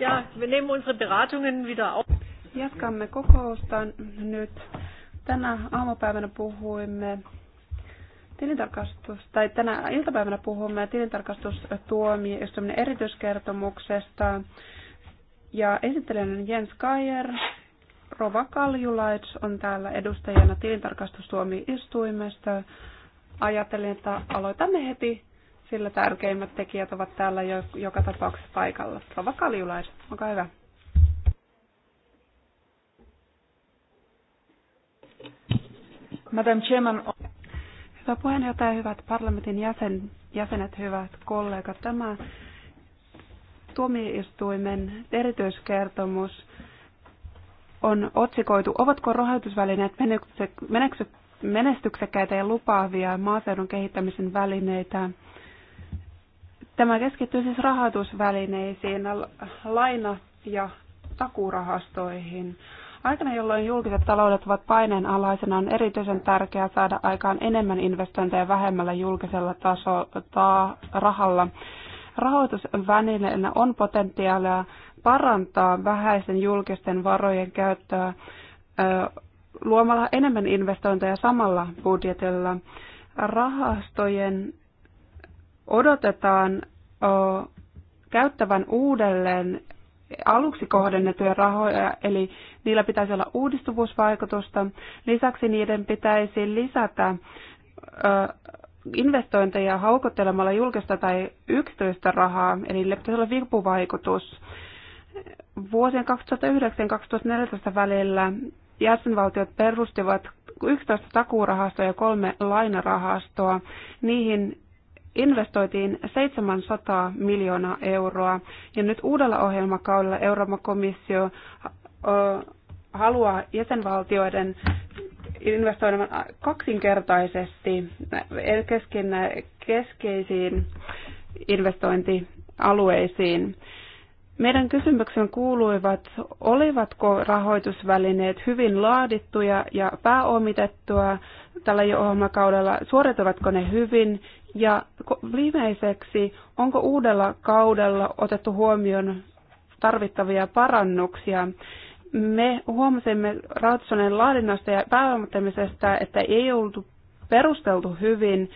Ja, wir nehmen unsere Beratungen wieder auf. Jatkamme kokousta nyt. Tänä aamupäivänä puhuimme tilintarkastus, tai tänä iltapäivänä puhumme tilintarkastustuomioistuminen erityiskertomuksesta. Ja esittelijänä Jens Kajer, Rova Kaljulaits on täällä edustajana tilintarkastustuomioistuimesta. Ajattelin, että aloitamme heti sillä tärkeimmät tekijät ovat täällä jo, joka tapauksessa paikalla. Rova Kaljulais, olkaa hyvä. Madam Chairman, Hyvä puheenjohtaja, hyvät parlamentin jäsen, jäsenet, hyvät kollegat. Tämä tuomioistuimen erityiskertomus on otsikoitu, ovatko rahoitusvälineet menestyksekkäitä ja lupaavia maaseudun kehittämisen välineitä. Tämä keskittyy siis rahoitusvälineisiin, laina- ja takurahastoihin. Aikana, jolloin julkiset taloudet ovat paineen alaisena, on erityisen tärkeää saada aikaan enemmän investointeja vähemmällä julkisella taso, ta, rahalla. Rahoitusvälineenä on potentiaalia parantaa vähäisen julkisten varojen käyttöä luomalla enemmän investointeja samalla budjetilla. Rahastojen odotetaan käyttävän uudelleen aluksi kohdennettuja rahoja, eli niillä pitäisi olla uudistuvuusvaikutusta. Lisäksi niiden pitäisi lisätä investointeja haukottelemalla julkista tai yksityistä rahaa, eli niillä pitäisi olla vipuvaikutus. Vuosien 2009-2014 välillä jäsenvaltiot perustivat 11 takuurahastoa ja kolme lainarahastoa. Niihin investoitiin 700 miljoonaa euroa. Ja nyt uudella ohjelmakaudella Euroopan komissio haluaa jäsenvaltioiden investoimaan kaksinkertaisesti kesken, keskeisiin investointialueisiin. Meidän kysymyksen kuuluivat, olivatko rahoitusvälineet hyvin laadittuja ja pääomitettua tällä jo ohjelmakaudella, suoritavatko ne hyvin ja viimeiseksi, onko uudella kaudella otettu huomioon tarvittavia parannuksia? Me huomasimme rahoitusonen laadinnasta ja pääomittamisesta, että ei ollut perusteltu hyvin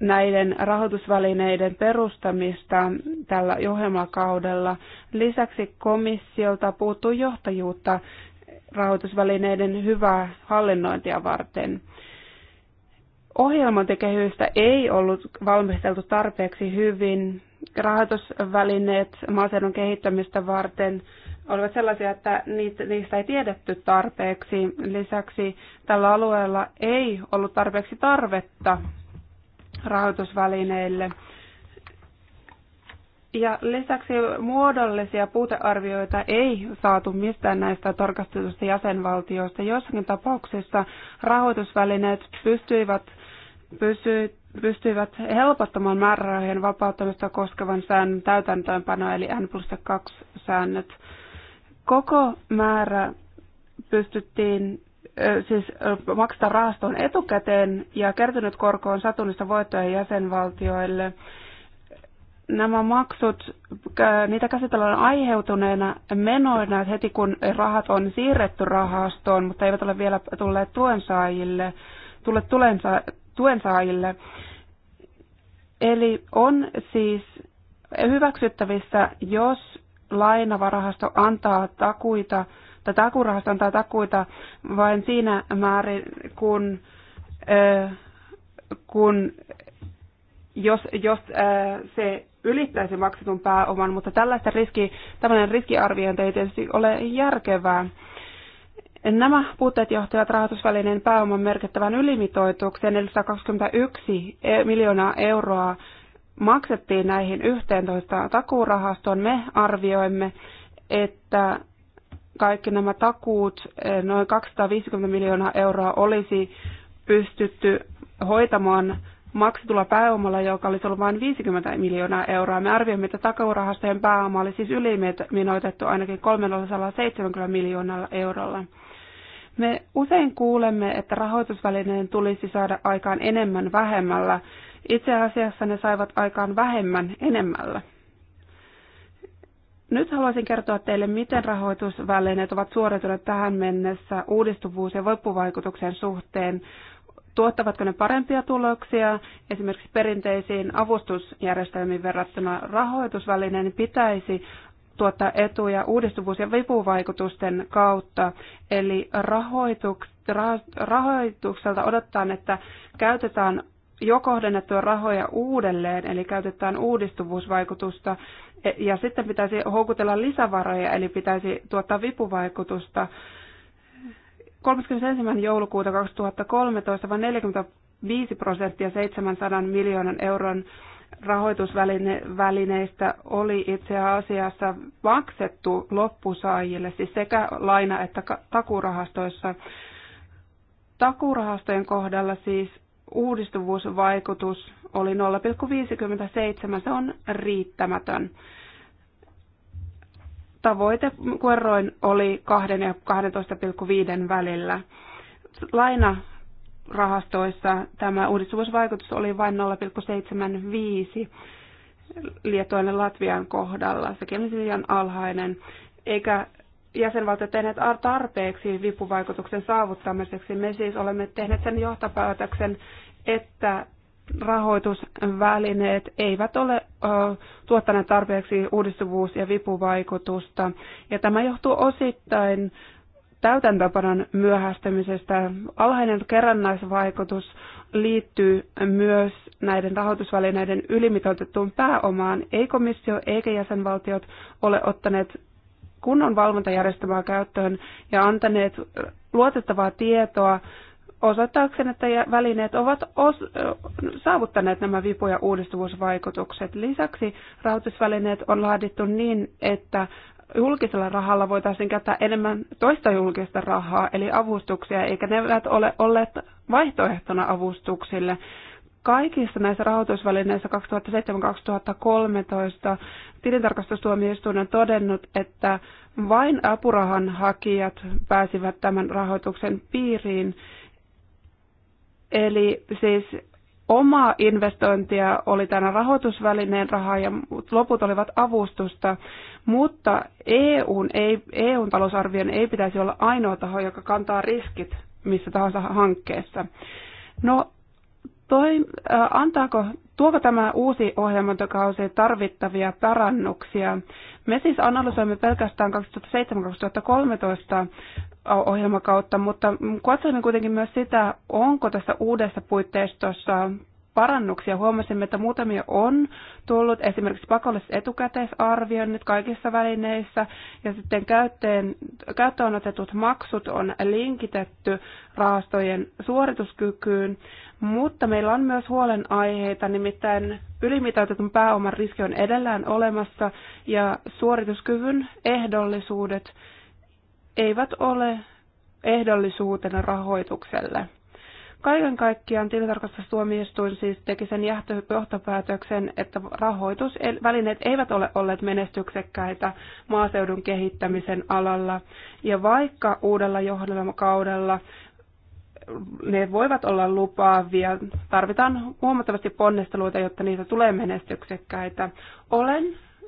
näiden rahoitusvälineiden perustamista tällä ohjelmakaudella. Lisäksi komissiolta puuttuu johtajuutta rahoitusvälineiden hyvää hallinnointia varten. Ohjelmointikehystä ei ollut valmisteltu tarpeeksi hyvin. Rahoitusvälineet maaseudun kehittämistä varten olivat sellaisia, että niistä ei tiedetty tarpeeksi. Lisäksi tällä alueella ei ollut tarpeeksi tarvetta rahoitusvälineille. Ja lisäksi muodollisia puutearvioita ei saatu mistään näistä tarkastetusta jäsenvaltioista. Jossakin tapauksessa rahoitusvälineet pystyivät pystyivät helpottamaan määrärahojen vapauttamista koskevan säännön täytäntöönpanoa, eli N plus 2 säännöt. Koko määrä pystyttiin siis maksaa rahastoon etukäteen ja kertynyt korko on satunnista voittoja jäsenvaltioille. Nämä maksut, niitä käsitellään aiheutuneena menoina heti kun rahat on siirretty rahastoon, mutta eivät ole vielä tulleet tuensaajille, tulleet tulensa, tuensaajille. Eli on siis hyväksyttävissä, jos lainavarahasto antaa takuita, tai takurahasto antaa takuita vain siinä määrin, kun, kun jos, jos se ylittäisi maksetun pääoman, mutta tällaista riski, tämmöinen riskiarviointi ei tietysti ole järkevää. Nämä puutteet johtivat rahoitusvälineen pääoman merkittävän ylimitoitukseen, 421 e- miljoonaa euroa maksettiin näihin 11 takuurahastoon. Me arvioimme, että kaikki nämä takuut, e, noin 250 miljoonaa euroa, olisi pystytty hoitamaan maksitulla pääomalla, joka olisi ollut vain 50 miljoonaa euroa. Me arvioimme, että takaurahastojen pääoma oli siis yliminoitettu ainakin 370 miljoonalla eurolla. Me usein kuulemme, että rahoitusvälineen tulisi saada aikaan enemmän vähemmällä. Itse asiassa ne saivat aikaan vähemmän enemmällä. Nyt haluaisin kertoa teille, miten rahoitusvälineet ovat suoriutuneet tähän mennessä uudistuvuus- ja voippuvaikutuksen suhteen. Tuottavatko ne parempia tuloksia esimerkiksi perinteisiin avustusjärjestelmiin verrattuna rahoitusvälineen pitäisi tuottaa etuja uudistuvuus- ja vipuvaikutusten kautta. Eli rahoituks, rahoitukselta odotetaan, että käytetään jo kohdennettua rahoja uudelleen, eli käytetään uudistuvuusvaikutusta, e, ja sitten pitäisi houkutella lisävaroja, eli pitäisi tuottaa vipuvaikutusta. 31. joulukuuta 2013 vain 45 prosenttia 700 miljoonan euron rahoitusvälineistä oli itse asiassa maksettu loppusaajille, siis sekä laina- että takurahastoissa. Takurahastojen kohdalla siis uudistuvuusvaikutus oli 0,57, se on riittämätön. Tavoite kuerroin oli 2 ja 12,5 välillä. Laina rahastoissa tämä uudistuvuusvaikutus oli vain 0,75 Lietoinen Latvian kohdalla. Sekin oli siis liian alhainen, eikä jäsenvaltiot tehneet tarpeeksi vipuvaikutuksen saavuttamiseksi. Me siis olemme tehneet sen johtopäätöksen, että rahoitusvälineet eivät ole ö, tuottaneet tarpeeksi uudistuvuus- ja vipuvaikutusta. Ja tämä johtuu osittain täytäntöpanon myöhästymisestä. Alhainen kerrannaisvaikutus liittyy myös näiden rahoitusvälineiden ylimitoitettuun pääomaan. Ei komissio eikä jäsenvaltiot ole ottaneet kunnon valvontajärjestelmää käyttöön ja antaneet luotettavaa tietoa osoittaakseen, että välineet ovat saavuttaneet nämä vipuja uudistuvuusvaikutukset. Lisäksi rahoitusvälineet on laadittu niin, että julkisella rahalla voitaisiin käyttää enemmän toista julkista rahaa, eli avustuksia, eikä ne eivät ole olleet vaihtoehtona avustuksille. Kaikissa näissä rahoitusvälineissä 2007-2013 tilintarkastustuomioistuin on todennut, että vain apurahan hakijat pääsivät tämän rahoituksen piiriin. Eli siis omaa investointia oli tänä rahoitusvälineen rahaa ja loput olivat avustusta, mutta EUn, ei, EUn talousarvion ei pitäisi olla ainoa taho, joka kantaa riskit missä tahansa hankkeessa. No, toi, äh, antaako, tuoko tämä uusi ohjelmointokausi tarvittavia parannuksia? Me siis analysoimme pelkästään 2007-2013 ohjelmakautta, mutta katsoimme kuitenkin myös sitä, onko tässä uudessa puitteistossa parannuksia. Huomasimme, että muutamia on tullut, esimerkiksi pakolliset etukäteisarvioinnit kaikissa välineissä, ja sitten käyttöön, käyttöön otetut maksut on linkitetty rahastojen suorituskykyyn, mutta meillä on myös huolenaiheita, nimittäin ylimitoitetun pääoman riski on edellään olemassa, ja suorituskyvyn ehdollisuudet eivät ole ehdollisuutena rahoitukselle. Kaiken kaikkiaan tilintarkastustuomioistuin siis teki sen johtopäätöksen, että rahoitusvälineet eivät ole olleet menestyksekkäitä maaseudun kehittämisen alalla. Ja vaikka uudella johdelmakaudella ne voivat olla lupaavia, tarvitaan huomattavasti ponnisteluita, jotta niitä tulee menestyksekkäitä. Olen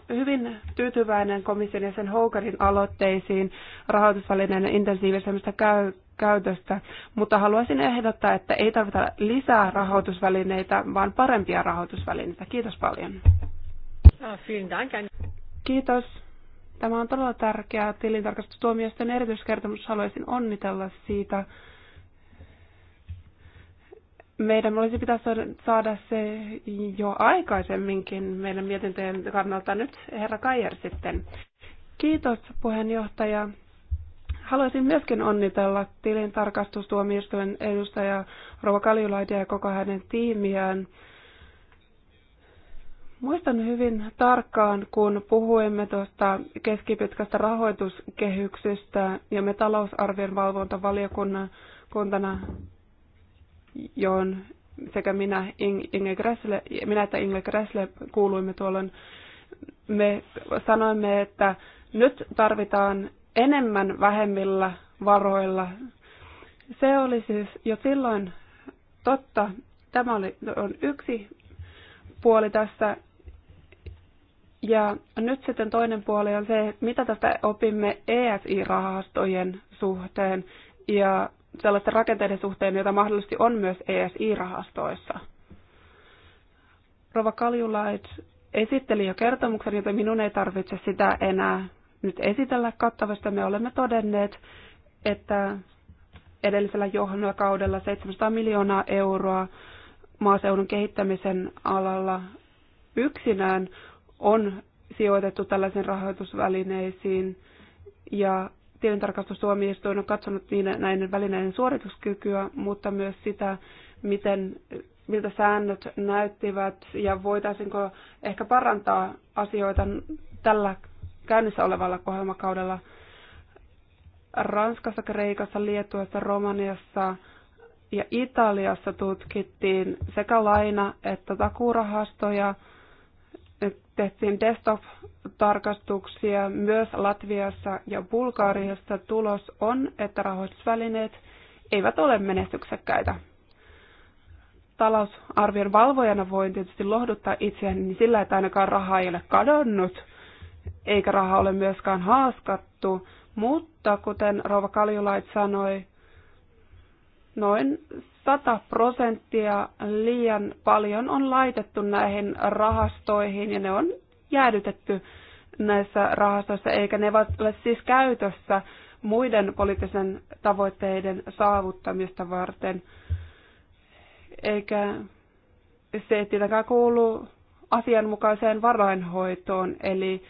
hyvin tyytyväinen komission ja sen Houkarin aloitteisiin rahoitusvälineen intensiivisemmistä käy- käytöstä, mutta haluaisin ehdottaa, että ei tarvita lisää rahoitusvälineitä, vaan parempia rahoitusvälineitä. Kiitos paljon. Ah, Kiitos. Tämä on todella tärkeää. Tilintarkastustuomioisten erityiskertomus haluaisin onnitella siitä meidän olisi pitäisi saada se jo aikaisemminkin meidän mietintöjen kannalta nyt herra Kajer sitten. Kiitos puheenjohtaja. Haluaisin myöskin onnitella tilintarkastustuomioistuimen edustaja Rova Kaljulaidia ja koko hänen tiimiään. Muistan hyvin tarkkaan, kun puhuimme tuosta keskipitkästä rahoituskehyksestä ja me talousarvion valvontavaliokunnan kuntana johon sekä minä, Inge Gressle, minä että Inge Gressle kuuluimme tuolloin, me sanoimme, että nyt tarvitaan enemmän vähemmillä varoilla. Se oli siis jo silloin totta. Tämä oli, on yksi puoli tässä. Ja nyt sitten toinen puoli on se, mitä tästä opimme ESI-rahastojen suhteen ja sellaisten rakenteiden suhteen, joita mahdollisesti on myös ESI-rahastoissa. Rova Kaljulait esitteli jo kertomuksen, joten minun ei tarvitse sitä enää nyt esitellä kattavasti. Me olemme todenneet, että edellisellä kaudella 700 miljoonaa euroa maaseudun kehittämisen alalla yksinään on sijoitettu tällaisiin rahoitusvälineisiin ja tilintarkastustuomioistuin on katsonut niiden, näiden välineiden suorituskykyä, mutta myös sitä, miten, miltä säännöt näyttivät ja voitaisinko ehkä parantaa asioita tällä käynnissä olevalla ohjelmakaudella. Ranskassa, Kreikassa, Lietuassa, Romaniassa ja Italiassa tutkittiin sekä laina- että takuurahastoja – tehtiin desktop-tarkastuksia myös Latviassa ja Bulgariassa. Tulos on, että rahoitusvälineet eivät ole menestyksekkäitä. Talousarvion valvojana voin tietysti lohduttaa itseäni sillä, että ainakaan raha ei ole kadonnut, eikä rahaa ole myöskään haaskattu, mutta kuten Rova Kaljulait sanoi, noin 100 prosenttia liian paljon on laitettu näihin rahastoihin ja ne on jäädytetty näissä rahastoissa, eikä ne ole siis käytössä muiden poliittisen tavoitteiden saavuttamista varten. Eikä se tietenkään kuulu asianmukaiseen varainhoitoon, eli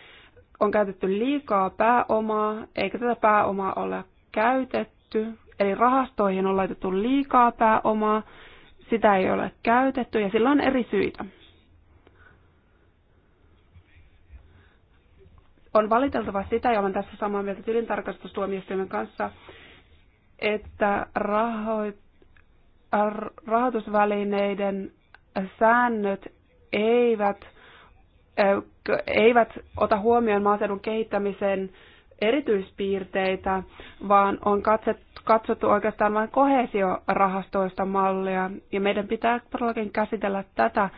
on käytetty liikaa pääomaa, eikä tätä pääomaa ole käytetty Eli rahastoihin on laitettu liikaa pääomaa, sitä ei ole käytetty ja sillä on eri syitä. On valiteltava sitä, ja olen tässä samaa mieltä tilintarkastustuomioistuimen kanssa, että rahoit, rahoitusvälineiden säännöt eivät, eivät ota huomioon maaseudun kehittämisen erityispiirteitä, vaan on katsottu oikeastaan vain kohesiorahastoista mallia. Ja meidän pitää todellakin käsitellä tätä,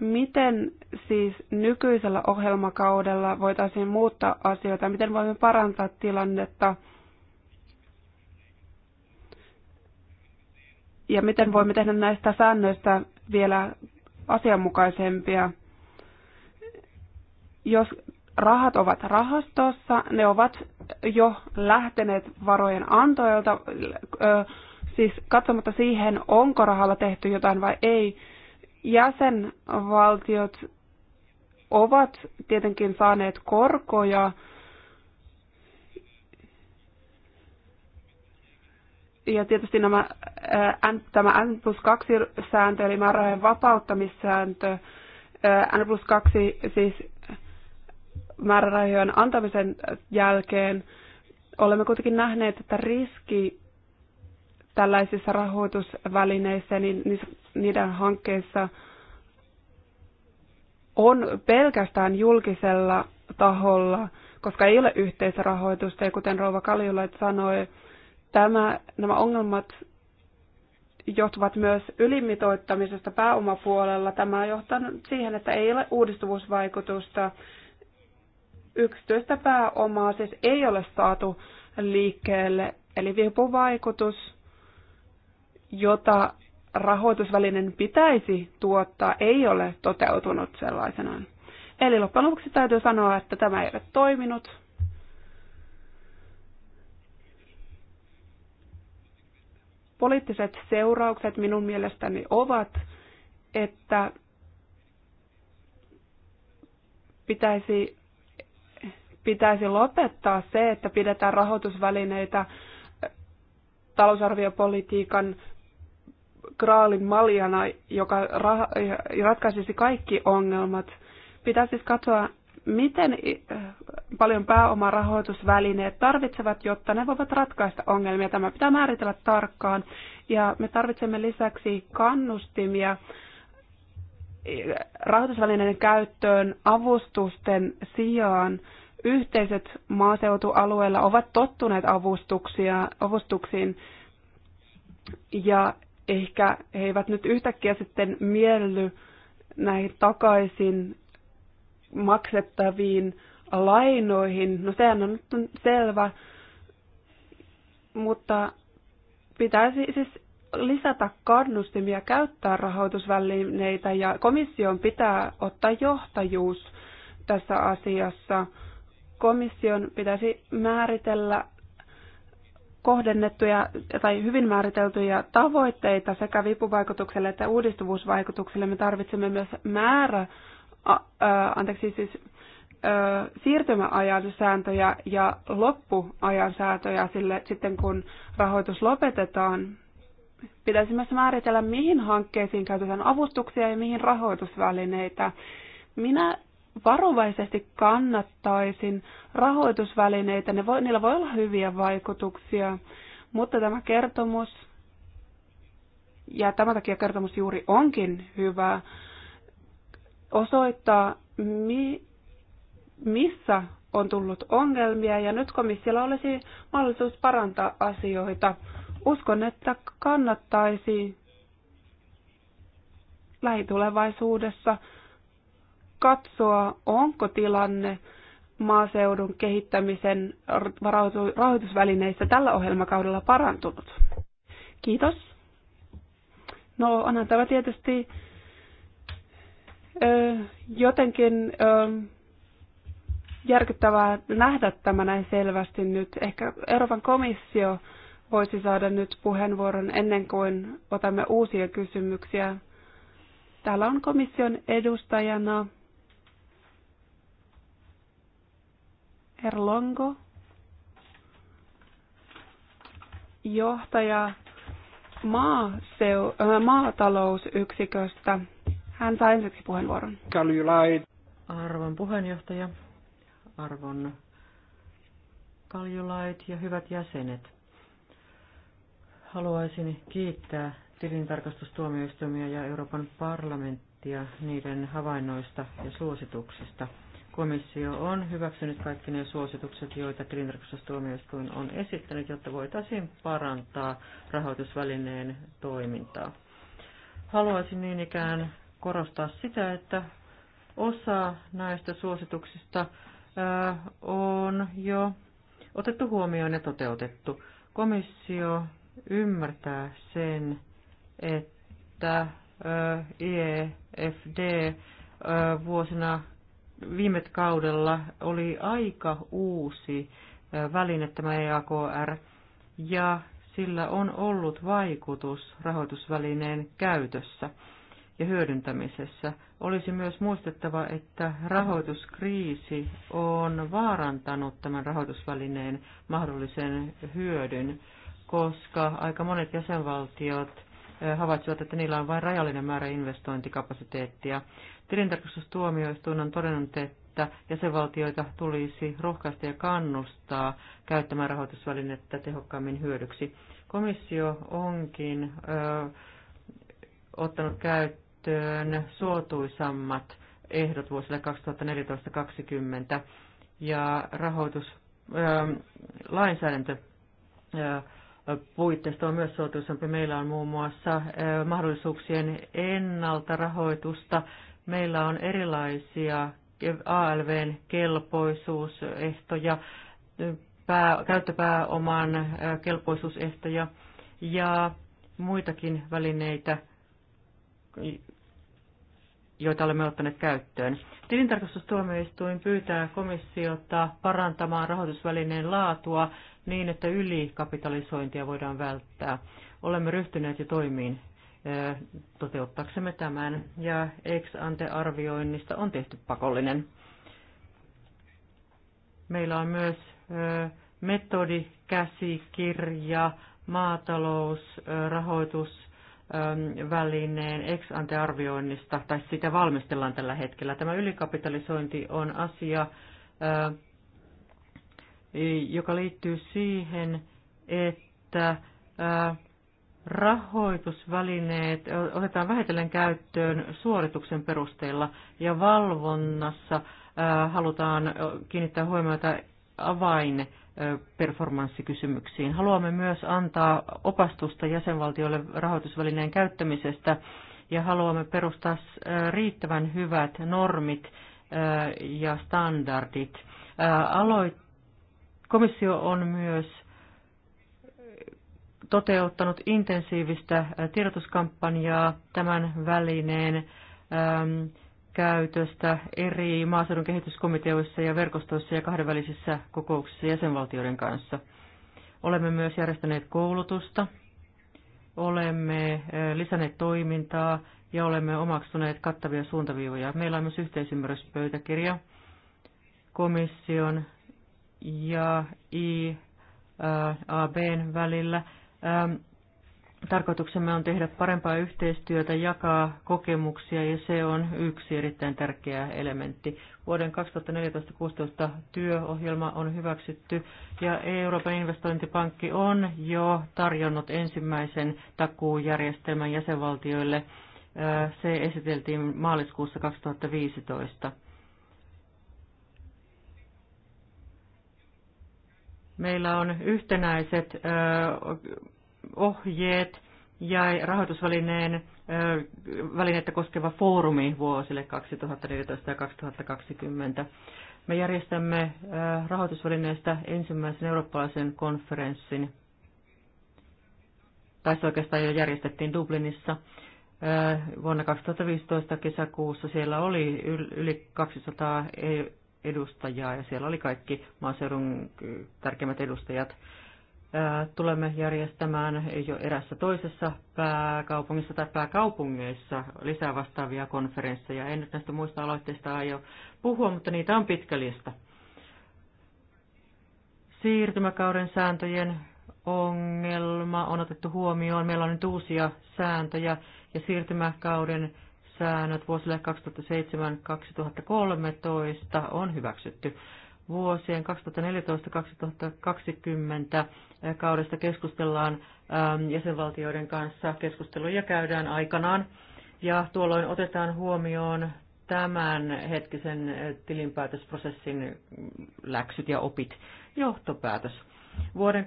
miten siis nykyisellä ohjelmakaudella voitaisiin muuttaa asioita, miten voimme parantaa tilannetta ja miten voimme tehdä näistä säännöistä vielä asianmukaisempia. Jos rahat ovat rahastossa, ne ovat jo lähteneet varojen antoilta, siis katsomatta siihen, onko rahalla tehty jotain vai ei. Jäsenvaltiot ovat tietenkin saaneet korkoja, ja tietysti nämä, tämä N plus 2 sääntö, eli määrärahojen vapauttamissääntö, N plus 2 siis määrärahojen antamisen jälkeen olemme kuitenkin nähneet, että riski tällaisissa rahoitusvälineissä, niin niiden hankkeissa on pelkästään julkisella taholla, koska ei ole yhteisrahoitusta. Ja kuten Rouva Kaljulait sanoi, tämä, nämä ongelmat johtuvat myös ylimitoittamisesta pääomapuolella. Tämä johtaa siihen, että ei ole uudistuvuusvaikutusta yksityistä pääomaa siis ei ole saatu liikkeelle, eli vipuvaikutus, jota rahoitusvälinen pitäisi tuottaa, ei ole toteutunut sellaisenaan. Eli loppujen lopuksi täytyy sanoa, että tämä ei ole toiminut. Poliittiset seuraukset minun mielestäni ovat, että pitäisi pitäisi lopettaa se, että pidetään rahoitusvälineitä talousarviopolitiikan kraalin maljana, joka ra- ratkaisisi kaikki ongelmat. Pitäisi siis katsoa, miten eh, paljon pääomarahoitusvälineet tarvitsevat, jotta ne voivat ratkaista ongelmia. Tämä pitää määritellä tarkkaan. Ja me tarvitsemme lisäksi kannustimia eh, rahoitusvälineiden käyttöön avustusten sijaan. Yhteiset maaseutualueilla ovat tottuneet avustuksia, avustuksiin ja ehkä he eivät nyt yhtäkkiä sitten mielly näihin takaisin maksettaviin lainoihin. No sehän on nyt selvä, mutta pitäisi siis lisätä kannustimia käyttää rahoitusvälineitä ja komission pitää ottaa johtajuus tässä asiassa komission pitäisi määritellä kohdennettuja tai hyvin määriteltyjä tavoitteita sekä vipuvaikutukselle että uudistuvuusvaikutukselle. Me tarvitsemme myös määrä, anteeksi siis siirtymäajan sääntöjä ja loppuajan sääntöjä sille sitten, kun rahoitus lopetetaan. Pitäisi myös määritellä, mihin hankkeisiin käytetään avustuksia ja mihin rahoitusvälineitä. Minä varovaisesti kannattaisin rahoitusvälineitä. Ne voi, niillä voi olla hyviä vaikutuksia, mutta tämä kertomus, ja tämän takia kertomus juuri onkin hyvä, osoittaa, mi, missä on tullut ongelmia, ja nyt komissiolla olisi mahdollisuus parantaa asioita. Uskon, että kannattaisi lähitulevaisuudessa katsoa, onko tilanne maaseudun kehittämisen rahoitusvälineissä tällä ohjelmakaudella parantunut. Kiitos. No onhan tämä tietysti ö, jotenkin ö, järkyttävää nähdä tämä näin selvästi nyt. Ehkä Euroopan komissio voisi saada nyt puheenvuoron ennen kuin otamme uusia kysymyksiä. Täällä on komission edustajana Erlongo, johtaja maaseu, äh, maatalousyksiköstä. Hän saa ensiksi puheenvuoron. Kaljulait. Arvon puheenjohtaja, arvon kaljulait ja hyvät jäsenet. Haluaisin kiittää tilintarkastustuomioistuimia ja Euroopan parlamenttia niiden havainnoista ja suosituksista – Komissio on hyväksynyt kaikki ne suositukset, joita Grindrexas-tuomioistuin on esittänyt, jotta voitaisiin parantaa rahoitusvälineen toimintaa. Haluaisin niin ikään korostaa sitä, että osa näistä suosituksista on jo otettu huomioon ja toteutettu. Komissio ymmärtää sen, että IEFD vuosina viime kaudella oli aika uusi väline tämä EAKR, ja sillä on ollut vaikutus rahoitusvälineen käytössä ja hyödyntämisessä. Olisi myös muistettava, että rahoituskriisi on vaarantanut tämän rahoitusvälineen mahdollisen hyödyn, koska aika monet jäsenvaltiot havaitsivat, että niillä on vain rajallinen määrä investointikapasiteettia. Tilintarkastustuomioistuin on todennut, että jäsenvaltioita tulisi rohkaista ja kannustaa käyttämään rahoitusvälinettä tehokkaammin hyödyksi. Komissio onkin ö, ottanut käyttöön suotuisammat ehdot vuosille 2014-2020 ja rahoitus, ö, lainsäädäntö ö, puitteista on myös suotuisampi. Meillä on muun muassa mahdollisuuksien ennalta rahoitusta Meillä on erilaisia ALVn kelpoisuusehtoja, pää, käyttöpääoman kelpoisuusehtoja ja muitakin välineitä, joita olemme ottaneet käyttöön. Tilintarkastustuomioistuin pyytää komissiota parantamaan rahoitusvälineen laatua niin, että ylikapitalisointia voidaan välttää. Olemme ryhtyneet jo toimiin toteuttaaksemme tämän, ja ex-ante-arvioinnista on tehty pakollinen. Meillä on myös maatalous, rahoitus, välineen ex-ante-arvioinnista, tai sitä valmistellaan tällä hetkellä. Tämä ylikapitalisointi on asia, joka liittyy siihen, että rahoitusvälineet otetaan vähitellen käyttöön suorituksen perusteella ja valvonnassa halutaan kiinnittää huomiota avain performanssikysymyksiin. Haluamme myös antaa opastusta jäsenvaltioille rahoitusvälineen käyttämisestä ja haluamme perustaa riittävän hyvät normit ja standardit. Aloit- Komissio on myös toteuttanut intensiivistä äh, tiedotuskampanjaa tämän välineen äm, käytöstä eri maaseudun kehityskomiteoissa ja verkostoissa ja kahdenvälisissä kokouksissa jäsenvaltioiden kanssa. Olemme myös järjestäneet koulutusta, olemme äh, lisänneet toimintaa ja olemme omaksuneet kattavia suuntaviivoja. Meillä on myös yhteisymmärryspöytäkirja komission ja IAB äh, välillä – Ähm, tarkoituksemme on tehdä parempaa yhteistyötä, jakaa kokemuksia ja se on yksi erittäin tärkeä elementti. Vuoden 2014-2016 työohjelma on hyväksytty ja Euroopan investointipankki on jo tarjonnut ensimmäisen takuujärjestelmän jäsenvaltioille. Äh, se esiteltiin maaliskuussa 2015. Meillä on yhtenäiset ohjeet ja rahoitusvälineen välinettä koskeva foorumi vuosille 2014 ja 2020. Me järjestämme rahoitusvälineestä ensimmäisen eurooppalaisen konferenssin, tai se oikeastaan jo järjestettiin Dublinissa vuonna 2015 kesäkuussa. Siellä oli yli 200 edustajaa ja siellä oli kaikki maaseudun tärkeimmät edustajat. Tulemme järjestämään jo erässä toisessa pääkaupungissa tai pääkaupungeissa lisää vastaavia konferensseja. En nyt näistä muista aloitteista aio puhua, mutta niitä on pitkä lista. Siirtymäkauden sääntöjen ongelma on otettu huomioon. Meillä on nyt uusia sääntöjä ja siirtymäkauden säännöt vuosille 2007-2013 on hyväksytty. Vuosien 2014-2020 kaudesta keskustellaan ähm, jäsenvaltioiden kanssa. Keskusteluja käydään aikanaan ja tuolloin otetaan huomioon tämän hetkisen tilinpäätösprosessin läksyt ja opit. Johtopäätös Vuoden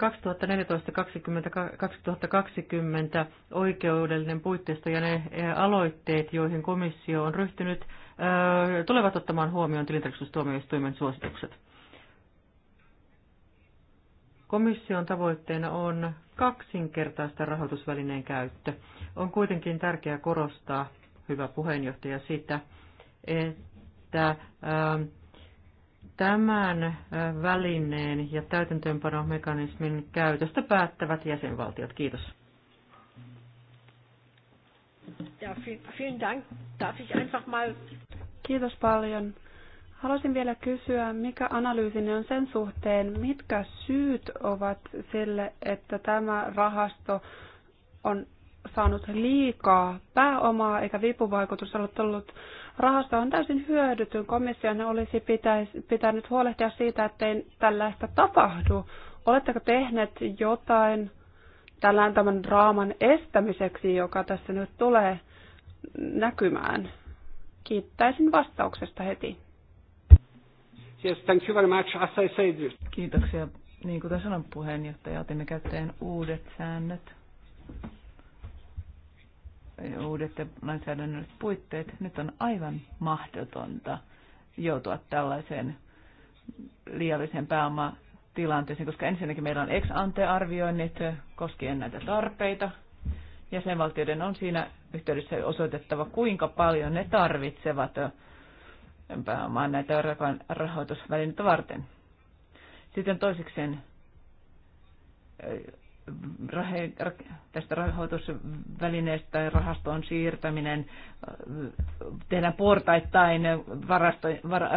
2014-2020 oikeudellinen puitteisto ja ne e, aloitteet, joihin komissio on ryhtynyt, tulevat ottamaan huomioon tilintarkastustuomioistuimen suositukset. Komission tavoitteena on kaksinkertaista rahoitusvälineen käyttö. On kuitenkin tärkeää korostaa, hyvä puheenjohtaja, sitä, että Tämän välineen ja täytäntöönpanomekanismin käytöstä päättävät jäsenvaltiot. Kiitos. Ja, vielen Dank. Darf ich einfach mal... Kiitos paljon. Haluaisin vielä kysyä, mikä analyysinne on sen suhteen, mitkä syyt ovat sille, että tämä rahasto on saanut liikaa pääomaa eikä vipuvaikutus ollut ollut rahasto on täysin hyödytyn. Komission olisi pitäis, pitänyt huolehtia siitä, ettei tällaista tapahdu. Oletteko tehneet jotain tällään tämän draaman estämiseksi, joka tässä nyt tulee näkymään? Kiittäisin vastauksesta heti. Yes, thank you very much. As I said. Kiitoksia. Niin kuten sanoin puheenjohtaja, otimme käyttöön uudet säännöt uudet lainsäädännölliset puitteet. Nyt on aivan mahdotonta joutua tällaiseen liialliseen pääomatilanteeseen, koska ensinnäkin meillä on ex ante arvioinnit koskien näitä tarpeita. Jäsenvaltioiden on siinä yhteydessä osoitettava, kuinka paljon ne tarvitsevat pääomaa näitä rahoitusvälineitä varten. Sitten toisekseen tästä rahoitusvälineestä tai rahastoon siirtäminen tehdään portaittain varasto,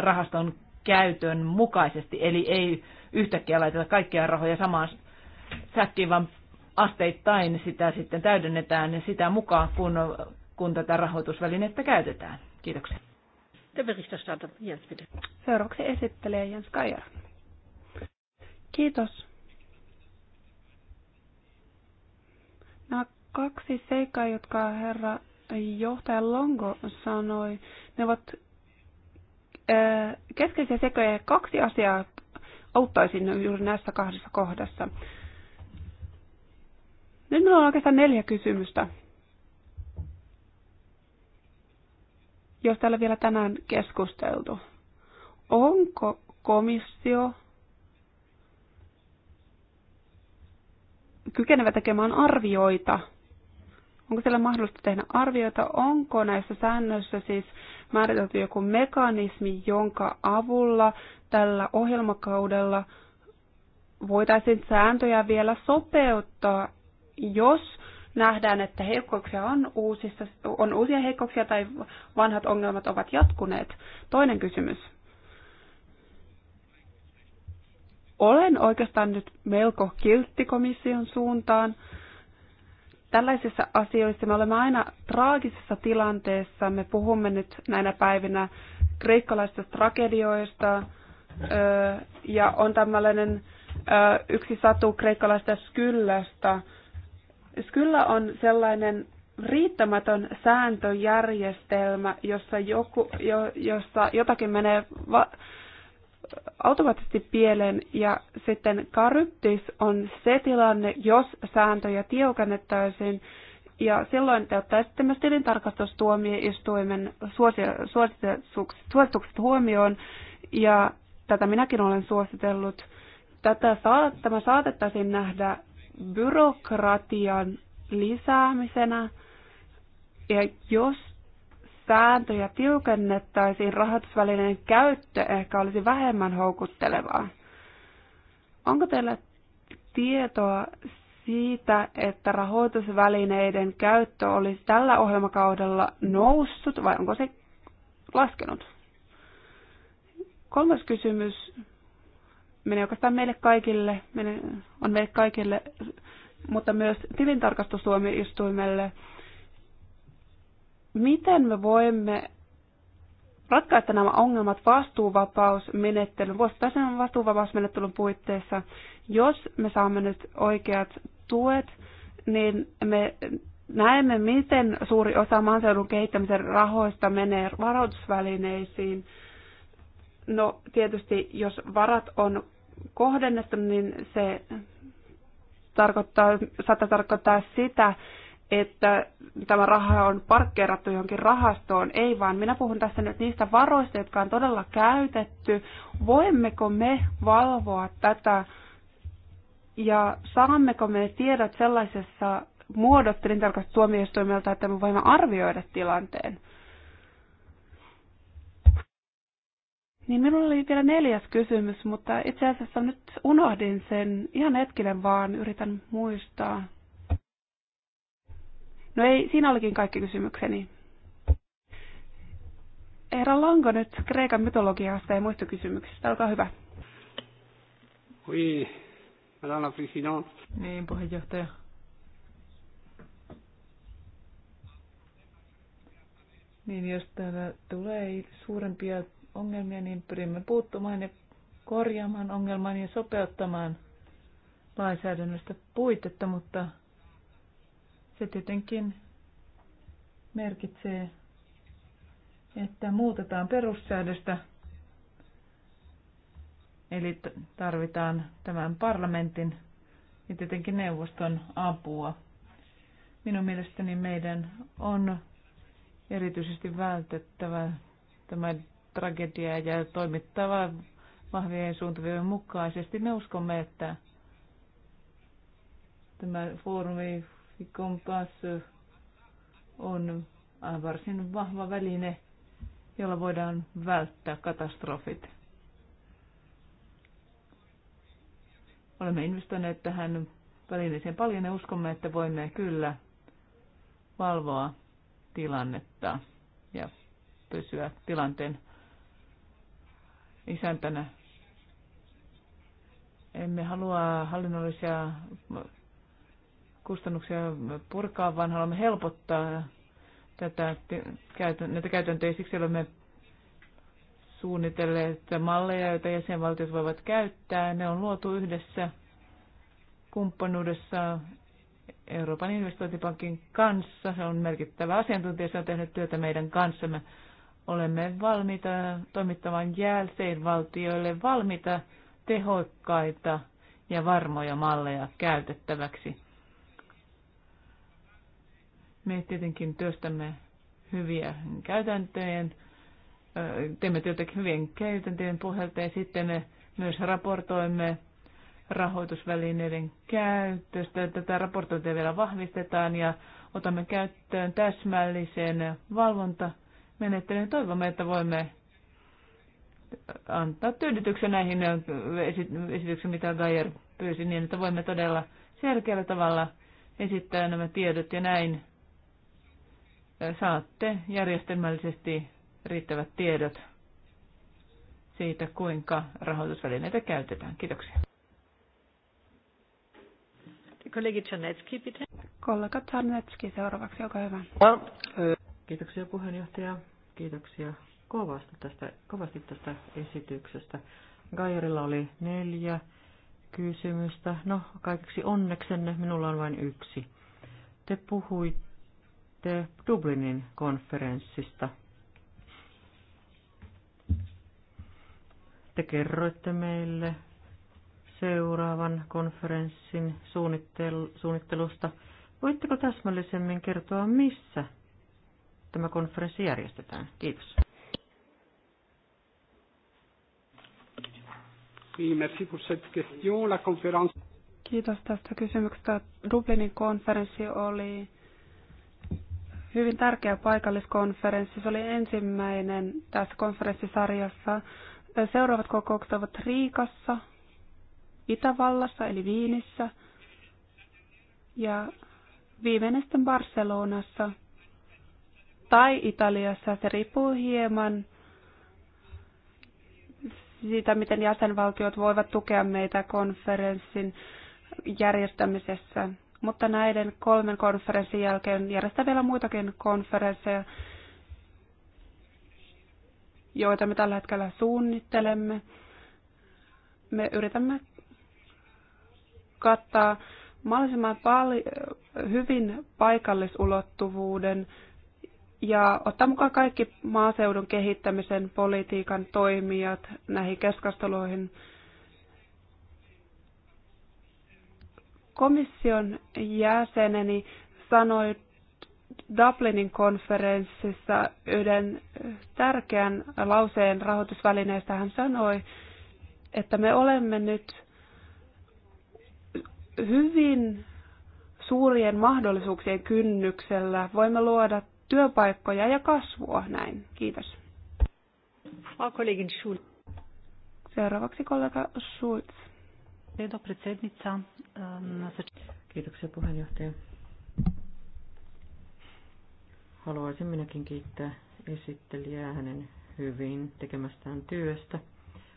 rahaston käytön mukaisesti, eli ei yhtäkkiä laiteta kaikkia rahoja samaan säkkiin, vaan asteittain sitä sitten täydennetään sitä mukaan, kun, kun tätä rahoitusvälinettä käytetään. Kiitoksia. Seuraavaksi esittelee Jens Kajara. Kiitos kaksi seikkaa, jotka herra johtaja Longo sanoi. Ne ovat keskeisiä seikkoja ja kaksi asiaa auttaisin juuri näissä kahdessa kohdassa. Nyt minulla on oikeastaan neljä kysymystä. Jos täällä vielä tänään keskusteltu. Onko komissio kykenevä tekemään arvioita – Onko siellä mahdollista tehdä arvioita, onko näissä säännöissä siis määritelty joku mekanismi, jonka avulla tällä ohjelmakaudella voitaisiin sääntöjä vielä sopeuttaa, jos nähdään, että heikkouksia on, uusissa, on uusia heikkouksia tai vanhat ongelmat ovat jatkuneet. Toinen kysymys. Olen oikeastaan nyt melko kilttikomission komission suuntaan Tällaisissa asioissa me olemme aina traagisessa tilanteessa. Me puhumme nyt näinä päivinä kreikkalaisista tragedioista ja on tämmöinen yksi satu kreikkalaista Skyllästä. Skyllä on sellainen riittämätön sääntöjärjestelmä, jossa, joku, jo, jossa jotakin menee va- automaattisesti pieleen ja sitten karyptis on se tilanne, jos sääntöjä tiukennettaisiin ja silloin te ottaisitte myös tilintarkastustuomioistuimen suositukset huomioon ja tätä minäkin olen suositellut. Tätä, tämä saatettaisiin nähdä byrokratian lisäämisenä ja jos sääntöjä tiukennettaisiin, rahoitusvälineen käyttö ehkä olisi vähemmän houkuttelevaa. Onko teillä tietoa siitä, että rahoitusvälineiden käyttö olisi tällä ohjelmakaudella noussut vai onko se laskenut? Kolmas kysymys menee oikeastaan meille kaikille, menee, on meille kaikille, mutta myös tilintarkastustuomioistuimelle miten me voimme ratkaista nämä ongelmat vastuuvapausmenettelyn, vuosittaisen vastuuvapausmenettelyn puitteissa. Jos me saamme nyt oikeat tuet, niin me näemme, miten suuri osa maaseudun kehittämisen rahoista menee varoitusvälineisiin. No tietysti, jos varat on kohdennettu, niin se tarkoittaa, saattaa tarkoittaa sitä, että tämä raha on parkkeerattu johonkin rahastoon. Ei vaan, minä puhun tässä nyt niistä varoista, jotka on todella käytetty. Voimmeko me valvoa tätä ja saammeko me tiedot sellaisessa muodossa tuomioistuimelta, että me voimme arvioida tilanteen? Niin minulla oli vielä neljäs kysymys, mutta itse asiassa nyt unohdin sen. Ihan hetkinen vaan, yritän muistaa. No ei, siinä olikin kaikki kysymykseni. Eera Lanko nyt Kreikan mytologiasta ja muista kysymyksistä. Olkaa hyvä. Oui, madame la présidente. Niin, puheenjohtaja. Niin, jos täällä tulee suurempia ongelmia, niin pyrimme puuttumaan ja korjaamaan ongelman ja sopeuttamaan lainsäädännöstä puitetta, mutta se tietenkin merkitsee, että muutetaan perussäädöstä, eli tarvitaan tämän parlamentin ja tietenkin neuvoston apua. Minun mielestäni meidän on erityisesti vältettävä tämä tragedia ja toimittava vahvien suuntavien mukaisesti. Me uskomme, että tämä foorumi Kompass on varsin vahva väline, jolla voidaan välttää katastrofit. Olemme investoineet tähän välineeseen paljon ja uskomme, että voimme kyllä valvoa tilannetta ja pysyä tilanteen isäntänä. Emme halua hallinnollisia kustannuksia purkaa, vaan haluamme helpottaa tätä, näitä käytäntöjä. Siksi olemme suunnitelleet malleja, joita jäsenvaltiot voivat käyttää. Ne on luotu yhdessä kumppanuudessa Euroopan investointipankin kanssa. Se on merkittävä asiantuntija, se on tehnyt työtä meidän kanssamme. Olemme valmiita toimittamaan jäsenvaltioille valmiita tehokkaita ja varmoja malleja käytettäväksi. Me tietenkin työstämme hyviä käytäntöjen, teemme työtä hyvien käytäntöjen pohjalta ja sitten me myös raportoimme rahoitusvälineiden käytöstä. Tätä raportointia vielä vahvistetaan ja otamme käyttöön täsmällisen valvontamenettelyn. Toivomme, että voimme antaa tyydytyksen näihin esityksiin, mitä Gajer pyysi, niin että voimme todella selkeällä tavalla esittää nämä tiedot ja näin saatte järjestelmällisesti riittävät tiedot siitä, kuinka rahoitusvälineitä käytetään. Kiitoksia. Kollegi Czarnecki, bitte. Kollega Czarnecki seuraavaksi, olkaa hyvä. Kiitoksia puheenjohtaja. Kiitoksia kovasti tästä, kovasti tästä esityksestä. Gajerilla oli neljä kysymystä. No, kaikeksi onneksenne minulla on vain yksi. Te puhuitte Dublinin konferenssista. Te kerroitte meille seuraavan konferenssin suunnittel- suunnittelusta. Voitteko täsmällisemmin kertoa, missä tämä konferenssi järjestetään? Kiitos. Kiitos tästä kysymyksestä. Dublinin konferenssi oli hyvin tärkeä paikalliskonferenssi. Se oli ensimmäinen tässä konferenssisarjassa. Seuraavat kokoukset ovat Riikassa, Itävallassa eli Viinissä ja viimeinen sitten Barcelonassa tai Italiassa. Se riippuu hieman siitä, miten jäsenvaltiot voivat tukea meitä konferenssin järjestämisessä mutta näiden kolmen konferenssin jälkeen järjestää vielä muitakin konferensseja, joita me tällä hetkellä suunnittelemme. Me yritämme kattaa mahdollisimman pali- hyvin paikallisulottuvuuden ja ottaa mukaan kaikki maaseudun kehittämisen politiikan toimijat näihin keskusteluihin. Komission jäseneni sanoi Dublinin konferenssissa yhden tärkeän lauseen rahoitusvälineestä. Hän sanoi, että me olemme nyt hyvin suurien mahdollisuuksien kynnyksellä. Voimme luoda työpaikkoja ja kasvua näin. Kiitos. Seuraavaksi kollega Schulz predsednica. Eh, Kiitoksia puheenjohtaja. Haluaisin minäkin kiittää esittelijää hänen hyvin tekemästään työstä.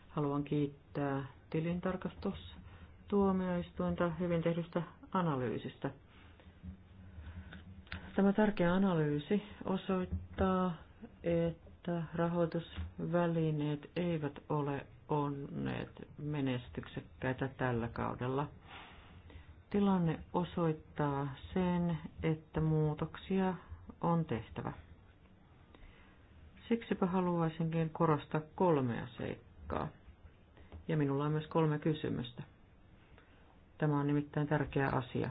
Haluan kiittää tilintarkastustuomioistuinta hyvin tehdystä analyysistä. Tämä tärkeä analyysi osoittaa, että rahoitusvälineet eivät ole onneet menestyksekkäitä tällä kaudella. Tilanne osoittaa sen, että muutoksia on tehtävä. Siksipä haluaisinkin korostaa kolmea seikkaa. Ja minulla on myös kolme kysymystä. Tämä on nimittäin tärkeä asia.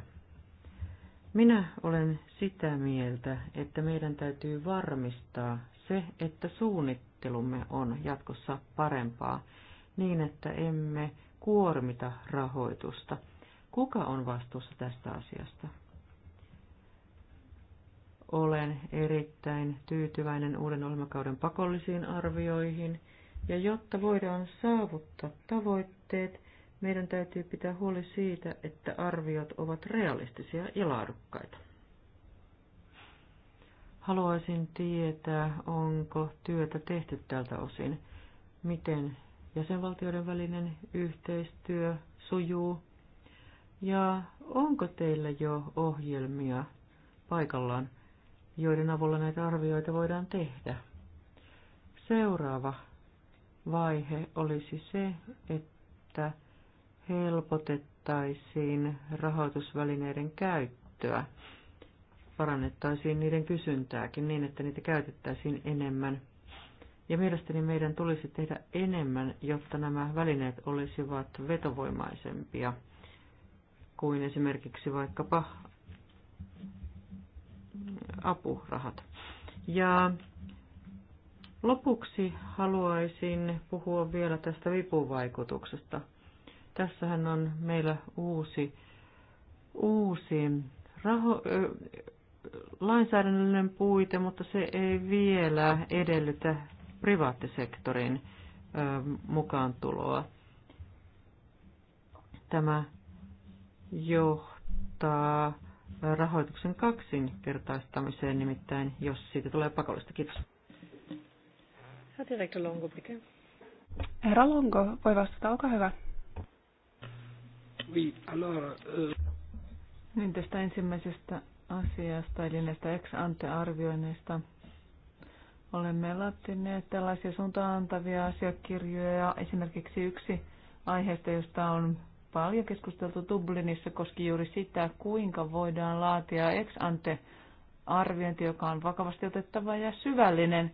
Minä olen sitä mieltä, että meidän täytyy varmistaa se, että suunnittelumme on jatkossa parempaa niin, että emme kuormita rahoitusta. Kuka on vastuussa tästä asiasta? Olen erittäin tyytyväinen uuden ohjelmakauden pakollisiin arvioihin, ja jotta voidaan saavuttaa tavoitteet, meidän täytyy pitää huoli siitä, että arviot ovat realistisia ja laadukkaita. Haluaisin tietää, onko työtä tehty tältä osin, miten jäsenvaltioiden välinen yhteistyö sujuu? Ja onko teillä jo ohjelmia paikallaan, joiden avulla näitä arvioita voidaan tehdä? Seuraava vaihe olisi se, että helpotettaisiin rahoitusvälineiden käyttöä, parannettaisiin niiden kysyntääkin niin, että niitä käytettäisiin enemmän ja mielestäni meidän tulisi tehdä enemmän, jotta nämä välineet olisivat vetovoimaisempia kuin esimerkiksi vaikkapa apurahat. Ja lopuksi haluaisin puhua vielä tästä vipuvaikutuksesta. Tässähän on meillä uusi, uusi raho, lainsäädännöllinen puite, mutta se ei vielä edellytä privaattisektorin mukaantuloa. Tämä johtaa rahoituksen kaksinkertaistamiseen, nimittäin jos siitä tulee pakollista. Kiitos. Herra Longo, Herra Longo, voi vastata, olkaa hyvä. Oui, alors, uh... Nyt niin tästä ensimmäisestä asiasta, eli näistä ex-ante-arvioinneista. Olemme laatineet tällaisia antavia asiakirjoja. Esimerkiksi yksi aiheesta, josta on paljon keskusteltu Dublinissa, koski juuri sitä, kuinka voidaan laatia ex ante arviointi, joka on vakavasti otettava ja syvällinen.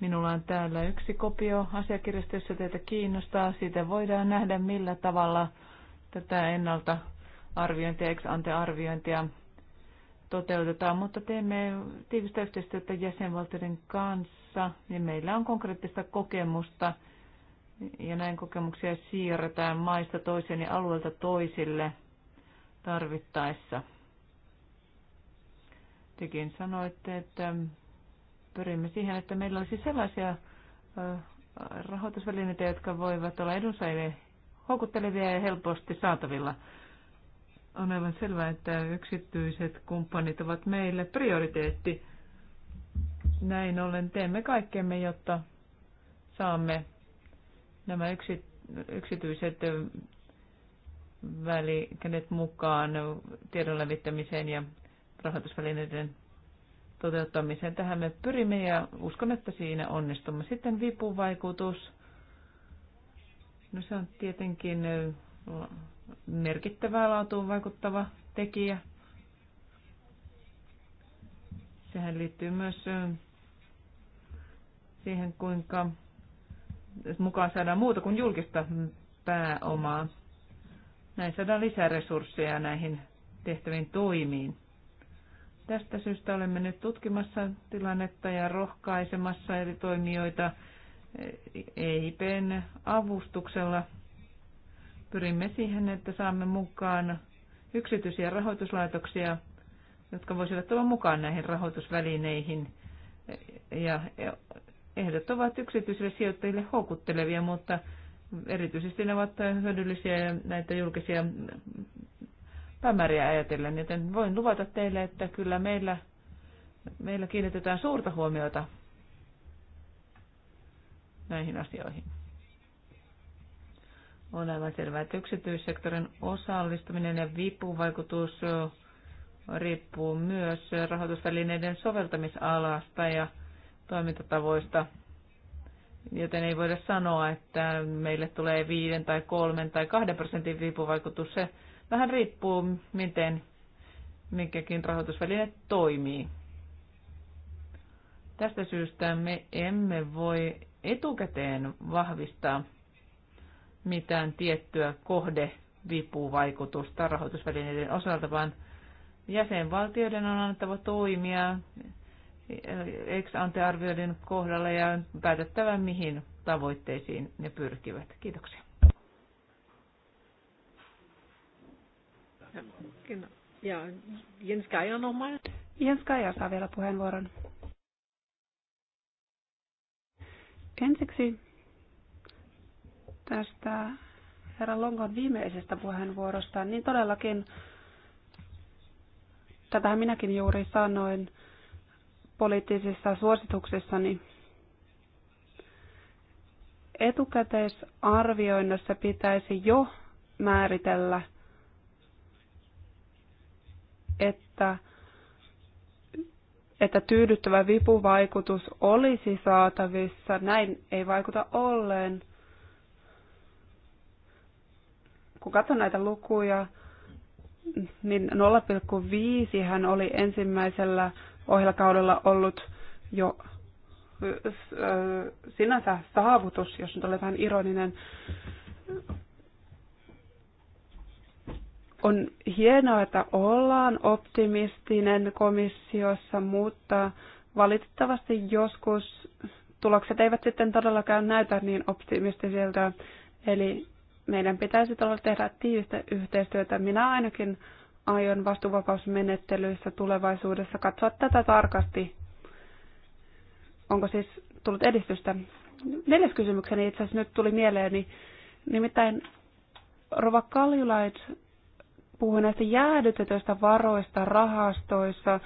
Minulla on täällä yksi kopio asiakirjasta, jossa teitä kiinnostaa. Siitä voidaan nähdä, millä tavalla tätä ennalta arviointia, ex ante arviointia toteutetaan, mutta teemme tiivistä yhteistyötä jäsenvaltioiden kanssa ja meillä on konkreettista kokemusta ja näin kokemuksia siirretään maista toiseen ja alueelta toisille tarvittaessa. Tekin sanoitte, että pyrimme siihen, että meillä olisi sellaisia rahoitusvälineitä, jotka voivat olla edunsaajille houkuttelevia ja helposti saatavilla on aivan selvää, että yksityiset kumppanit ovat meille prioriteetti. Näin ollen teemme kaikkemme, jotta saamme nämä yksi, yksityiset välikädet mukaan tiedon levittämiseen ja rahoitusvälineiden toteuttamiseen. Tähän me pyrimme ja uskon, että siinä onnistumme. Sitten vipuvaikutus. No se on tietenkin merkittävää laatuun vaikuttava tekijä. Sehän liittyy myös siihen, kuinka mukaan saadaan muuta kuin julkista pääomaa. Näin saadaan lisäresursseja näihin tehtäviin toimiin. Tästä syystä olemme nyt tutkimassa tilannetta ja rohkaisemassa eri toimijoita EIPn avustuksella – Pyrimme siihen, että saamme mukaan yksityisiä rahoituslaitoksia, jotka voisivat olla mukaan näihin rahoitusvälineihin. Ja ehdot ovat yksityisille sijoittajille houkuttelevia, mutta erityisesti ne ovat hyödyllisiä ja näitä julkisia päämääriä ajatellen, joten voin luvata teille, että kyllä meillä, meillä kiinnitetään suurta huomiota näihin asioihin on aivan selvää, että yksityissektorin osallistuminen ja vipuvaikutus riippuu myös rahoitusvälineiden soveltamisalasta ja toimintatavoista, joten ei voida sanoa, että meille tulee viiden tai kolmen tai 2 prosentin vipuvaikutus. Se vähän riippuu, miten mikäkin rahoitusväline toimii. Tästä syystä me emme voi etukäteen vahvistaa mitään tiettyä kohdevipuvaikutusta rahoitusvälineiden osalta, vaan jäsenvaltioiden on annettava toimia ex-antearvioiden kohdalla ja päätettävä, mihin tavoitteisiin ne pyrkivät. Kiitoksia. Ja Jens on nochmal. Jens Kaja saa vielä puheenvuoron. Ensiksi tästä herra Longon viimeisestä puheenvuorosta, niin todellakin, tätähän minäkin juuri sanoin poliittisissa suosituksissani, etukäteisarvioinnissa pitäisi jo määritellä, että, että tyydyttävä vipuvaikutus olisi saatavissa. Näin ei vaikuta ollen. kun katson näitä lukuja, niin 0,5 hän oli ensimmäisellä ohjelkaudella ollut jo sinänsä saavutus, jos nyt olen vähän ironinen. On hienoa, että ollaan optimistinen komissiossa, mutta valitettavasti joskus tulokset eivät sitten todellakaan näytä niin optimistisilta. Eli meidän pitäisi todella tehdä tiivistä yhteistyötä. Minä ainakin aion vastuuvapausmenettelyissä tulevaisuudessa katsoa tätä tarkasti. Onko siis tullut edistystä? Neljäs kysymykseni itse asiassa nyt tuli mieleen, Nimittäin Rova Kaljulait puhui näistä jäädytetyistä varoista rahastoissa.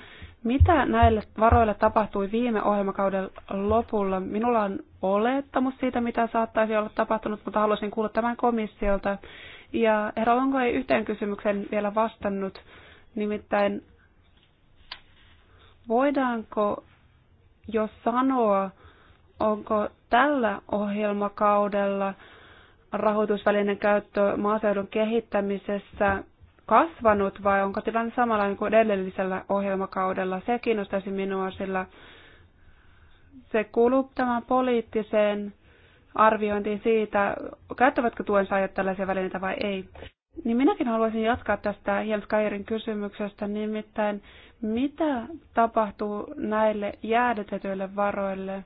Mitä näille varoille tapahtui viime ohjelmakauden lopulla? Minulla on olettamus siitä, mitä saattaisi olla tapahtunut, mutta haluaisin kuulla tämän komissiolta. Ja herra Lonko ei yhteen kysymykseen vielä vastannut, nimittäin voidaanko jo sanoa, onko tällä ohjelmakaudella rahoitusvälineen käyttö maaseudun kehittämisessä kasvanut vai onko tilanne samanlainen kuin edellisellä ohjelmakaudella? Se kiinnostaisi minua, sillä se kuuluu tämän poliittiseen arviointiin siitä, käyttävätkö tuen saajat tällaisia välineitä vai ei. Niin minäkin haluaisin jatkaa tästä Kairin kysymyksestä, nimittäin mitä tapahtuu näille jäädetetyille varoille?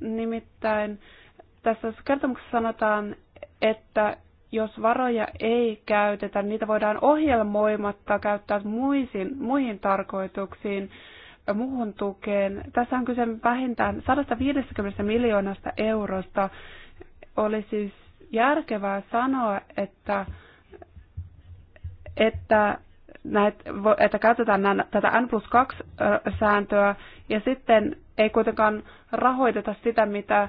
Nimittäin tässä kertomuksessa sanotaan, että jos varoja ei käytetä, niitä voidaan ohjelmoimatta käyttää muisiin, muihin tarkoituksiin, muuhun tukeen. Tässä on kyse vähintään 150 miljoonasta eurosta. Oli siis järkevää sanoa, että, että näet, että käytetään nää, tätä N plus 2 sääntöä ja sitten ei kuitenkaan rahoiteta sitä, mitä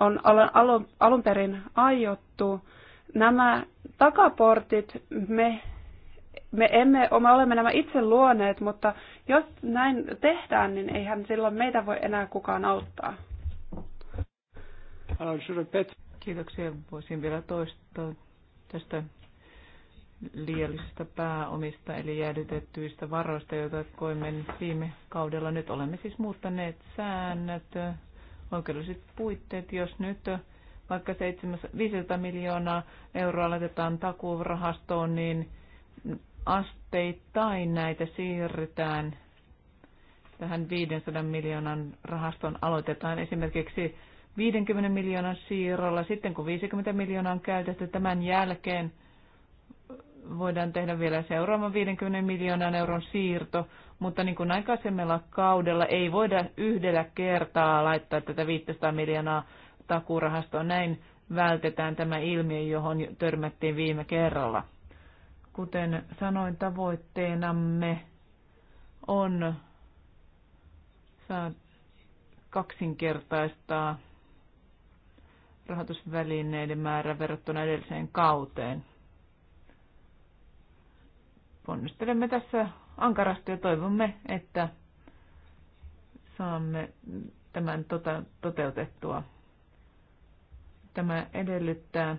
on alun, alun perin aiottu. Nämä takaportit me, me emme, me olemme nämä itse luoneet, mutta jos näin tehdään, niin eihän silloin meitä voi enää kukaan auttaa. Kiitoksia. Voisin vielä toistaa tästä liiallisista pääomista eli jäädytettyistä varoista, joita koimme viime kaudella. Nyt olemme siis muuttaneet säännöt, oikeudelliset puitteet. Jos nyt vaikka 500 miljoonaa euroa laitetaan takuurahastoon, niin asteittain näitä siirretään tähän 500 miljoonan rahaston aloitetaan esimerkiksi 50 miljoonan siirrolla. Sitten kun 50 miljoonaa on käytetty tämän jälkeen, voidaan tehdä vielä seuraavan 50 miljoonan euron siirto, mutta niin kuin aikaisemmalla kaudella ei voida yhdellä kertaa laittaa tätä 500 miljoonaa Takurahasto Näin vältetään tämä ilmiö, johon törmättiin viime kerralla. Kuten sanoin, tavoitteenamme on kaksinkertaistaa rahoitusvälineiden määrä verrattuna edelliseen kauteen. Ponnistelemme tässä ankarasti ja toivomme, että saamme tämän tota- toteutettua Tämä edellyttää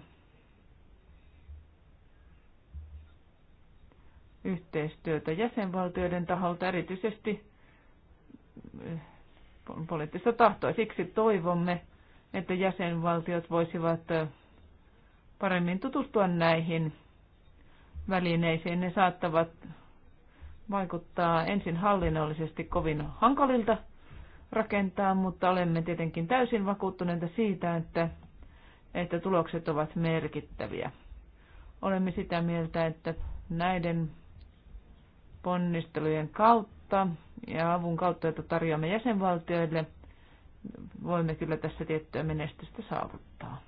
yhteistyötä jäsenvaltioiden taholta, erityisesti eh, poliittista tahtoa. Siksi toivomme, että jäsenvaltiot voisivat eh, paremmin tutustua näihin välineisiin. Ne saattavat vaikuttaa ensin hallinnollisesti kovin hankalilta rakentaa, mutta olemme tietenkin täysin vakuuttuneita siitä, että että tulokset ovat merkittäviä. Olemme sitä mieltä, että näiden ponnistelujen kautta ja avun kautta, jota tarjoamme jäsenvaltioille, voimme kyllä tässä tiettyä menestystä saavuttaa.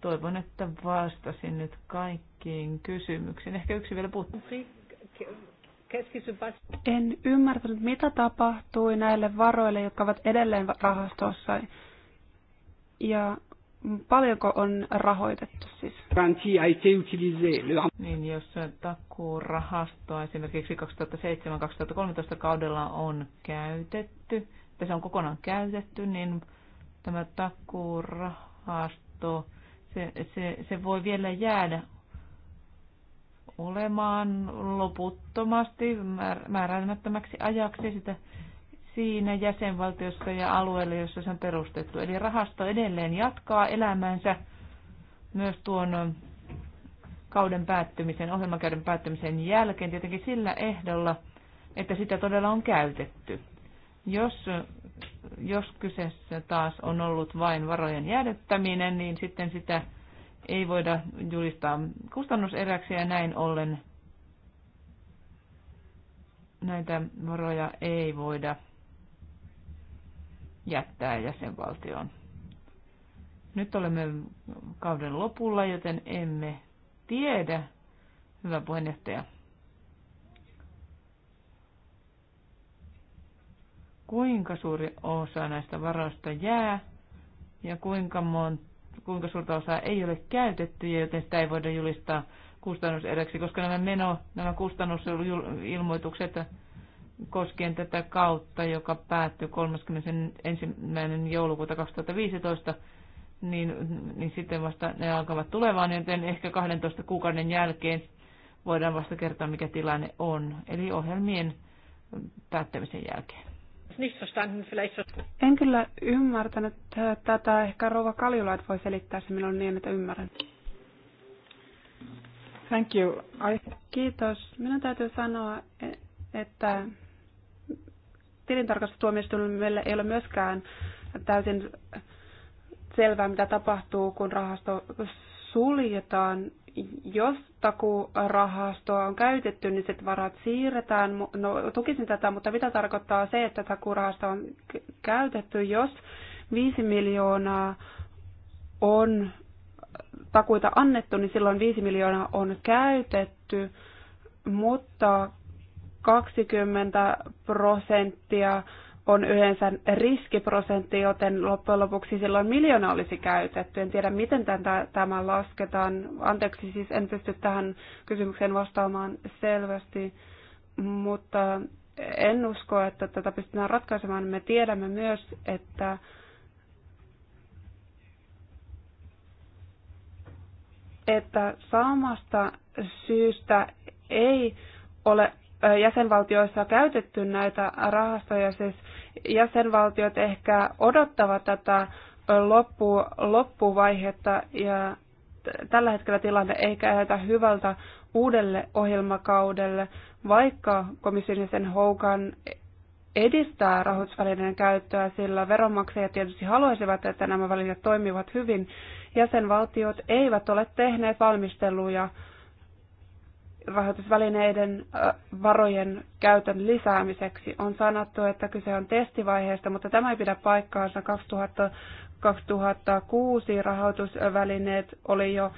Toivon, että vastasin nyt kaikkiin kysymyksiin. Ehkä yksi vielä puuttuu. En ymmärtänyt, mitä tapahtui näille varoille, jotka ovat edelleen rahastossa. Ja Paljonko on rahoitettu siis? Niin, jos takuurahastoa esimerkiksi 2007-2013 kaudella on käytetty, tai se on kokonaan käytetty, niin tämä takuurahasto, se, se, se voi vielä jäädä olemaan loputtomasti määräämättömäksi ajaksi. Sitä siinä jäsenvaltiossa ja alueella, jossa se on perustettu. Eli rahasto edelleen jatkaa elämänsä myös tuon kauden päättymisen, ohjelmakäyden päättymisen jälkeen tietenkin sillä ehdolla, että sitä todella on käytetty. Jos, jos kyseessä taas on ollut vain varojen jäädyttäminen, niin sitten sitä ei voida julistaa kustannuseräksi ja näin ollen näitä varoja ei voida jättää jäsenvaltioon. Nyt olemme kauden lopulla, joten emme tiedä, hyvä puheenjohtaja, kuinka suuri osa näistä varoista jää ja kuinka, mon, kuinka suurta osaa ei ole käytetty, joten sitä ei voida julistaa kustannuseräksi, koska nämä meno, nämä kustannusilmoitukset koskien tätä kautta, joka päättyi 31. joulukuuta 2015, niin, niin sitten vasta ne alkavat tulevaan, joten ehkä 12 kuukauden jälkeen voidaan vasta kertoa, mikä tilanne on, eli ohjelmien päättämisen jälkeen. En kyllä ymmärtänyt tätä. Ehkä Rova Kaljulait voi selittää se minulle niin, että ymmärrän. Thank you. I... Kiitos. Minun täytyy sanoa, e- että tilintarkastustuomioistuimelle ei ole myöskään täysin selvää, mitä tapahtuu, kun rahasto suljetaan. Jos takurahastoa on käytetty, niin sitten varat siirretään. No, tukisin tätä, mutta mitä tarkoittaa se, että takurahasto on käytetty, jos 5 miljoonaa on takuita annettu, niin silloin 5 miljoonaa on käytetty, mutta 20 prosenttia on yleensä riskiprosentti, joten loppujen lopuksi silloin miljoona olisi käytetty. En tiedä, miten tämä lasketaan. Anteeksi, siis en pysty tähän kysymykseen vastaamaan selvästi, mutta en usko, että tätä pystytään ratkaisemaan. Me tiedämme myös, että että samasta syystä ei ole jäsenvaltioissa käytetty näitä rahastoja, siis jäsenvaltiot ehkä odottavat tätä loppu, loppuvaihetta ja tällä hetkellä tilanne ei käytä hyvältä uudelle ohjelmakaudelle, vaikka komission sen Houkan edistää rahoitusvälineiden käyttöä, sillä veronmaksajat tietysti haluaisivat, että nämä välineet toimivat hyvin. Jäsenvaltiot eivät ole tehneet valmisteluja rahoitusvälineiden varojen käytön lisäämiseksi. On sanottu, että kyse on testivaiheesta, mutta tämä ei pidä paikkaansa. 2000, 2006 rahoitusvälineet oli jo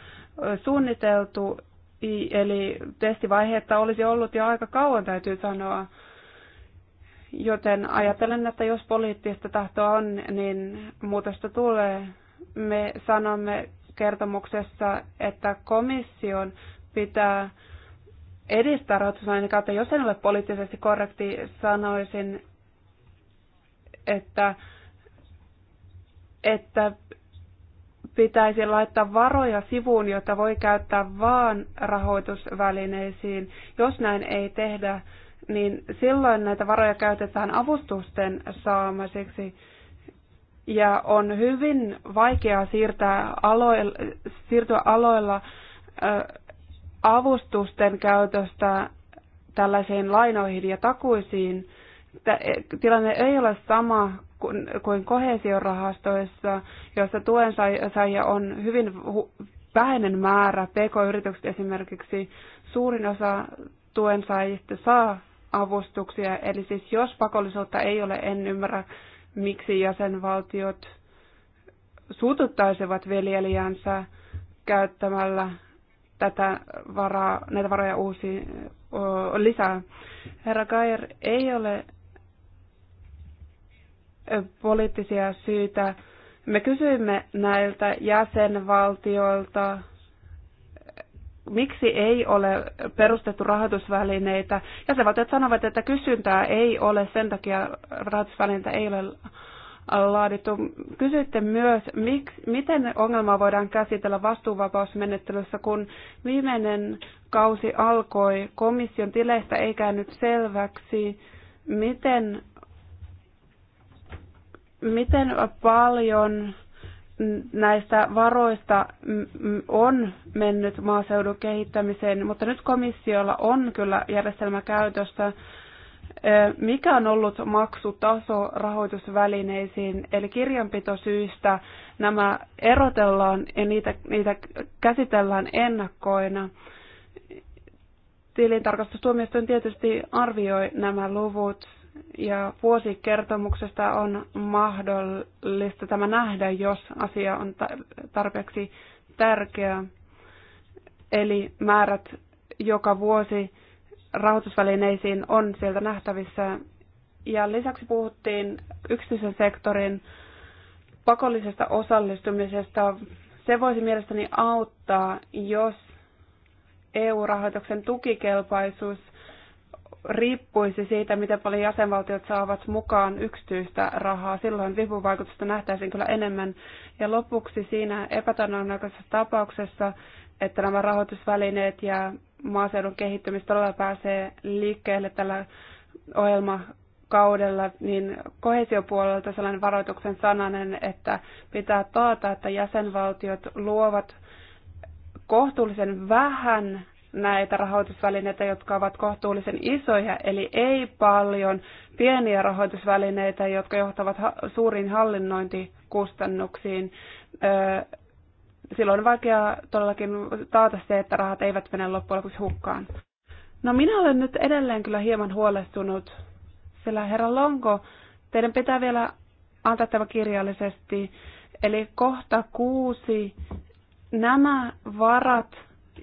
suunniteltu, eli testivaihetta olisi ollut jo aika kauan, täytyy sanoa. Joten ajattelen, että jos poliittista tahtoa on, niin muutosta tulee. Me sanomme kertomuksessa, että komission pitää edistää rahoitusmallin kautta. Jos en ole poliittisesti korrekti, sanoisin, että, että pitäisi laittaa varoja sivuun, jotta voi käyttää vaan rahoitusvälineisiin. Jos näin ei tehdä, niin silloin näitä varoja käytetään avustusten saamiseksi. Ja on hyvin vaikeaa siirtää aloilla, siirtyä aloilla, avustusten käytöstä tällaisiin lainoihin ja takuisiin. E- tilanne ei ole sama kuin kohesiorahastoissa, joissa tuen saajia on hyvin vähäinen määrä. PK-yritykset esimerkiksi suurin osa tuen saajista saa avustuksia. Eli siis jos pakollisuutta ei ole, en ymmärrä, miksi jäsenvaltiot suututtaisivat viljelijänsä käyttämällä tätä varaa, näitä varoja uusi o, lisää. Herra Gayer ei ole poliittisia syitä. Me kysyimme näiltä jäsenvaltioilta, miksi ei ole perustettu rahoitusvälineitä. Jäsenvaltiot sanovat, että kysyntää ei ole, sen takia rahoitusvälineitä ei ole laadittu. Kysytte myös, miksi, miten ongelmaa voidaan käsitellä vastuuvapausmenettelyssä, kun viimeinen kausi alkoi komission tileistä ei käynyt selväksi, miten, miten paljon näistä varoista on mennyt maaseudun kehittämiseen, mutta nyt komissiolla on kyllä järjestelmä käytössä mikä on ollut maksutaso rahoitusvälineisiin, eli kirjanpitosyistä nämä erotellaan ja niitä, niitä käsitellään ennakkoina. Tilintarkastustuomioistuin tietysti arvioi nämä luvut ja vuosikertomuksesta on mahdollista tämä nähdä, jos asia on tarpeeksi tärkeä. Eli määrät joka vuosi rahoitusvälineisiin on sieltä nähtävissä. Ja lisäksi puhuttiin yksityisen sektorin pakollisesta osallistumisesta. Se voisi mielestäni auttaa, jos EU-rahoituksen tukikelpaisuus riippuisi siitä, miten paljon jäsenvaltiot saavat mukaan yksityistä rahaa. Silloin vipuvaikutusta nähtäisiin kyllä enemmän. Ja lopuksi siinä epätodennäköisessä tapauksessa, että nämä rahoitusvälineet ja maaseudun todella pääsee liikkeelle tällä ohjelmakaudella, niin kohesiopuolelta sellainen varoituksen sananen, että pitää taata, että jäsenvaltiot luovat kohtuullisen vähän näitä rahoitusvälineitä, jotka ovat kohtuullisen isoja, eli ei paljon pieniä rahoitusvälineitä, jotka johtavat ha- suuriin hallinnointikustannuksiin. Öö, silloin on vaikea todellakin taata se, että rahat eivät mene loppujen lopuksi hukkaan. No minä olen nyt edelleen kyllä hieman huolestunut, sillä herra Lonko, teidän pitää vielä antaa tämä kirjallisesti. Eli kohta kuusi, nämä varat,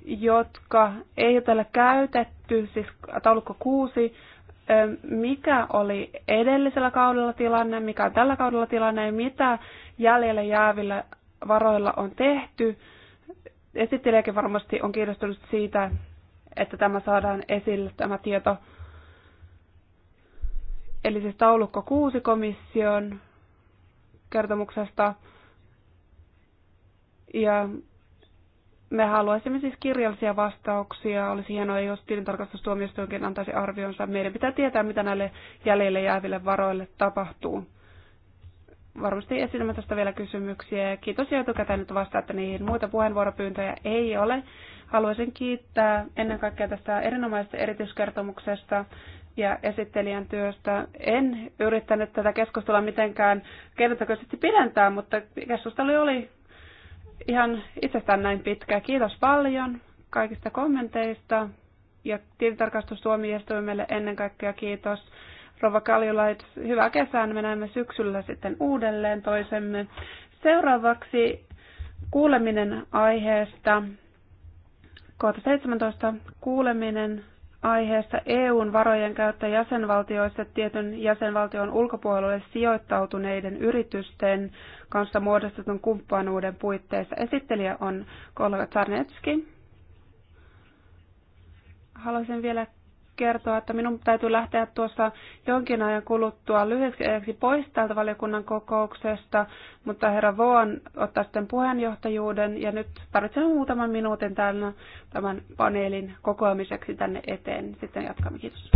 jotka ei ole täällä käytetty, siis taulukko kuusi, mikä oli edellisellä kaudella tilanne, mikä on tällä kaudella tilanne ja mitä jäljelle jäävillä varoilla on tehty. Esittelijäkin varmasti on kiinnostunut siitä, että tämä saadaan esille, tämä tieto. Eli siis taulukko 6 komission kertomuksesta. Ja me haluaisimme siis kirjallisia vastauksia. Olisi hienoa, jos tilintarkastustuomioistuinkin antaisi arvionsa. Meidän pitää tietää, mitä näille jäljelle jääville varoille tapahtuu varmasti esitämme tästä vielä kysymyksiä. Kiitos jo etukäteen, että niihin. Muita puheenvuoropyyntöjä ei ole. Haluaisin kiittää ennen kaikkea tästä erinomaisesta erityiskertomuksesta ja esittelijän työstä. En yrittänyt tätä keskustelua mitenkään kertakoisesti pidentää, mutta keskustelu oli ihan itsestään näin pitkä. Kiitos paljon kaikista kommenteista ja tilintarkastustuomioistuimelle ennen kaikkea kiitos Rova Kaljulait, hyvää kesää. Me näemme syksyllä sitten uudelleen toisemme. Seuraavaksi kuuleminen aiheesta. Kohta 17. Kuuleminen aiheesta EUn varojen käyttö jäsenvaltioissa tietyn jäsenvaltion ulkopuolelle sijoittautuneiden yritysten kanssa muodostetun kumppanuuden puitteissa. Esittelijä on kollega Tarnetski. Haluaisin vielä kertoa, että minun täytyy lähteä tuossa jonkin ajan kuluttua lyhyeksi pois täältä valiokunnan kokouksesta, mutta herra Voon ottaa sitten puheenjohtajuuden ja nyt tarvitsemme muutaman minuutin tämän, tämän paneelin kokoamiseksi tänne eteen. Sitten jatkamme. Kiitos.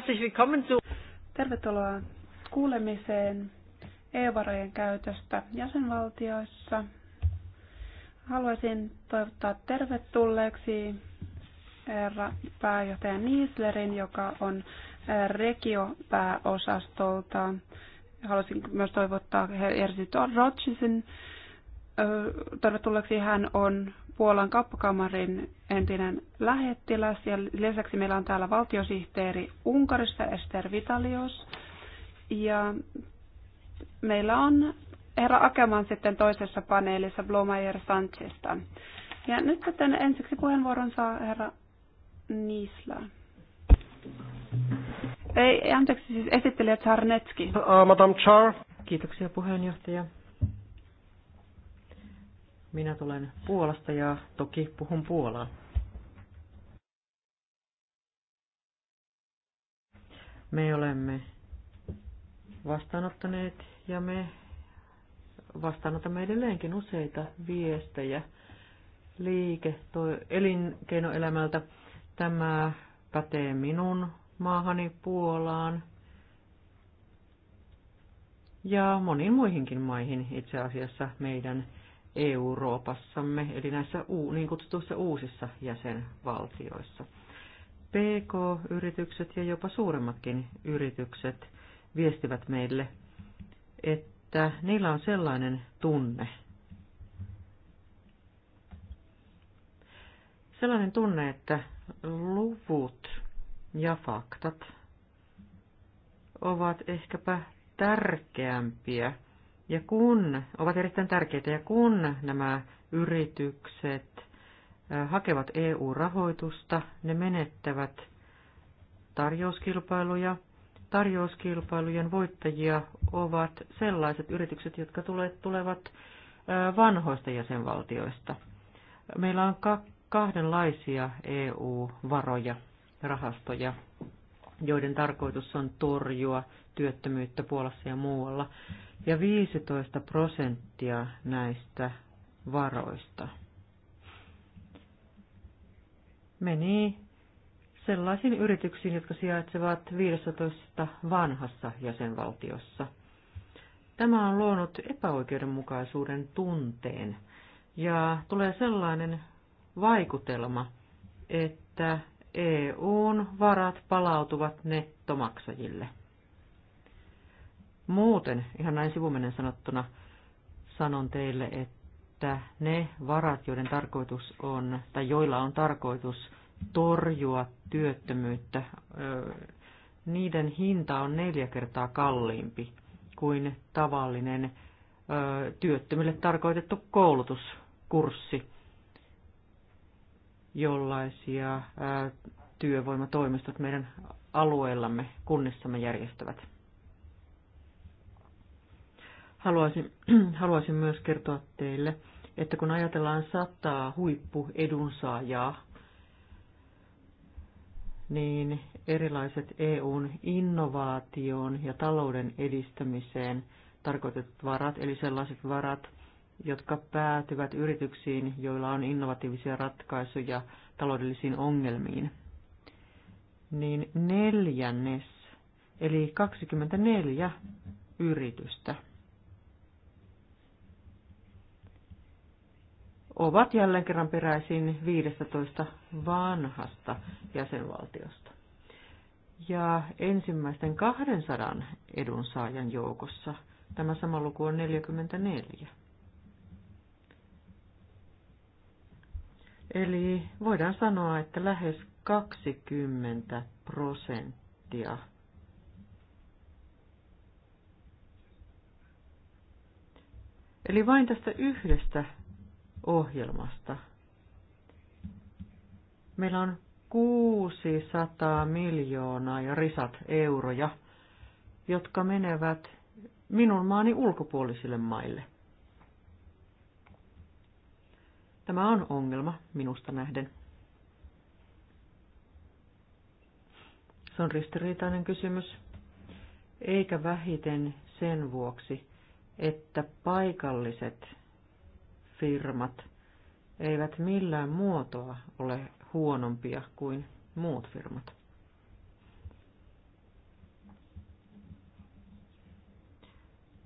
herzlich willkommen zu... Tervetuloa kuulemiseen e varojen käytöstä jäsenvaltioissa. Haluaisin toivottaa tervetulleeksi herra pääjohtaja Niislerin, joka on eh, regiopääosastolta. Haluaisin myös toivottaa Jerzy Rochisin eh, tervetulleeksi. Hän on Puolan kauppakamarin entinen lähettiläs ja lisäksi meillä on täällä valtiosihteeri Unkarista Ester Vitalios ja meillä on herra Akeman sitten toisessa paneelissa Blomayer Sanchista. Ja nyt sitten ensiksi puheenvuoron saa herra Niisla. Ei, anteeksi, siis esittelijä Czarnecki. Uh, Madame Char. Kiitoksia puheenjohtaja. Minä tulen Puolasta ja toki puhun Puolaa. me olemme vastaanottaneet ja me vastaanotamme edelleenkin useita viestejä liike, tai elinkeinoelämältä. Tämä pätee minun maahani Puolaan ja moniin muihinkin maihin itse asiassa meidän Euroopassamme, eli näissä niin kutsutuissa uusissa jäsenvaltioissa. PK-yritykset ja jopa suuremmatkin yritykset viestivät meille, että niillä on sellainen tunne, sellainen tunne, että luvut ja faktat ovat ehkäpä tärkeämpiä ja kun, ovat erittäin tärkeitä ja kun nämä yritykset hakevat EU-rahoitusta, ne menettävät tarjouskilpailuja. Tarjouskilpailujen voittajia ovat sellaiset yritykset, jotka tulevat vanhoista jäsenvaltioista. Meillä on kahdenlaisia EU-varoja, rahastoja, joiden tarkoitus on torjua työttömyyttä Puolassa ja muualla. Ja 15 prosenttia näistä varoista – meni sellaisiin yrityksiin, jotka sijaitsevat 15 vanhassa jäsenvaltiossa. Tämä on luonut epäoikeudenmukaisuuden tunteen ja tulee sellainen vaikutelma, että EUn varat palautuvat nettomaksajille. Muuten, ihan näin sivuminen sanottuna, sanon teille, että että ne varat, joiden tarkoitus on, tai joilla on tarkoitus torjua työttömyyttä, niiden hinta on neljä kertaa kalliimpi kuin tavallinen työttömille tarkoitettu koulutuskurssi, jollaisia työvoimatoimistot meidän alueellamme, kunnissamme järjestävät. Haluaisin, haluaisin myös kertoa teille että kun ajatellaan sataa huippuedunsaajaa, niin erilaiset EUn innovaation ja talouden edistämiseen tarkoitetut varat, eli sellaiset varat, jotka päätyvät yrityksiin, joilla on innovatiivisia ratkaisuja taloudellisiin ongelmiin, niin neljännes, eli 24 yritystä – ovat jälleen kerran peräisin 15 vanhasta jäsenvaltiosta. Ja ensimmäisten 200 edunsaajan joukossa tämä sama luku on 44. Eli voidaan sanoa, että lähes 20 prosenttia Eli vain tästä yhdestä ohjelmasta. Meillä on 600 miljoonaa ja risat euroja, jotka menevät minun maani ulkopuolisille maille. Tämä on ongelma minusta nähden. Se on ristiriitainen kysymys, eikä vähiten sen vuoksi, että paikalliset firmat eivät millään muotoa ole huonompia kuin muut firmat.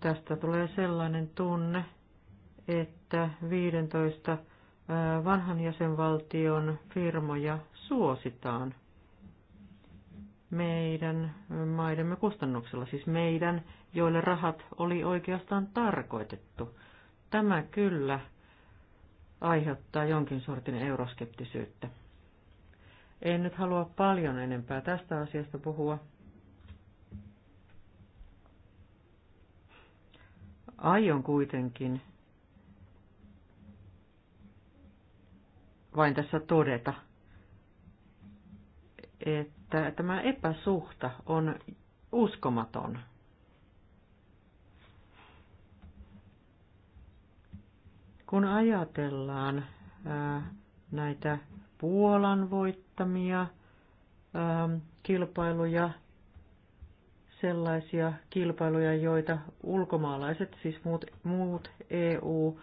Tästä tulee sellainen tunne, että 15 vanhan jäsenvaltion firmoja suositaan meidän maidemme kustannuksella, siis meidän, joille rahat oli oikeastaan tarkoitettu. Tämä kyllä aiheuttaa jonkin sortin euroskeptisyyttä. En nyt halua paljon enempää tästä asiasta puhua. Aion kuitenkin vain tässä todeta, että tämä epäsuhta on uskomaton. Kun ajatellaan näitä Puolan voittamia kilpailuja, sellaisia kilpailuja, joita ulkomaalaiset, siis muut, muut EU,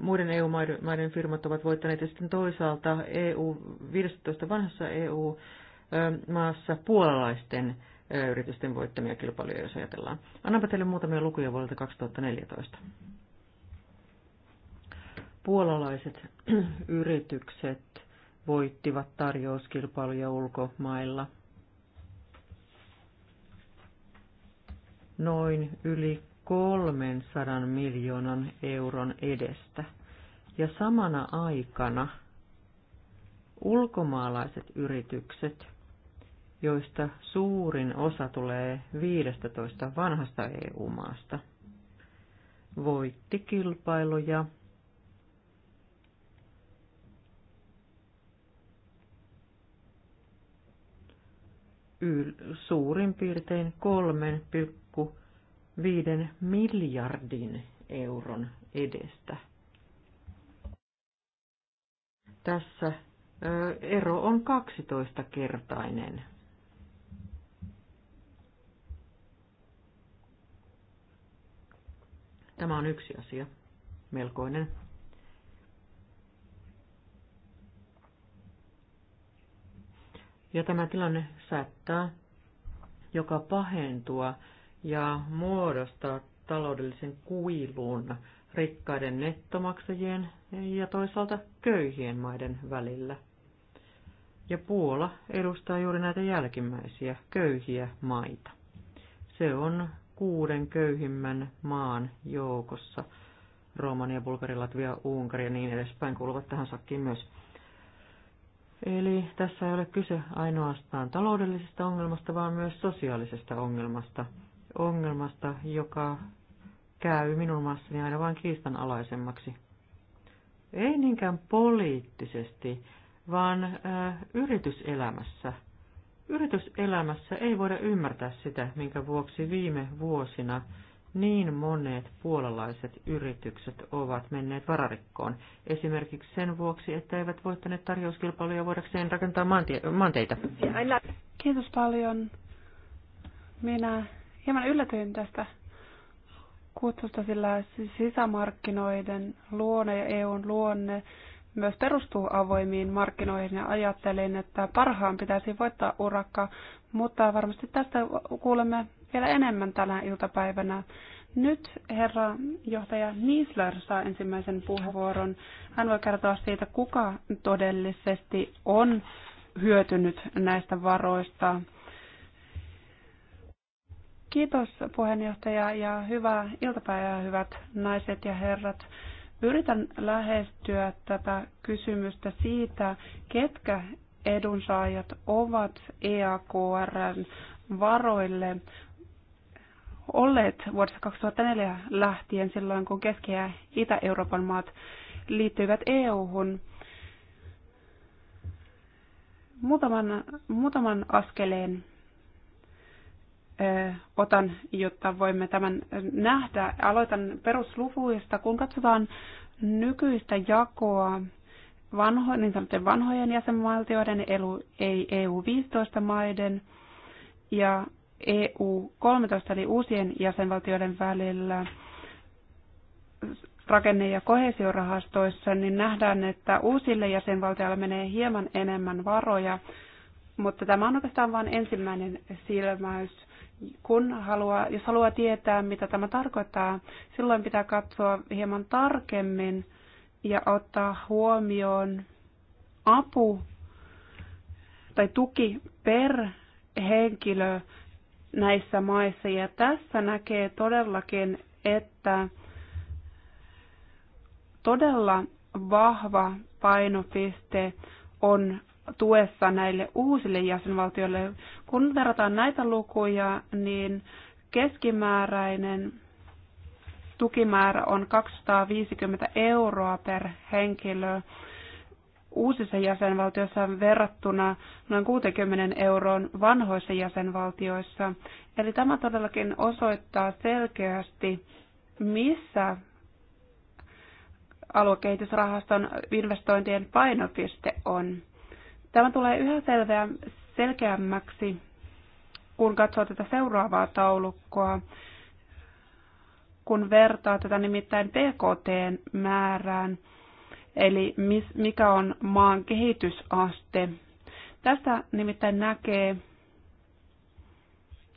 muiden EU-maiden firmat ovat voittaneet, ja sitten toisaalta EU, 15 vanhassa EU-maassa puolalaisten yritysten voittamia kilpailuja, jos ajatellaan. Annanpa teille muutamia lukuja vuodelta 2014. Puolalaiset yritykset voittivat tarjouskilpailuja ulkomailla. Noin yli 300 miljoonan euron edestä. Ja samana aikana ulkomaalaiset yritykset, joista suurin osa tulee 15 vanhasta EU-maasta, voitti kilpailuja yl- suurin piirtein 3,5 miljardin euron edestä. Tässä ero on 12-kertainen. Tämä on yksi asia, melkoinen Ja tämä tilanne saattaa joka pahentua ja muodostaa taloudellisen kuilun rikkaiden nettomaksajien ja toisaalta köyhien maiden välillä. Ja Puola edustaa juuri näitä jälkimmäisiä köyhiä maita. Se on kuuden köyhimmän maan joukossa. Romania, Bulgaria, Latvia, Unkari ja niin edespäin kuuluvat tähän sakkiin myös. Eli tässä ei ole kyse ainoastaan taloudellisesta ongelmasta, vaan myös sosiaalisesta ongelmasta. Ongelmasta, joka käy minun maassani aina vain kiistanalaisemmaksi. Ei niinkään poliittisesti, vaan ä, äh, yrityselämässä. Yrityselämässä ei voida ymmärtää sitä, minkä vuoksi viime vuosina niin monet puolalaiset yritykset ovat menneet vararikkoon. Esimerkiksi sen vuoksi, että eivät voittaneet tarjouskilpailuja voidakseen rakentaa maantie- maanteita. Kiitos paljon. Minä hieman yllätyin tästä kutsusta, sillä sisämarkkinoiden luonne ja EUn luonne myös perustuu avoimiin markkinoihin ja ajattelin, että parhaan pitäisi voittaa urakka, mutta varmasti tästä kuulemme vielä enemmän tänä iltapäivänä. Nyt herra johtaja Niisler saa ensimmäisen puheenvuoron. Hän voi kertoa siitä, kuka todellisesti on hyötynyt näistä varoista. Kiitos puheenjohtaja ja hyvää iltapäivää hyvät naiset ja herrat. Yritän lähestyä tätä kysymystä siitä, ketkä edunsaajat ovat EAKRn varoille olleet vuodesta 2004 lähtien silloin, kun Keski- ja Itä-Euroopan maat liittyivät EU-hun. Muutaman, muutaman askeleen ö, otan, jotta voimme tämän nähdä. Aloitan perusluvuista. Kun katsotaan nykyistä jakoa vanho, niin sanottujen vanhojen jäsenvaltioiden, EU-15 e maiden ja EU-13 eli uusien jäsenvaltioiden välillä rakenne- ja kohesiorahastoissa, niin nähdään, että uusille jäsenvaltioille menee hieman enemmän varoja, mutta tämä on oikeastaan vain ensimmäinen silmäys. Kun haluaa, jos haluaa tietää, mitä tämä tarkoittaa, silloin pitää katsoa hieman tarkemmin ja ottaa huomioon apu tai tuki per henkilö näissä maissa. Ja tässä näkee todellakin, että todella vahva painopiste on tuessa näille uusille jäsenvaltioille. Kun verrataan näitä lukuja, niin keskimääräinen tukimäärä on 250 euroa per henkilö uusissa jäsenvaltioissa verrattuna noin 60 euroon vanhoissa jäsenvaltioissa. Eli tämä todellakin osoittaa selkeästi, missä aluekehitysrahaston investointien painopiste on. Tämä tulee yhä selveä, selkeämmäksi, kun katsoo tätä seuraavaa taulukkoa, kun vertaa tätä nimittäin PKT-määrään – eli mikä on maan kehitysaste. Tästä nimittäin näkee,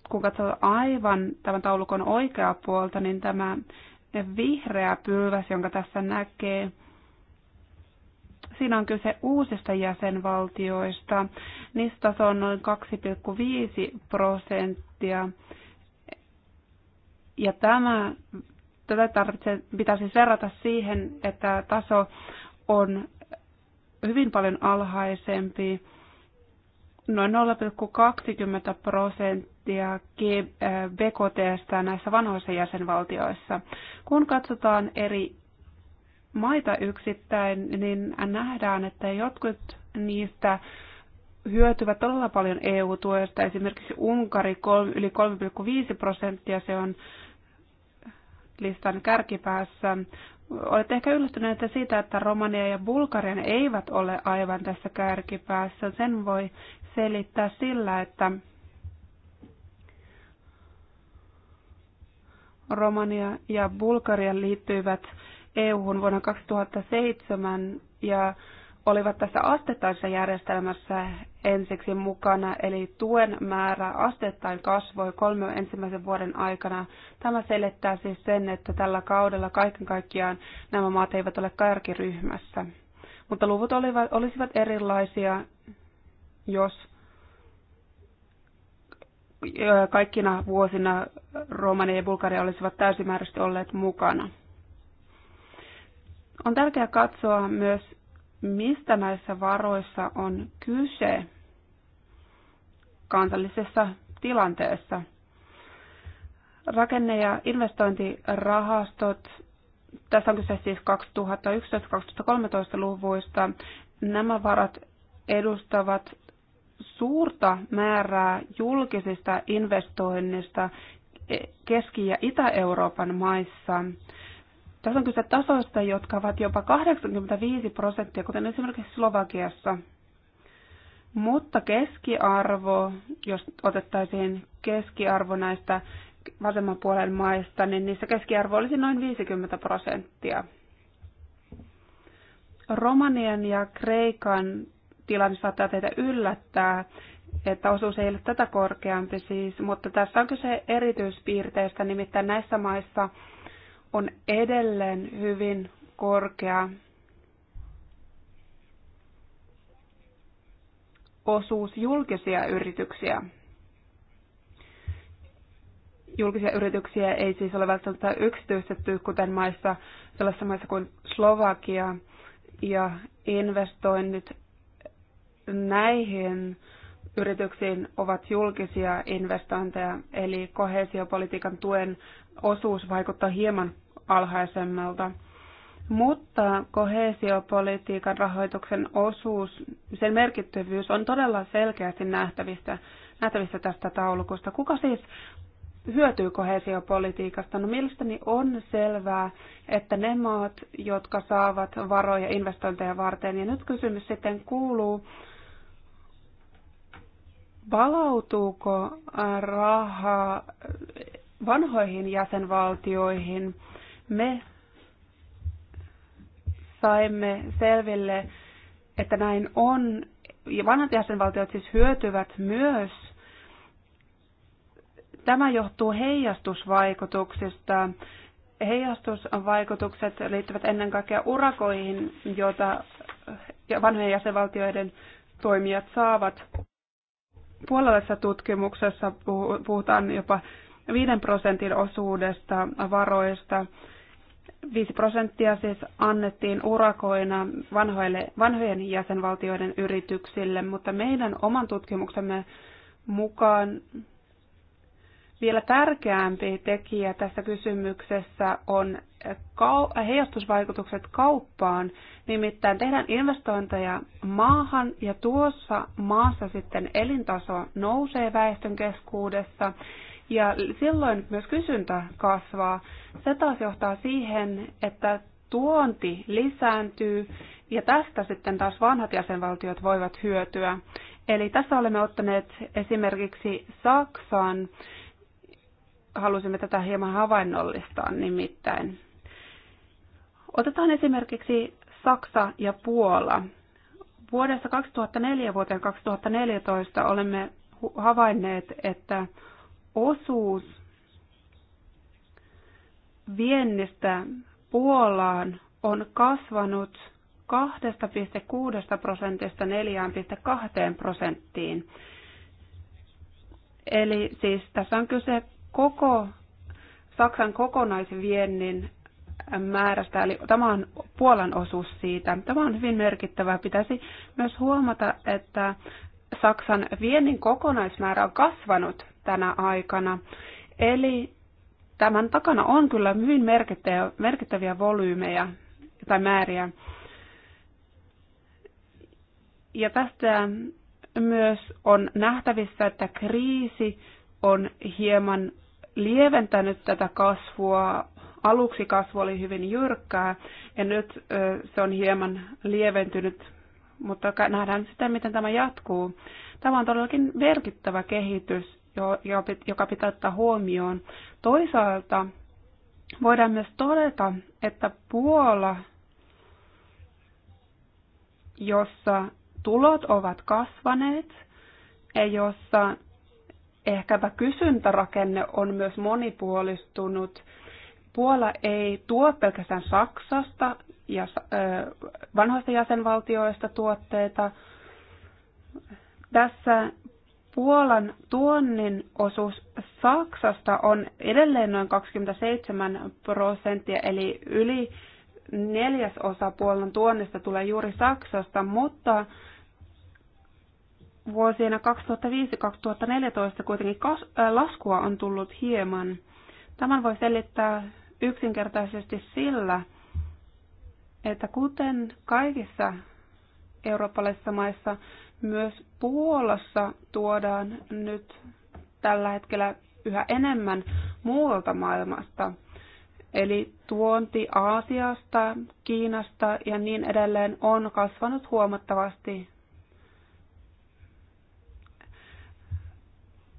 kun katsoo aivan tämän taulukon oikeaa puolta, niin tämä vihreä pylväs, jonka tässä näkee, siinä on kyse uusista jäsenvaltioista. Niistä se on noin 2,5 prosenttia. Ja tämä, tätä tarvitsee, pitäisi verrata siihen, että taso on hyvin paljon alhaisempi, noin 0,20 prosenttia äh, BKT näissä vanhoissa jäsenvaltioissa. Kun katsotaan eri maita yksittäin, niin nähdään, että jotkut niistä hyötyvät todella paljon EU-tuesta. Esimerkiksi Unkari yli 3,5 prosenttia, se on listan kärkipäässä. Olette ehkä yllättyneitä siitä, että Romania ja Bulgarian eivät ole aivan tässä kärkipäässä. Sen voi selittää sillä, että Romania ja Bulgaria liittyivät EU-hun vuonna 2007 ja olivat tässä astetaisessa järjestelmässä ensiksi mukana, eli tuen määrä asteittain kasvoi kolme ensimmäisen vuoden aikana. Tämä selittää siis sen, että tällä kaudella kaiken kaikkiaan nämä maat eivät ole kärkiryhmässä. Mutta luvut olivat, olisivat erilaisia, jos kaikkina vuosina Romania ja Bulgaria olisivat täysimääräisesti olleet mukana. On tärkeää katsoa myös mistä näissä varoissa on kyse kansallisessa tilanteessa. Rakenne- ja investointirahastot, tässä on kyse siis 2011-2013 luvuista, nämä varat edustavat suurta määrää julkisista investoinnista Keski- ja Itä-Euroopan maissa. Tässä on kyse tasoista, jotka ovat jopa 85 prosenttia, kuten esimerkiksi Slovakiassa. Mutta keskiarvo, jos otettaisiin keskiarvo näistä vasemman puolen maista, niin niissä keskiarvo olisi noin 50 prosenttia. Romanian ja Kreikan tilanne saattaa teitä yllättää, että osuus ei ole tätä korkeampi siis, mutta tässä on kyse erityispiirteistä, nimittäin näissä maissa – on edelleen hyvin korkea osuus julkisia yrityksiä. Julkisia yrityksiä ei siis ole välttämättä yksityistetty, kuten maissa, sellaisissa maissa kuin Slovakia, ja investoinnit näihin yrityksiin ovat julkisia investointeja, eli kohesiopolitiikan tuen osuus vaikuttaa hieman alhaisemmalta. Mutta kohesiopolitiikan rahoituksen osuus, sen merkittävyys on todella selkeästi nähtävissä, nähtävissä tästä taulukosta. Kuka siis hyötyy kohesiopolitiikasta? No mielestäni on selvää, että ne maat, jotka saavat varoja investointeja varten, ja nyt kysymys sitten kuuluu, palautuuko äh, raha vanhoihin jäsenvaltioihin? Me saimme selville, että näin on. Ja vanhat jäsenvaltiot siis hyötyvät myös. Tämä johtuu heijastusvaikutuksista. Heijastusvaikutukset liittyvät ennen kaikkea urakoihin, joita vanhojen jäsenvaltioiden toimijat saavat puolellisessa tutkimuksessa puhutaan jopa 5 prosentin osuudesta varoista. 5 prosenttia siis annettiin urakoina vanhoille, vanhojen jäsenvaltioiden yrityksille, mutta meidän oman tutkimuksemme mukaan vielä tärkeämpi tekijä tässä kysymyksessä on heijastusvaikutukset kauppaan. Nimittäin tehdään investointeja maahan ja tuossa maassa sitten elintaso nousee väestön keskuudessa ja silloin myös kysyntä kasvaa. Se taas johtaa siihen, että tuonti lisääntyy ja tästä sitten taas vanhat jäsenvaltiot voivat hyötyä. Eli tässä olemme ottaneet esimerkiksi Saksan halusimme tätä hieman havainnollistaa nimittäin. Otetaan esimerkiksi Saksa ja Puola. Vuodesta 2004 vuoteen 2014 olemme havainneet, että osuus viennistä Puolaan on kasvanut 2,6 prosentista 4,2 prosenttiin. Eli siis tässä on kyse koko Saksan kokonaisviennin määrästä, eli tämä on Puolan osuus siitä. Tämä on hyvin merkittävää. Pitäisi myös huomata, että Saksan viennin kokonaismäärä on kasvanut tänä aikana. Eli tämän takana on kyllä hyvin merkittäviä volyymeja tai määriä. Ja tästä myös on nähtävissä, että kriisi on hieman lieventänyt tätä kasvua. Aluksi kasvu oli hyvin jyrkkää ja nyt se on hieman lieventynyt, mutta nähdään sitä, miten tämä jatkuu. Tämä on todellakin merkittävä kehitys, joka pitää ottaa huomioon. Toisaalta voidaan myös todeta, että Puola, jossa tulot ovat kasvaneet ja jossa ehkäpä kysyntärakenne on myös monipuolistunut. Puola ei tuo pelkästään Saksasta ja äh, vanhoista jäsenvaltioista tuotteita. Tässä Puolan tuonnin osuus Saksasta on edelleen noin 27 prosenttia, eli yli neljäsosa Puolan tuonnista tulee juuri Saksasta, mutta vuosina 2005-2014 kuitenkin äh, laskua on tullut hieman. Tämän voi selittää yksinkertaisesti sillä, että kuten kaikissa eurooppalaisissa maissa, myös Puolassa tuodaan nyt tällä hetkellä yhä enemmän muualta maailmasta. Eli tuonti Aasiasta, Kiinasta ja niin edelleen on kasvanut huomattavasti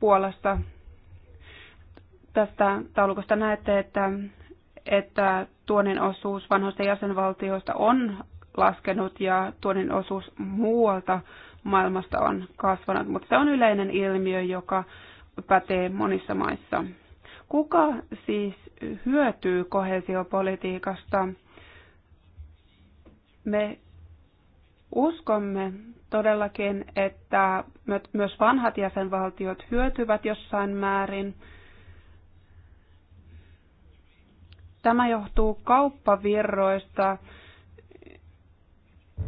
puolesta tästä taulukosta näette, että, että tuonin osuus vanhoista jäsenvaltioista on laskenut ja tuonin osuus muualta maailmasta on kasvanut, mutta se on yleinen ilmiö, joka pätee monissa maissa. Kuka siis hyötyy kohesiopolitiikasta? Me Uskomme todellakin, että myös vanhat jäsenvaltiot hyötyvät jossain määrin. Tämä johtuu kauppavirroista,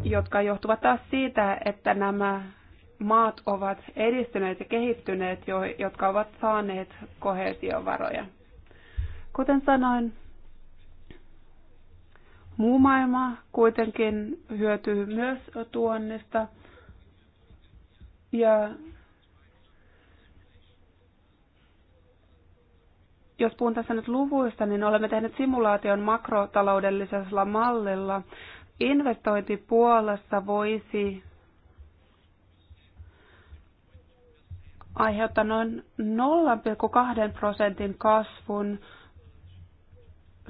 jotka johtuvat taas siitä, että nämä maat ovat edistyneet ja kehittyneet, jotka ovat saaneet kohesiovaroja. Kuten sanoin, Muu maailma kuitenkin hyötyy myös tuonnista. Ja jos puhun tässä nyt luvuista, niin olemme tehneet simulaation makrotaloudellisella mallilla. Investointipuolessa voisi aiheuttaa noin 0,2 prosentin kasvun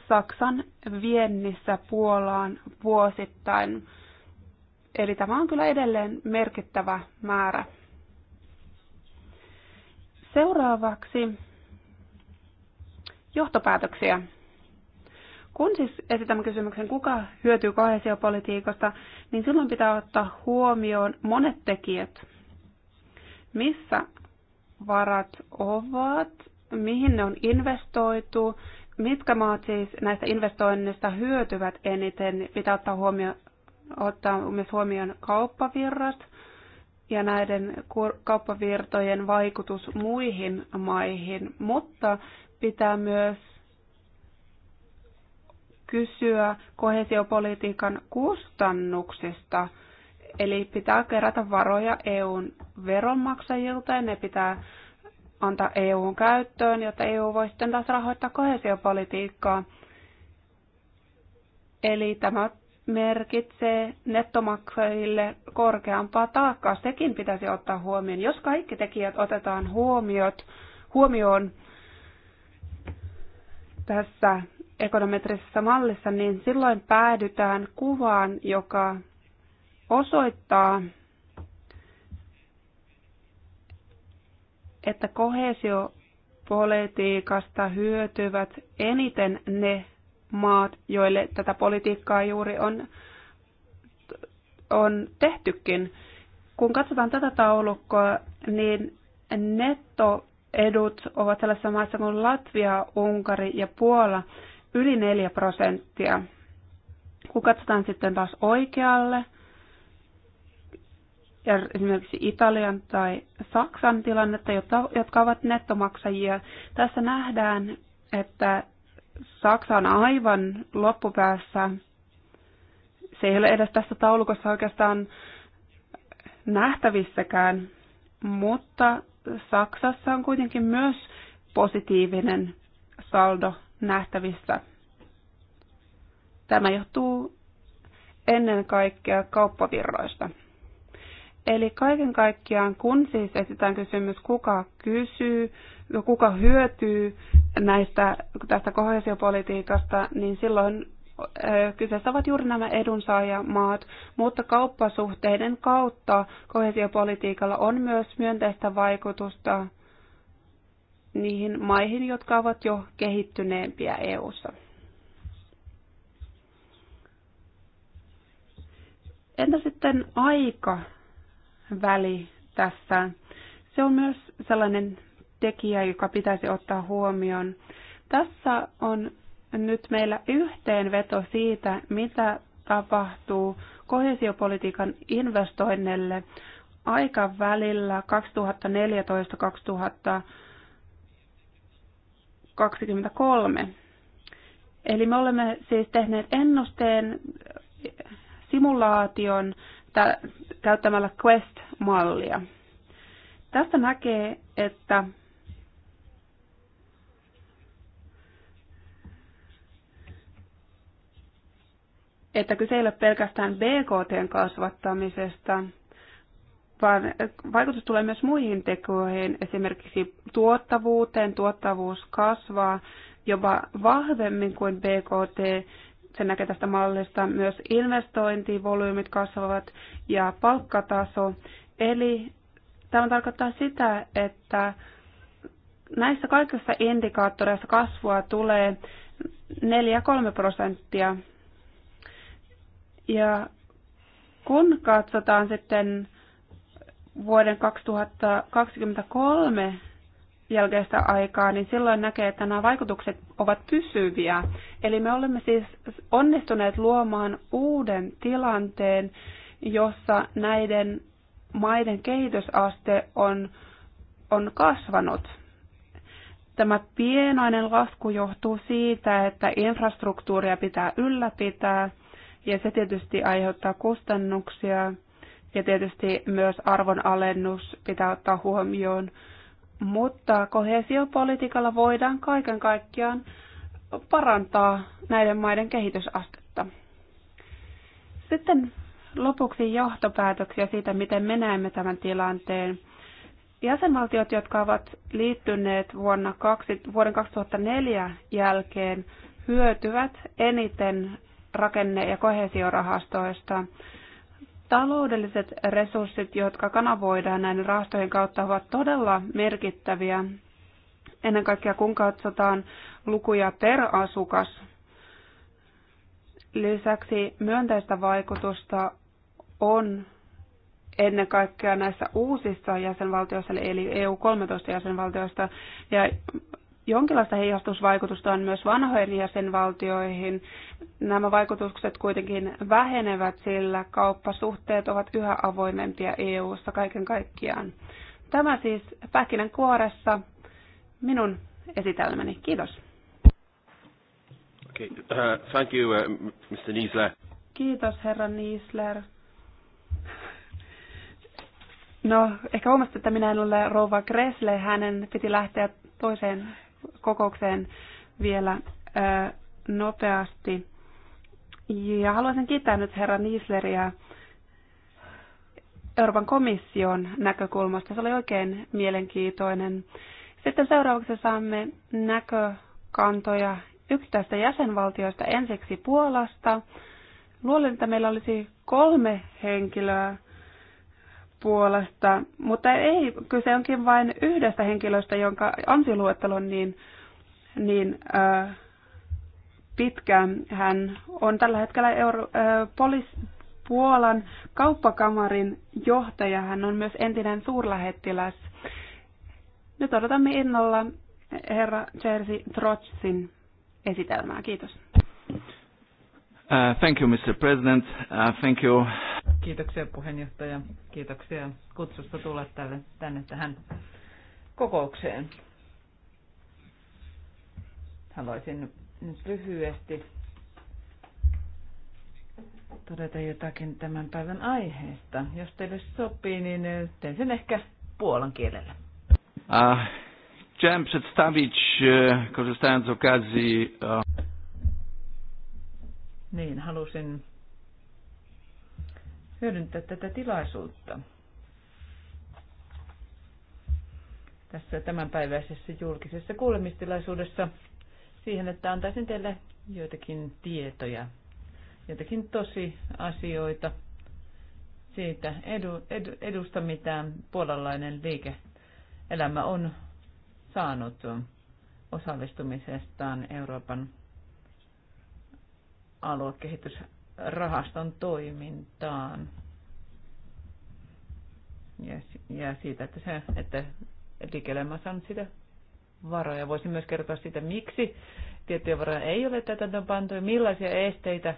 Saksan viennissä Puolaan vuosittain. Eli tämä on kyllä edelleen merkittävä määrä. Seuraavaksi johtopäätöksiä. Kun siis esitämme kysymyksen, kuka hyötyy kohesiopolitiikasta, niin silloin pitää ottaa huomioon monet tekijät. Missä varat ovat, mihin ne on investoitu Mitkä maat siis näistä investoinnista hyötyvät eniten? Pitää ottaa, huomio, ottaa myös huomioon kauppavirrat ja näiden kauppavirtojen vaikutus muihin maihin, mutta pitää myös kysyä kohesiopolitiikan kustannuksista. Eli pitää kerätä varoja EUn veronmaksajilta ja ne pitää antaa EUn käyttöön, jotta EU voi sitten taas rahoittaa kohesiopolitiikkaa. Eli tämä merkitsee nettomaksajille korkeampaa taakkaa. Sekin pitäisi ottaa huomioon. Jos kaikki tekijät otetaan huomiot, huomioon tässä ekonometrisessä mallissa, niin silloin päädytään kuvaan, joka osoittaa, että kohesiopolitiikasta hyötyvät eniten ne maat, joille tätä politiikkaa juuri on, on tehtykin. Kun katsotaan tätä taulukkoa, niin nettoedut ovat sellaisessa maassa kuin Latvia, Unkari ja Puola yli 4 prosenttia. Kun katsotaan sitten taas oikealle, ja esimerkiksi Italian tai Saksan tilannetta, jotka ovat nettomaksajia. Tässä nähdään, että Saksa on aivan loppupäässä. Se ei ole edes tässä taulukossa oikeastaan nähtävissäkään, mutta Saksassa on kuitenkin myös positiivinen saldo nähtävissä. Tämä johtuu ennen kaikkea kauppavirroista. Eli kaiken kaikkiaan, kun siis esitään kysymys, kuka kysyy, no kuka hyötyy näistä, tästä kohesiopolitiikasta, niin silloin kyseessä ovat juuri nämä edunsaajamaat, mutta kauppasuhteiden kautta kohesiopolitiikalla on myös myönteistä vaikutusta niihin maihin, jotka ovat jo kehittyneempiä EU:ssa. Entä sitten aika? väli tässä. Se on myös sellainen tekijä, joka pitäisi ottaa huomioon. Tässä on nyt meillä yhteenveto siitä, mitä tapahtuu kohesiopolitiikan investoinnille aikavälillä 2014-2023. Eli me olemme siis tehneet ennusteen, simulaation käyttämällä Quest-mallia. Tästä näkee, että että kyse ei ole pelkästään BKTn kasvattamisesta, vaan vaikutus tulee myös muihin tekoihin, esimerkiksi tuottavuuteen. Tuottavuus kasvaa jopa vahvemmin kuin BKT sen näkee tästä mallista myös investointivolyymit kasvavat ja palkkataso. Eli tämä tarkoittaa sitä, että näissä kaikissa indikaattoreissa kasvua tulee 4-3 prosenttia. Ja kun katsotaan sitten vuoden 2023 jälkeistä aikaa, niin silloin näkee, että nämä vaikutukset ovat pysyviä. Eli me olemme siis onnistuneet luomaan uuden tilanteen, jossa näiden maiden kehitysaste on, on kasvanut. Tämä pienoinen lasku johtuu siitä, että infrastruktuuria pitää ylläpitää ja se tietysti aiheuttaa kustannuksia ja tietysti myös arvonalennus pitää ottaa huomioon mutta kohesiopolitiikalla voidaan kaiken kaikkiaan parantaa näiden maiden kehitysastetta. Sitten lopuksi johtopäätöksiä siitä, miten me näemme tämän tilanteen. Jäsenvaltiot, jotka ovat liittyneet vuonna kaksi, vuoden 2004 jälkeen, hyötyvät eniten rakenne- ja kohesiorahastoista taloudelliset resurssit, jotka kanavoidaan näiden rahastojen kautta, ovat todella merkittäviä. Ennen kaikkea kun katsotaan lukuja per asukas. Lisäksi myönteistä vaikutusta on ennen kaikkea näissä uusissa jäsenvaltioissa, eli EU-13 jäsenvaltioista, ja jonkinlaista heijastusvaikutusta on myös vanhoihin jäsenvaltioihin. Nämä vaikutukset kuitenkin vähenevät, sillä kauppasuhteet ovat yhä avoimempia EU-ssa kaiken kaikkiaan. Tämä siis pähkinän kuoressa minun esitelmäni. Kiitos. Okay. Uh, thank you, uh, Mr. Niesler. Kiitos, herra Niesler. No, ehkä huomasitte, että minä en ole rouva Gressle. Hänen piti lähteä toiseen kokoukseen vielä nopeasti. Ja haluaisin kiittää nyt herra Niisleriä Euroopan komission näkökulmasta. Se oli oikein mielenkiintoinen. Sitten seuraavaksi saamme näkökantoja yksittäistä jäsenvaltioista ensiksi Puolasta. Luulen, että meillä olisi kolme henkilöä puolesta, mutta ei, kyse onkin vain yhdestä henkilöstä, jonka ansiluettelo on niin, niin äh, pitkä. Hän on tällä hetkellä Euro, äh, polis, Puolan kauppakamarin johtaja. Hän on myös entinen suurlähettiläs. Nyt odotamme innolla herra Jerzy Trotsin esitelmää. Kiitos. Uh, thank you, Mr. President. Uh, thank you. Kiitoksia puheenjohtaja. Kiitoksia kutsusta tulla tälle, tänne tähän kokoukseen. Haluaisin nyt lyhyesti todeta jotakin tämän päivän aiheesta. Jos teille sopii, niin teen sen ehkä puolan kielellä. Uh, chciałem przedstawić, e, korzystając z okazji, e, niin halusin hyödyntää tätä tilaisuutta tässä tämänpäiväisessä julkisessa kuulemistilaisuudessa siihen, että antaisin teille joitakin tietoja, joitakin tosi asioita siitä edu, edu, edusta, mitä puolalainen liike-elämä on saanut osallistumisestaan Euroopan aluekehitysrahaston toimintaan. Ja, ja siitä, että, se, että liike on sitä varoja. Voisin myös kertoa siitä, miksi tiettyjä varoja ei ole tätä ja millaisia esteitä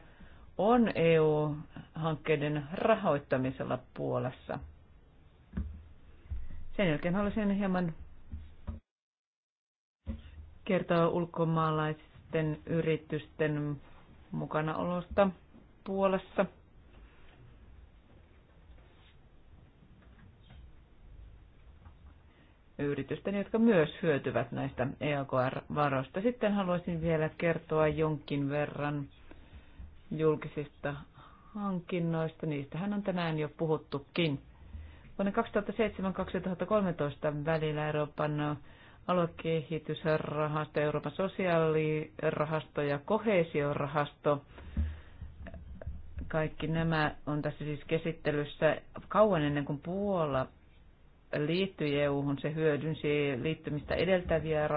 on EU-hankkeiden rahoittamisella Puolassa. Sen jälkeen haluaisin hieman kertoa ulkomaalaisten yritysten mukanaolosta Puolassa. yritysten, jotka myös hyötyvät näistä EAKR-varoista. Sitten haluaisin vielä kertoa jonkin verran julkisista hankinnoista. Niistähän on tänään jo puhuttukin. Vuonna 2007-2013 välillä Euroopan aluekehitysrahasto, Euroopan sosiaalirahasto ja kohesiorahasto. Kaikki nämä on tässä siis käsittelyssä kauan ennen kuin Puola liittyi EU-hun, se hyödynsi liittymistä edeltäviä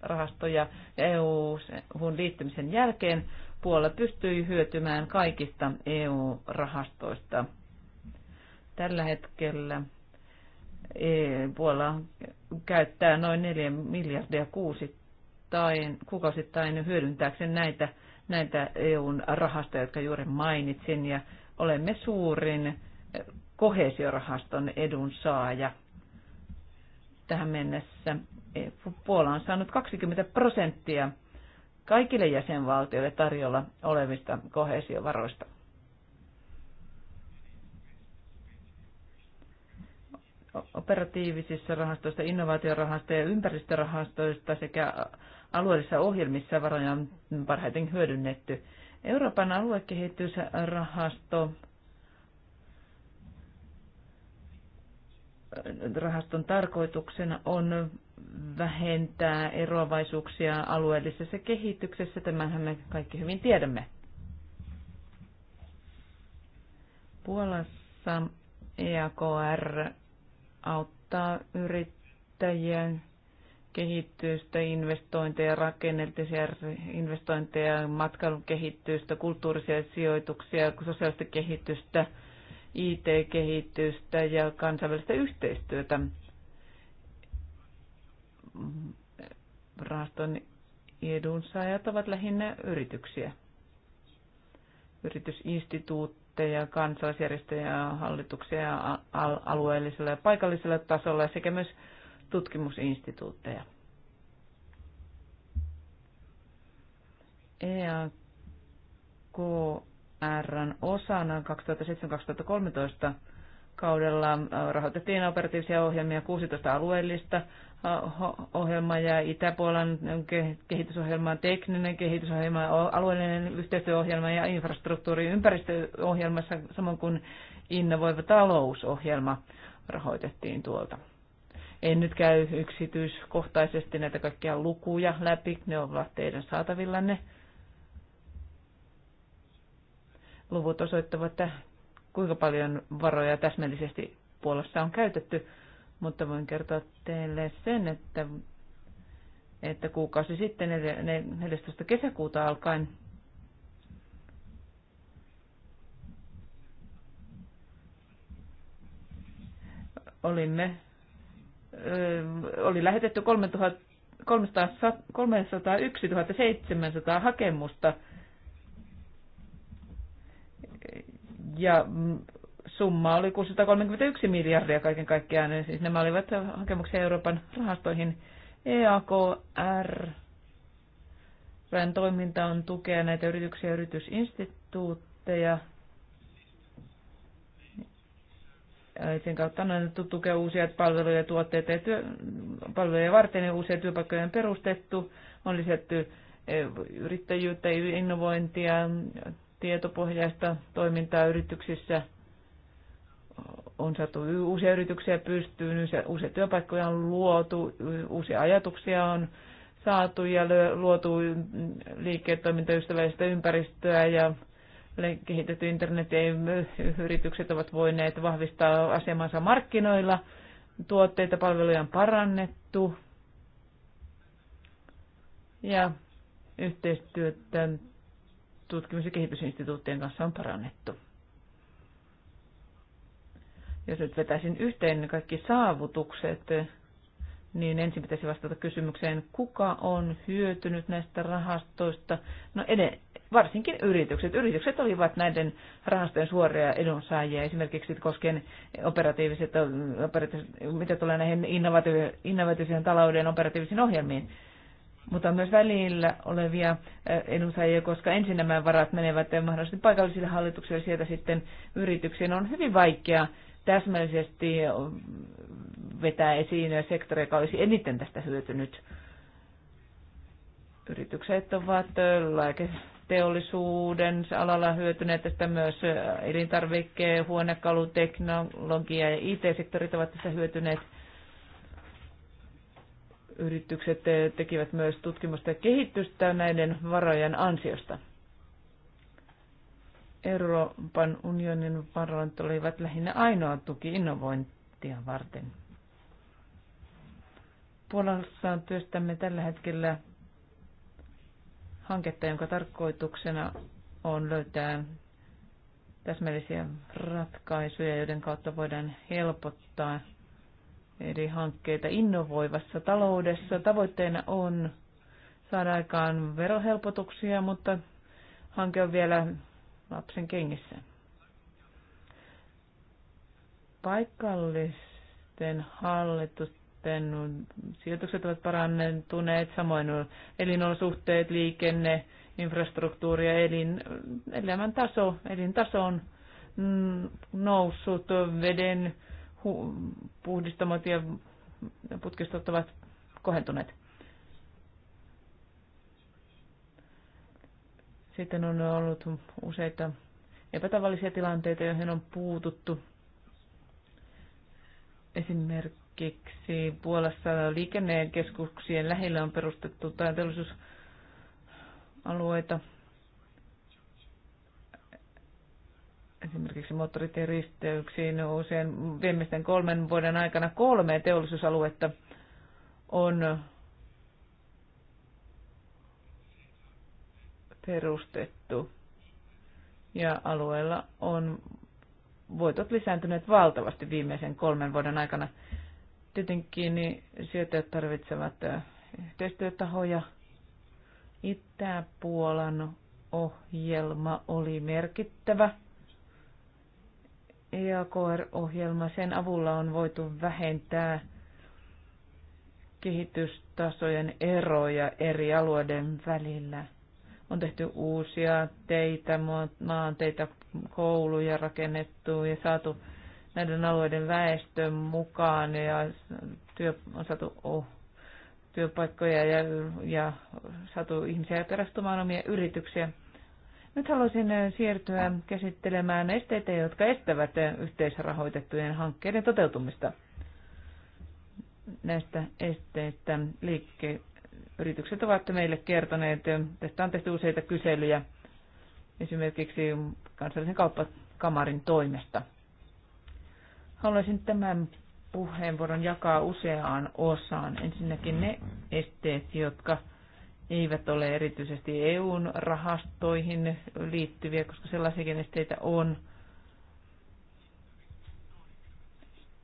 rahastoja ja EU-hun liittymisen jälkeen Puola pystyi hyötymään kaikista EU-rahastoista. Tällä hetkellä puolella käyttää noin 4 miljardia kuusittain, kuukausittain hyödyntääkseen näitä, näitä EUn rahastoja, jotka juuri mainitsin, ja olemme suurin kohesiorahaston saaja tähän mennessä. Puola on saanut 20 prosenttia kaikille jäsenvaltioille tarjolla olevista kohesiovaroista. operatiivisissa rahastoissa, innovaatiorahastoissa ja ympäristörahastoista sekä alueellisissa ohjelmissa varoja on parhaiten hyödynnetty. Euroopan aluekehitysrahasto rahaston tarkoituksena on vähentää eroavaisuuksia alueellisessa kehityksessä. Tämähän me kaikki hyvin tiedämme. Puolassa EAKR auttaa yrittäjien kehittyystä, investointeja, rakenneellisia investointeja, matkailun kehittyystä, kulttuurisia sijoituksia, sosiaalista kehitystä, IT-kehitystä ja kansainvälistä yhteistyötä. Rahaston edunsaajat ovat lähinnä yrityksiä, yritysinstituutteja ja kansalaisjärjestöjä, hallituksia alueellisella ja paikallisella tasolla sekä myös tutkimusinstituutteja. EAKR osana 2007-2013 kaudella äh, rahoitettiin operatiivisia ohjelmia 16 alueellista äh, ohjelma ja Itäpuolen kehitysohjelma, tekninen kehitysohjelma, alueellinen yhteistyöohjelma ja infrastruktuuri ympäristöohjelmassa, samoin kuin innovoiva talousohjelma rahoitettiin tuolta. En nyt käy yksityiskohtaisesti näitä kaikkia lukuja läpi, ne ovat teidän saatavillanne. Luvut osoittavat, että kuinka paljon varoja täsmällisesti Puolassa on käytetty, mutta voin kertoa teille sen, että, että kuukausi sitten, 14. kesäkuuta alkaen, olimme, oli lähetetty 3000 301 700 hakemusta ja mm, summa oli 631 miljardia kaiken kaikkiaan. Ja siis nämä olivat hakemuksia Euroopan rahastoihin. EAKR Rän toiminta on tukea näitä yrityksiä ja yritysinstituutteja. Sen kautta on annettu tukea uusia palveluja, tuotteita ja työ, palveluja varten ja uusia työpaikkoja on perustettu. On lisätty e, yrittäjyyttä, innovointia, tietopohjaista toimintaa yrityksissä. On saatu uusia yrityksiä pystyyn, uusia työpaikkoja on luotu, uusia ajatuksia on saatu ja luotu liiketoimintaystävällistä ympäristöä ja kehitetty internet ja yritykset ovat voineet vahvistaa asemansa markkinoilla. Tuotteita, palveluja on parannettu ja yhteistyötä tutkimus- ja kehitysinstituuttien kanssa on parannettu. Jos nyt vetäisin yhteen kaikki saavutukset, niin ensin pitäisi vastata kysymykseen, kuka on hyötynyt näistä rahastoista. No ed- varsinkin yritykset. Yritykset olivat näiden rahastojen suoria edunsaajia, esimerkiksi koskien operatiiviset, operatiiviset mitä tulee näihin innovatiivisen talouden operatiivisiin ohjelmiin mutta myös välillä olevia edunsaajia, koska ensin nämä varat menevät mahdollisesti paikallisille hallituksille, sieltä sitten yrityksiin. On hyvin vaikea täsmällisesti vetää esiin sektori, joka olisi eniten tästä hyötynyt. Yritykset ovat teollisuuden alalla hyötyneet tästä myös elintarvikkeen, huonekaluteknologia ja IT-sektorit ovat tässä hyötyneet – yritykset tekivät myös tutkimusta ja kehitystä näiden varojen ansiosta. Euroopan unionin varoit olivat lähinnä ainoa tuki innovointia varten. Puolassa työstämme tällä hetkellä hanketta, jonka tarkoituksena on löytää täsmällisiä ratkaisuja, joiden kautta voidaan helpottaa eri hankkeita innovoivassa taloudessa. Tavoitteena on saada aikaan verohelpotuksia, mutta hanke on vielä lapsen kengissä. Paikallisten hallitusten sijoitukset ovat parannentuneet, samoin elinolosuhteet, liikenne, infrastruktuuri ja elin, elämäntaso, elintaso on mm, noussut, veden puhdistamot ja putkistot ovat kohentuneet. Sitten on ollut useita epätavallisia tilanteita, joihin on puututtu. Esimerkiksi Puolassa liikennekeskuksien lähellä on perustettu teollisuusalueita, esimerkiksi moottoritieristeyksiin usein viimeisten kolmen vuoden aikana kolme teollisuusaluetta on perustettu. Ja alueella on voitot lisääntyneet valtavasti viimeisen kolmen vuoden aikana. Tietenkin niin sijoittajat tarvitsevat äh, yhteistyötahoja. Itä-Puolan ohjelma oli merkittävä EAKR-ohjelma, sen avulla on voitu vähentää kehitystasojen eroja eri alueiden välillä. On tehty uusia teitä, maanteitä, kouluja rakennettu ja saatu näiden alueiden väestön mukaan ja työ, on saatu oh, työpaikkoja ja, ja saatu ihmisiä perustamaan omia yrityksiä nyt haluaisin siirtyä käsittelemään esteitä, jotka estävät yhteisrahoitettujen hankkeiden toteutumista. Näistä esteistä liikkeyritykset ovat meille kertoneet. Tästä on tehty useita kyselyjä esimerkiksi kansallisen kauppakamarin toimesta. Haluaisin tämän puheenvuoron jakaa useaan osaan. Ensinnäkin ne esteet, jotka eivät ole erityisesti EUn rahastoihin liittyviä, koska sellaisiakin esteitä on.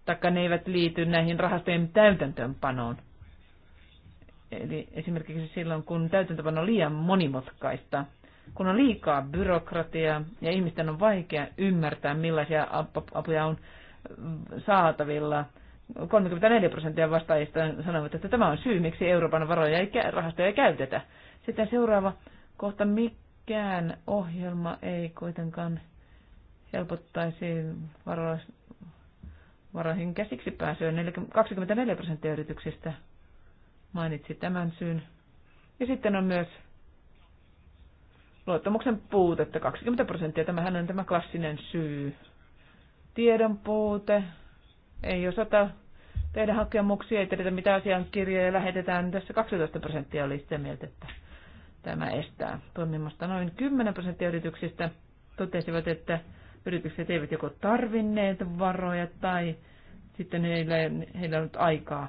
Taikka ne eivät liity näihin rahastojen täytäntöönpanoon. Eli esimerkiksi silloin, kun täytäntöpano on liian monimutkaista, kun on liikaa byrokratiaa ja ihmisten on vaikea ymmärtää, millaisia apuja on saatavilla, 34 prosenttia vastaajista sanovat, että tämä on syy, miksi Euroopan varoja ei, rahastoja ei käytetä. Sitten seuraava kohta, mikään ohjelma ei kuitenkaan helpottaisi varo, varoihin käsiksi pääsyä. 24 prosenttia yrityksistä mainitsi tämän syyn. Ja sitten on myös luottamuksen puutetta, 20 prosenttia. Tämähän on tämä klassinen syy. Tiedon puute, ei osata tehdä hakemuksia, ei tiedetä mitä asiankirjoja lähetetään. Tässä 12 prosenttia oli sitä mieltä, että tämä estää toimimasta. Noin 10 prosenttia yrityksistä totesivat, että yritykset eivät joko tarvinneet varoja tai sitten heillä, heillä on aikaa.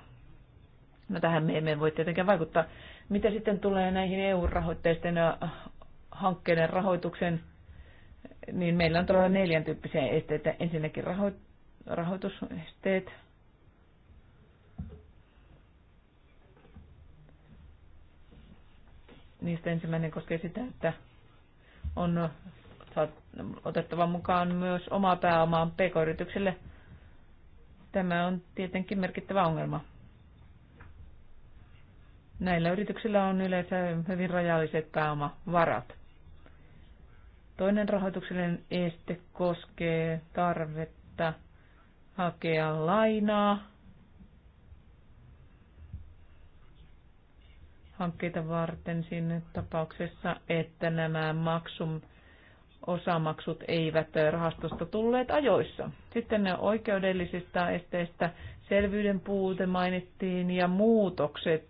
No tähän me emme voi tietenkään vaikuttaa. Mitä sitten tulee näihin EU-rahoitteisten äh, hankkeiden rahoituksen, niin meillä on todella neljän tyyppisiä esteitä. Ensinnäkin rahoitusesteet, Niistä ensimmäinen koskee sitä, että on otettava mukaan myös omaa pääomaan pk yritykselle Tämä on tietenkin merkittävä ongelma. Näillä yrityksillä on yleensä hyvin rajalliset pääomavarat. Toinen rahoituksellinen este koskee tarvetta hakea lainaa hankkeita varten siinä tapauksessa, että nämä maksun osamaksut eivät rahastosta tulleet ajoissa. Sitten ne oikeudellisista esteistä selvyyden puute mainittiin ja muutokset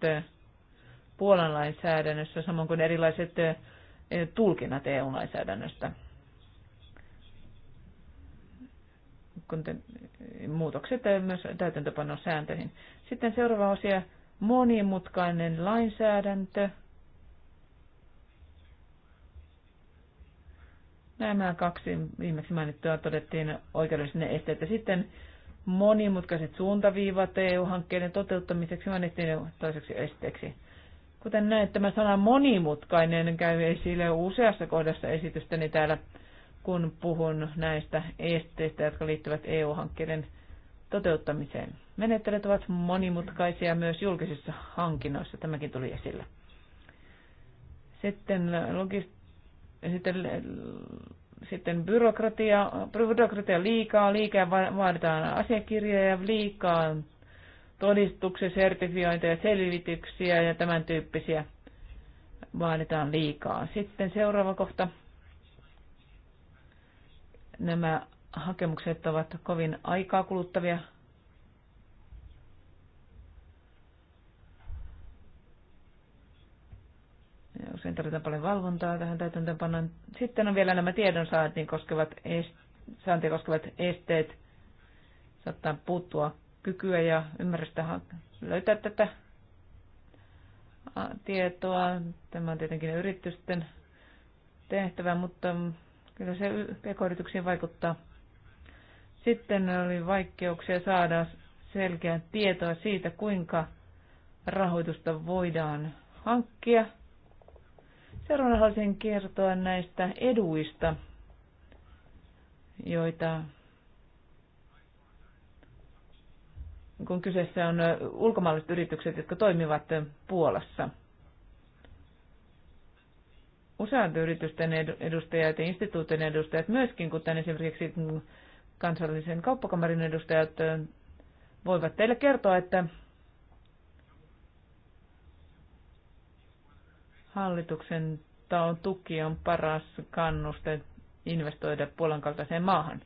Puolan lainsäädännössä, samoin kuin erilaiset eh, tulkinnat EU-lainsäädännöstä. Eh, muutokset eh, myös täytäntöpanon sääntöihin. Sitten seuraava osia monimutkainen lainsäädäntö. Nämä kaksi viimeksi mainittua todettiin oikeudellisena esteitä. Sitten monimutkaiset suuntaviivat EU-hankkeiden toteuttamiseksi mainittiin toiseksi esteeksi. Kuten näet, tämä sana monimutkainen käy esille useassa kohdassa esitystäni täällä, kun puhun näistä esteistä, jotka liittyvät EU-hankkeiden toteuttamiseen. Menettelyt ovat monimutkaisia myös julkisissa hankinnoissa, tämäkin tuli esille. Sitten, logist- sitten, sitten byrokratia, byrokratia liikaa, liikaa vaaditaan asiakirjoja, liikaa todistuksia, sertifiointeja, selvityksiä ja tämän tyyppisiä vaaditaan liikaa. Sitten seuraava kohta. Nämä hakemukset ovat kovin aikaa kuluttavia. Ja usein tarvitaan paljon valvontaa tähän täytäntöönpanoon. Sitten on vielä nämä tiedonsaantiin koskevat, saantia koskevat esteet. Saattaa puuttua kykyä ja ymmärrystä löytää tätä tietoa. Tämä on tietenkin yritysten tehtävä, mutta kyllä se pk-yrityksiin vaikuttaa. Sitten oli vaikeuksia saada selkeää tietoa siitä, kuinka rahoitusta voidaan hankkia. Seuraavana haluaisin kertoa näistä eduista, joita kun kyseessä on ulkomaalaiset yritykset, jotka toimivat Puolassa. Useat yritysten edustajat ja instituutin edustajat myöskin, kuten esimerkiksi kansallisen kauppakamarin edustajat voivat teille kertoa, että hallituksen taon tuki on paras kannuste investoida Puolan kaltaiseen maahan.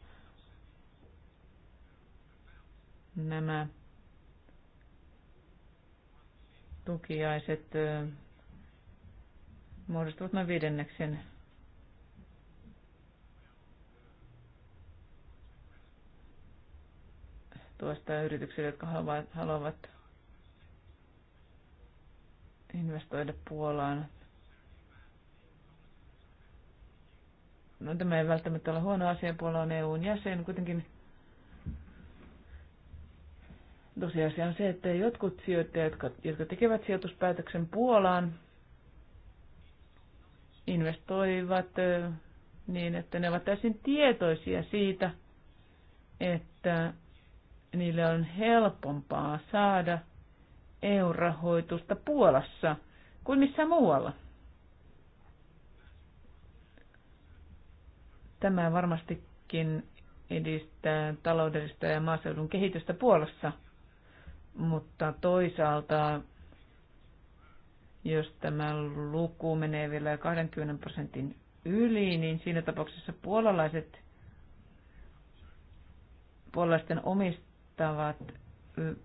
Nämä tukiaiset muodostuvat noin viidenneksen tuosta yrityksille, jotka haluavat, haluavat investoida Puolaan. No, tämä ei välttämättä ole huono asia, Puola on EUn jäsen, kuitenkin tosiasia on se, että jotkut sijoittajat, jotka, jotka tekevät sijoituspäätöksen Puolaan, investoivat niin, että ne ovat täysin tietoisia siitä, että niille on helpompaa saada EU-rahoitusta Puolassa kuin missä muualla. Tämä varmastikin edistää taloudellista ja maaseudun kehitystä Puolassa, mutta toisaalta jos tämä luku menee vielä 20 prosentin yli, niin siinä tapauksessa puolalaiset puolalaisten omist, saattavat,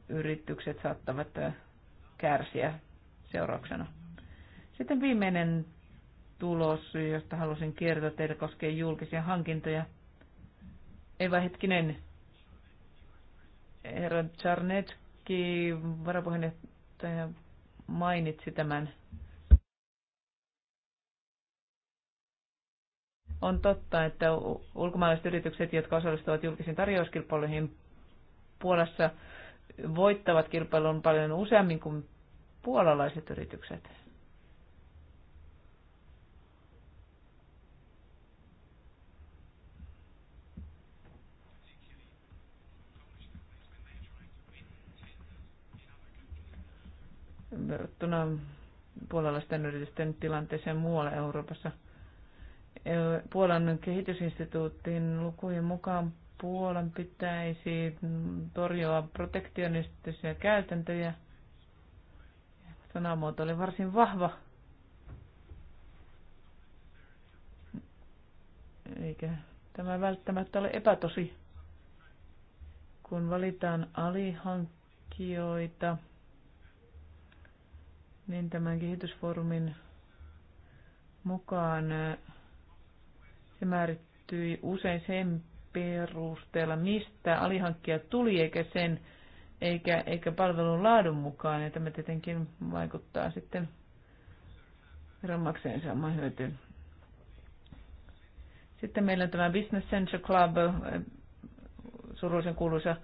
yritykset saattavat kärsiä seurauksena. Sitten viimeinen tulos, josta halusin kertoa teille, koskee julkisia hankintoja. Ei vai hetkinen. Herra Czarnecki, varapuheenjohtaja, mainitsi tämän. On totta, että ulkomaalaiset yritykset, jotka osallistuvat julkisiin tarjouskilpailuihin, Puolassa voittavat kilpailun paljon useammin kuin puolalaiset yritykset. verrattuna puolalaisten yritysten tilanteeseen muualla Euroopassa. Puolan kehitysinstituutin lukujen mukaan Puolan pitäisi torjua protektionistisia käytäntöjä. Sanamuoto oli varsin vahva. Eikä tämä välttämättä ole epätosi. Kun valitaan alihankkijoita, niin tämän kehitysfoorumin mukaan eh, se määrittyi usein sen perusteella, mistä alihankkija tuli, eikä sen eikä, eikä palvelun laadun mukaan. Ja tämä tietenkin vaikuttaa sitten veronmaksajan saamaan hyötyyn. Sitten meillä on tämä Business Center Club, eh, surullisen kuuluisa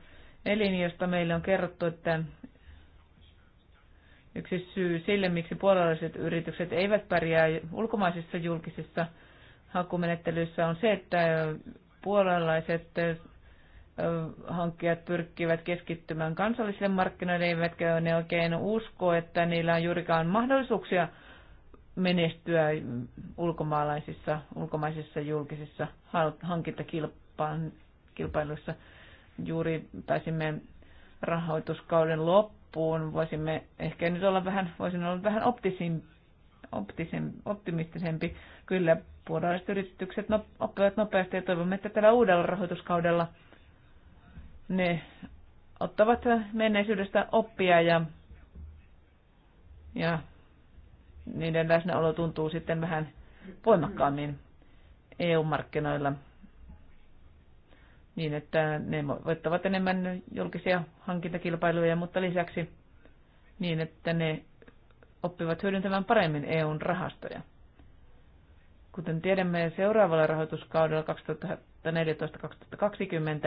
elin, josta meille on kerrottu, että yksi syy sille, miksi puolalaiset yritykset eivät pärjää ulkomaisissa julkisissa hakumenettelyissä on se, että sitten hankkijat pyrkivät keskittymään kansallisille markkinoille, eivätkä ne oikein usko, että niillä on juurikaan mahdollisuuksia menestyä ulkomaalaisissa, ulkomaisissa julkisissa hankintakilpailuissa. Juuri pääsimme rahoituskauden loppuun. Voisimme ehkä nyt olla vähän, voisin olla vähän optisimpi optimistisempi. Kyllä puolalliset yritykset oppivat nopeasti ja toivomme, että tällä uudella rahoituskaudella ne ottavat menneisyydestä oppia ja, ja niiden läsnäolo tuntuu sitten vähän voimakkaammin EU-markkinoilla niin, että ne voittavat enemmän julkisia hankintakilpailuja, mutta lisäksi niin, että ne oppivat hyödyntämään paremmin EUn rahastoja. Kuten tiedämme, seuraavalla rahoituskaudella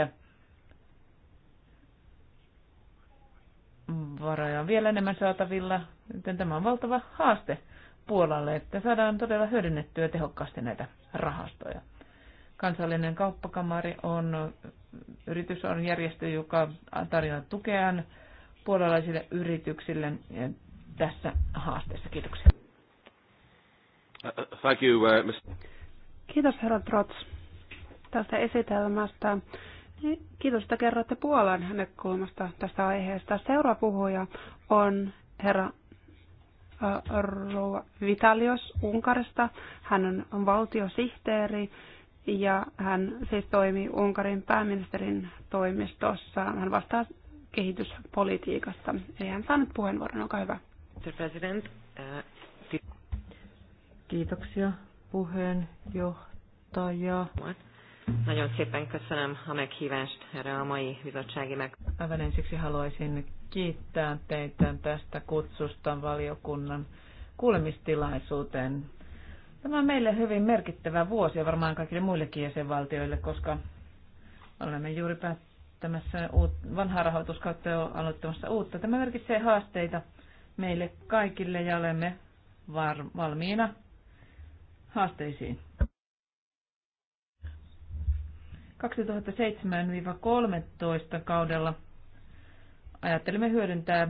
2014-2020 varoja on vielä enemmän saatavilla, joten tämä on valtava haaste Puolalle, että saadaan todella hyödynnettyä tehokkaasti näitä rahastoja. Kansallinen kauppakamari on, yritys on järjestö, joka tarjoaa tukea puolalaisille yrityksille tässä haasteessa. Kiitoksia. Uh, uh, thank you, uh, Mr. Kiitos herra Trots tästä esitelmästä. Kiitos, että kerroitte Puolan näkökulmasta tästä aiheesta. Seuraava puhuja on herra uh, Rouva Vitalios Unkarista. Hän on valtiosihteeri ja hän siis toimii Unkarin pääministerin toimistossa. Hän vastaa kehityspolitiikasta. Eli hän saa nyt puheenvuoron, olkaa hyvä. Mr. President. uh, Kiitoksia puheenjohtaja. Nagyon szépen köszönöm a meghívást erre a mai bizottsági meg... Aivan ensiksi haluaisin kiittää teitä tästä kutsusta valiokunnan kuulemistilaisuuteen. Tämä on meille hyvin merkittävä vuosi ja varmaan kaikille muillekin jäsenvaltioille, koska olemme juuri päättämässä uut, vanhaa rahoituskautta jo aloittamassa uutta. Tämä merkitsee haasteita meille kaikille ja olemme var- valmiina haasteisiin. 2007-2013 kaudella ajattelimme hyödyntää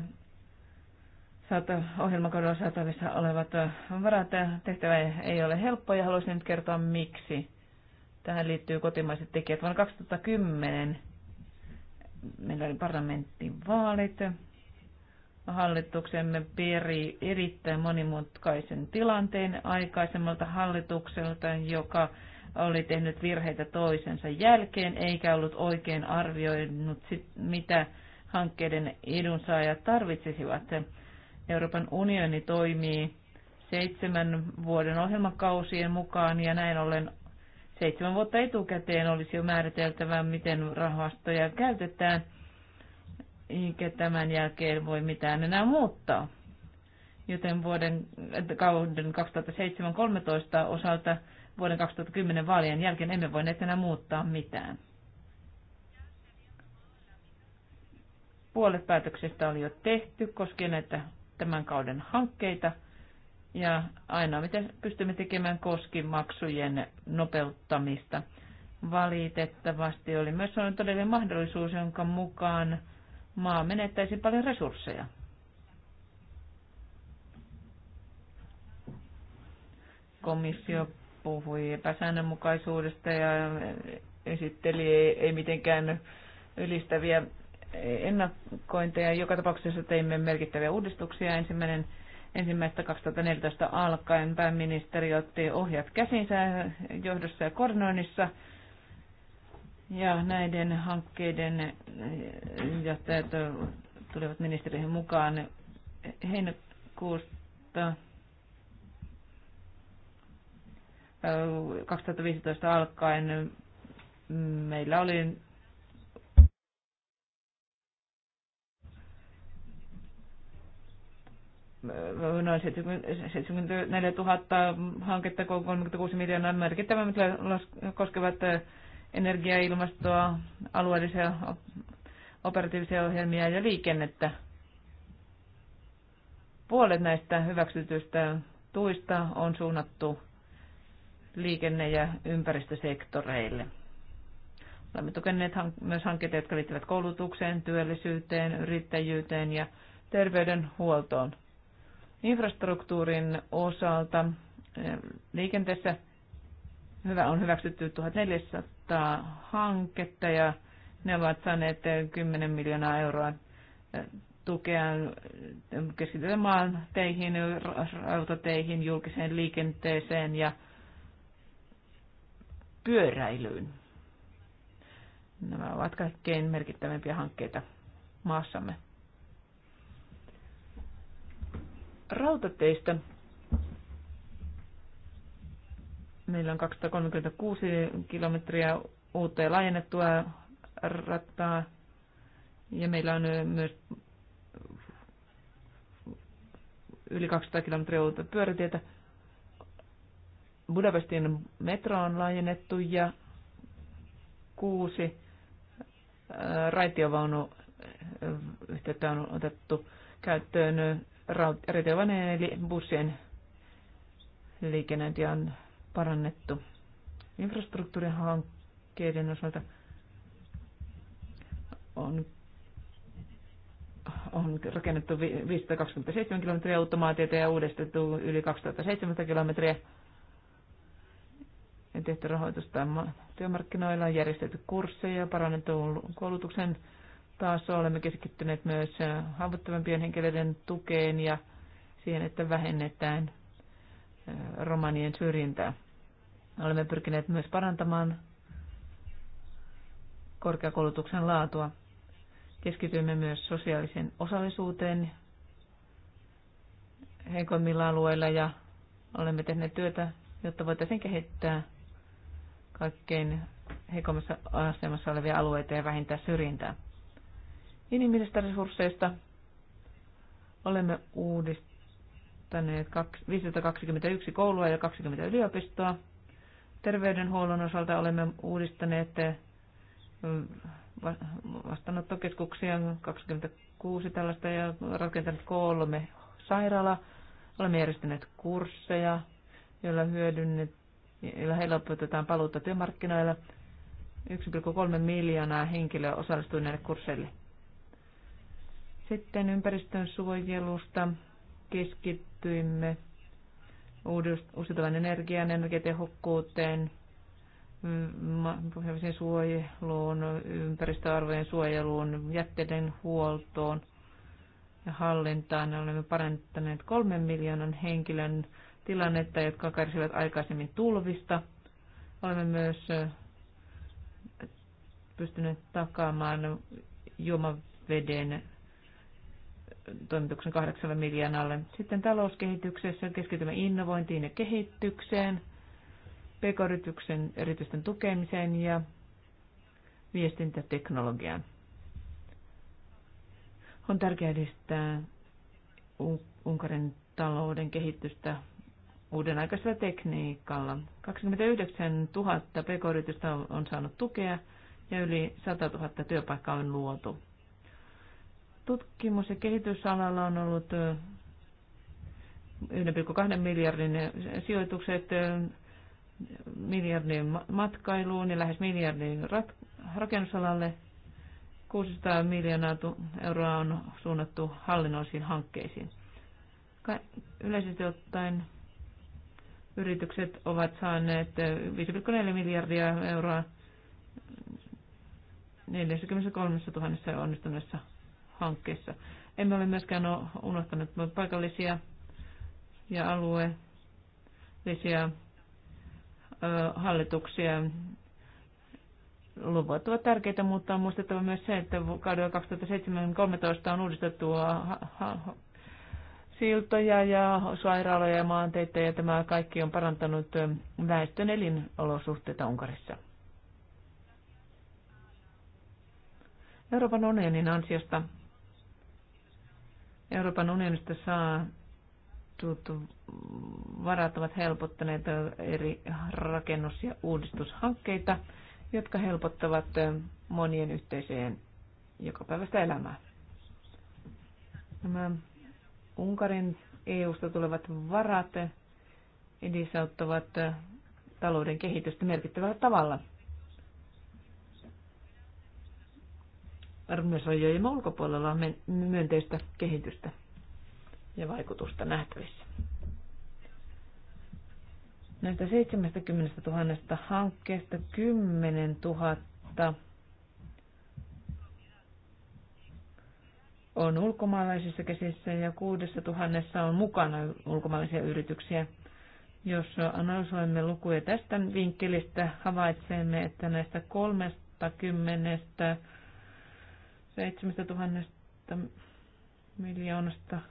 ohjelmakaudella saatavissa olevat varat. Tehtävä ei ole helppo ja haluaisin nyt kertoa miksi. Tähän liittyy kotimaiset tekijät. Vuonna 2010 meillä oli parlamenttivaalit hallituksemme piiri erittäin monimutkaisen tilanteen aikaisemmalta hallitukselta, joka oli tehnyt virheitä toisensa jälkeen, eikä ollut oikein arvioinut, sit, mitä hankkeiden edunsaajat tarvitsisivat. Euroopan unioni toimii seitsemän vuoden ohjelmakausien mukaan ja näin ollen seitsemän vuotta etukäteen olisi jo määriteltävä, miten rahastoja käytetään eikä tämän jälkeen voi mitään enää muuttaa. Joten vuoden kauden 2007-2013 osalta vuoden 2010 vaalien jälkeen emme voineet enää muuttaa mitään. Puolet päätöksistä oli jo tehty koskien näitä tämän kauden hankkeita. Ja ainoa, mitä pystymme tekemään, koski maksujen nopeuttamista. Valitettavasti oli myös sellainen todellinen mahdollisuus, jonka mukaan maa menettäisi paljon resursseja. Komissio puhui epäsäännönmukaisuudesta ja esitteli ei, ei mitenkään ylistäviä ennakointeja. Joka tapauksessa teimme merkittäviä uudistuksia. Ensimmäinen ensimmäistä 2014 alkaen pääministeri otti ohjat käsinsä johdossa ja koordinoinnissa – ja näiden hankkeiden johtajat tulevat ministeriöihin mukaan heinäkuusta 2015 alkaen meillä oli noin 74 000 hanketta, 36 miljoonaa merkittävät koskevat energiaa, ilmastoa, alueellisia operatiivisia ohjelmia ja liikennettä. Puolet näistä hyväksytyistä tuista on suunnattu liikenne- ja ympäristösektoreille. Olemme tukeneet myös hankkeita, jotka liittyvät koulutukseen, työllisyyteen, yrittäjyyteen ja terveydenhuoltoon. Infrastruktuurin osalta eh, liikenteessä hyvä on hyväksytty 1400 tota, hanketta ja ne ovat saaneet 10 miljoonaa euroa tukea keskitytään teihin, rautateihin, julkiseen liikenteeseen ja pyöräilyyn. Nämä ovat kaikkein merkittävimpiä hankkeita maassamme. Rautateistä Meillä on 236 kilometriä uutta ja laajennettua rattaa. Ja meillä on myös yli 200 kilometriä uutta pyörätietä. Budapestin metro on laajennettu ja kuusi raitiovaunu yhteyttä on otettu käyttöön raitiovaneen eli bussien liikennöinti on parannettu infrastruktuurihankkeiden osalta on, on rakennettu 527 kilometriä automaatiota ja uudistettu yli 2700 kilometriä ja tehty rahoitusta työmarkkinoilla, on järjestetty kursseja, parannettu koulutuksen tasoa. Olemme keskittyneet myös haavoittuvampien henkilöiden tukeen ja siihen, että vähennetään Eh, romanien syrjintää. Olemme pyrkineet myös parantamaan korkeakoulutuksen laatua. Keskityimme myös sosiaalisen osallisuuteen heikoimmilla alueilla ja olemme tehneet työtä, jotta voitaisiin kehittää kaikkein heikommassa asemassa olevia alueita ja vähentää syrjintää. Inhimillisistä resursseista olemme uudistaneet perustaneet 521 koulua ja 20 yliopistoa. Terveydenhuollon osalta olemme uudistaneet mm, vastaanottokeskuksia 26 tällaista ja rakentaneet kolme sairaala, Olemme järjestäneet kursseja, joilla hyödynnet, joilla helpotetaan paluutta työmarkkinoilla. 1,3 miljoonaa henkilöä osallistui näille kursseille. Sitten ympäristön suojelusta keskit, keskittyimme uusiutuvan energian, energiatehokkuuteen, mm, pohjavisen suojeluun, ympäristöarvojen suojeluun, jätteiden huoltoon ja hallintaan. Olemme parantaneet kolmen miljoonan henkilön tilannetta, jotka kärsivät aikaisemmin tulvista. Olemme myös pystyneet takaamaan juomaveden toimituksen 8 miljoonalle. Sitten talouskehityksessä keskitymme innovointiin ja kehitykseen, pk-yritysten yritysten tukemiseen ja viestintäteknologiaan. On tärkeää edistää Unkarin talouden kehitystä uuden aikaisella tekniikalla. 29 000 pk-yritystä on saanut tukea ja yli 100 000 työpaikkaa on luotu. Tutkimus- ja kehitysalalla on ollut 1,2 miljardin sijoitukset miljardin matkailuun ja lähes miljardin rakennusalalle. 600 miljoonaa euroa on suunnattu hallinnollisiin hankkeisiin. Yleisesti ottaen yritykset ovat saaneet 5,4 miljardia euroa 43 000 onnistuneessa hankkeissa. Emme ole myöskään unohtaneet paikallisia ja alueellisia hallituksia. Luvat ovat tärkeitä, mutta on muistettava myös se, että kaudella 2007-2013 on uudistettu siltoja ja sairaaloja ja maanteita ja tämä kaikki on parantanut väestön elinolosuhteita Unkarissa. Euroopan unionin ansiosta Euroopan unionista tuttu varat ovat helpottaneet eri rakennus- ja uudistushankkeita, jotka helpottavat monien yhteiseen jokapäiväistä elämää. Nämä Unkarin EU-sta tulevat varat edesauttavat talouden kehitystä merkittävällä tavalla – myös rajojemme ulkopuolella on myönteistä kehitystä ja vaikutusta nähtävissä. Näistä 70 000 hankkeesta 10 000 on ulkomaalaisissa käsissä ja 6 000 on mukana ulkomaalaisia yrityksiä. Jos analysoimme lukuja tästä vinkkelistä, havaitsemme, että näistä 30 000 7000 miljoonasta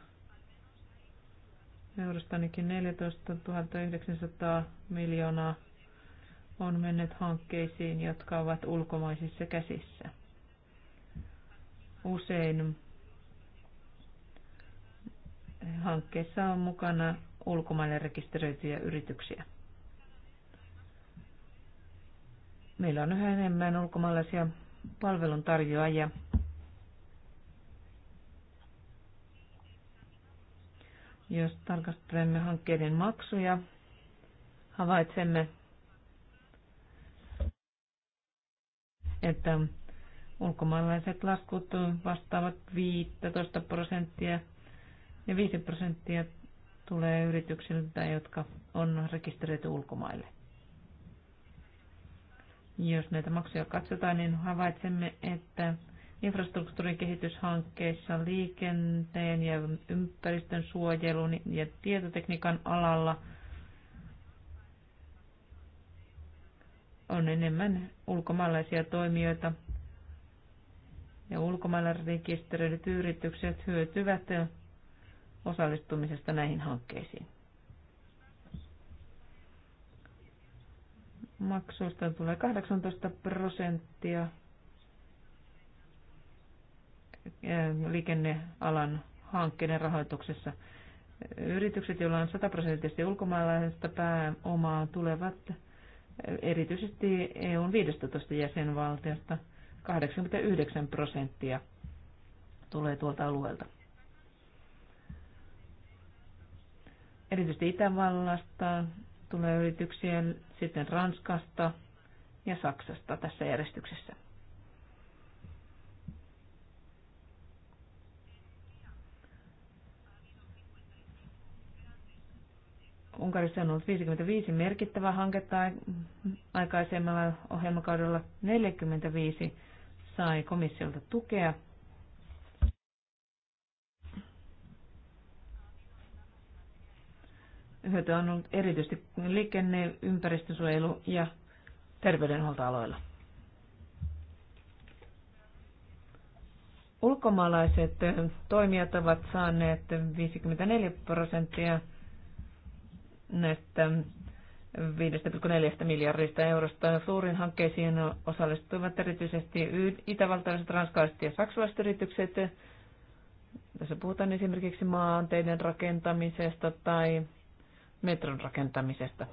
eurosta ainakin 14 900 miljoonaa on mennyt hankkeisiin, jotka ovat ulkomaisissa käsissä. Usein hankkeissa on mukana ulkomaille rekisteröityjä yrityksiä. Meillä on yhä enemmän ulkomaalaisia palveluntarjoajia Jos tarkastelemme hankkeiden maksuja, havaitsemme, että ulkomaalaiset laskut vastaavat 15 prosenttia ja 5 prosenttia tulee yrityksiltä, jotka on rekisteröity ulkomaille. Jos näitä maksuja katsotaan, niin havaitsemme, että infrastruktuurin kehityshankkeissa, liikenteen ja ympäristön suojelun ja tietotekniikan alalla on enemmän ulkomaalaisia toimijoita ja ulkomailla rekisteröidyt yritykset hyötyvät osallistumisesta näihin hankkeisiin. Maksuista tulee 18 prosenttia Eh, liikennealan hankkeiden rahoituksessa. Yritykset, joilla on sataprosenttisesti ulkomaalaista pääomaa, tulevat erityisesti EUn 15 jäsenvaltiosta. 89 prosenttia tulee tuolta alueelta. Erityisesti Itävallasta tulee yrityksiä, sitten Ranskasta ja Saksasta tässä järjestyksessä. Unkarissa on ollut 55 merkittävää hanketta aikaisemmalla ohjelmakaudella 45 sai komissiolta tukea. Hyötyä on ollut erityisesti liikenne, ympäristösuojelu ja terveydenhuoltoaloilla. Ulkomaalaiset toimijat ovat saaneet 54 prosenttia näistä 5,4 miljardista eurosta. Suurin hankkeisiin osallistuivat erityisesti itävaltalaiset, ranskalaiset ja saksalaiset yritykset. Tässä puhutaan esimerkiksi maanteiden rakentamisesta tai metron rakentamisesta.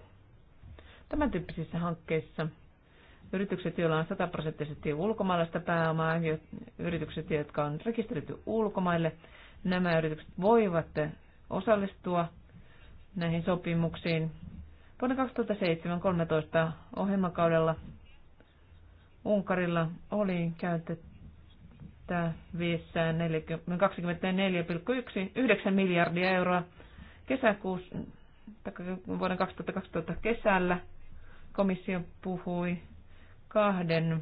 Tämän tyyppisissä hankkeissa yritykset, joilla on sataprosenttisesti ulkomaalaista pääomaa, yritykset, jotka on rekisteröity ulkomaille, nämä yritykset voivat osallistua näihin sopimuksiin. Vuonna 2007-2013 ohjelmakaudella Unkarilla oli käytettävissä 24,9 miljardia euroa kesäkuussa, vuoden 2012 kesällä komissio puhui kahden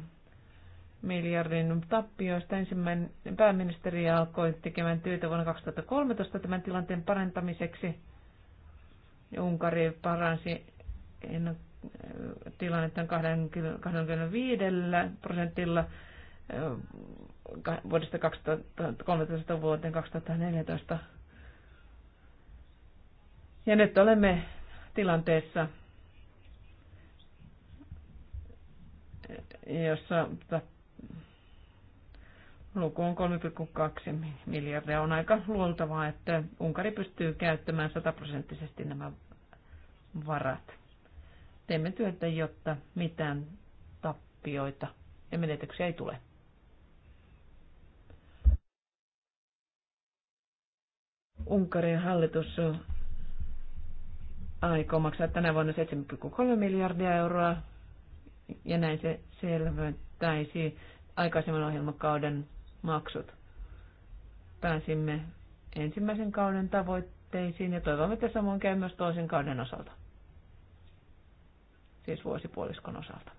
miljardin tappioista. Ensimmäinen pääministeri alkoi tekemään työtä vuonna 2013 tämän tilanteen parantamiseksi ja Unkari paransi tilannetta 25 prosentilla vuodesta 2013 vuoteen 2014. Ja nyt olemme tilanteessa, jossa luku on 3,2 miljardia. On aika luultavaa, että Unkari pystyy käyttämään sataprosenttisesti nämä varat. Teemme työtä, jotta mitään tappioita ja menetyksiä ei tule. Unkarin hallitus aikoo maksaa tänä vuonna 7,3 miljardia euroa, ja näin se selventäisi aikaisemman ohjelmakauden maksut. Pääsimme ensimmäisen kauden tavoitteisiin ja toivomme, että samoin käy myös toisen kauden osalta siis vuosipuoliskon osalta.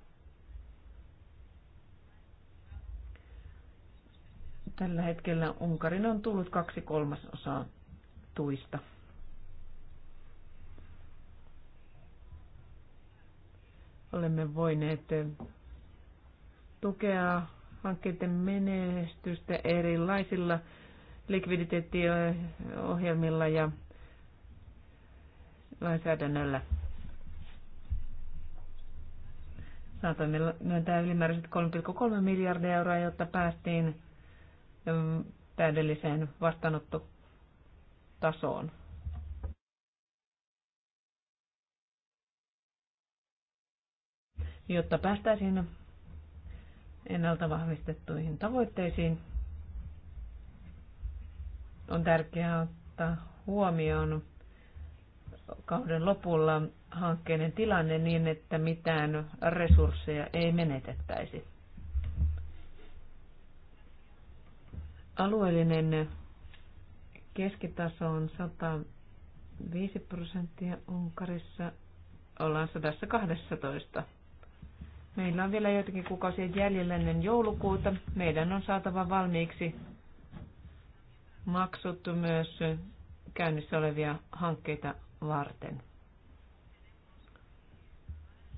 Tällä hetkellä Unkarin on tullut kaksi kolmasosaa tuista. Olemme voineet tukea hankkeiden menestystä erilaisilla likviditeettiohjelmilla ja lainsäädännöllä. Saatoimme myöntää ylimääräiset 3,3 miljardia euroa, jotta päästiin mm, täydelliseen vastaanottotasoon. Jotta päästäisiin ennalta vahvistettuihin tavoitteisiin, on tärkeää ottaa huomioon kauden lopulla hankkeiden tilanne niin, että mitään resursseja ei menetettäisi. Alueellinen keskitaso on 105 prosenttia Unkarissa. Ollaan 112. Meillä on vielä joitakin kuukausia jäljellä ennen joulukuuta. Meidän on saatava valmiiksi maksuttu myös käynnissä olevia hankkeita varten.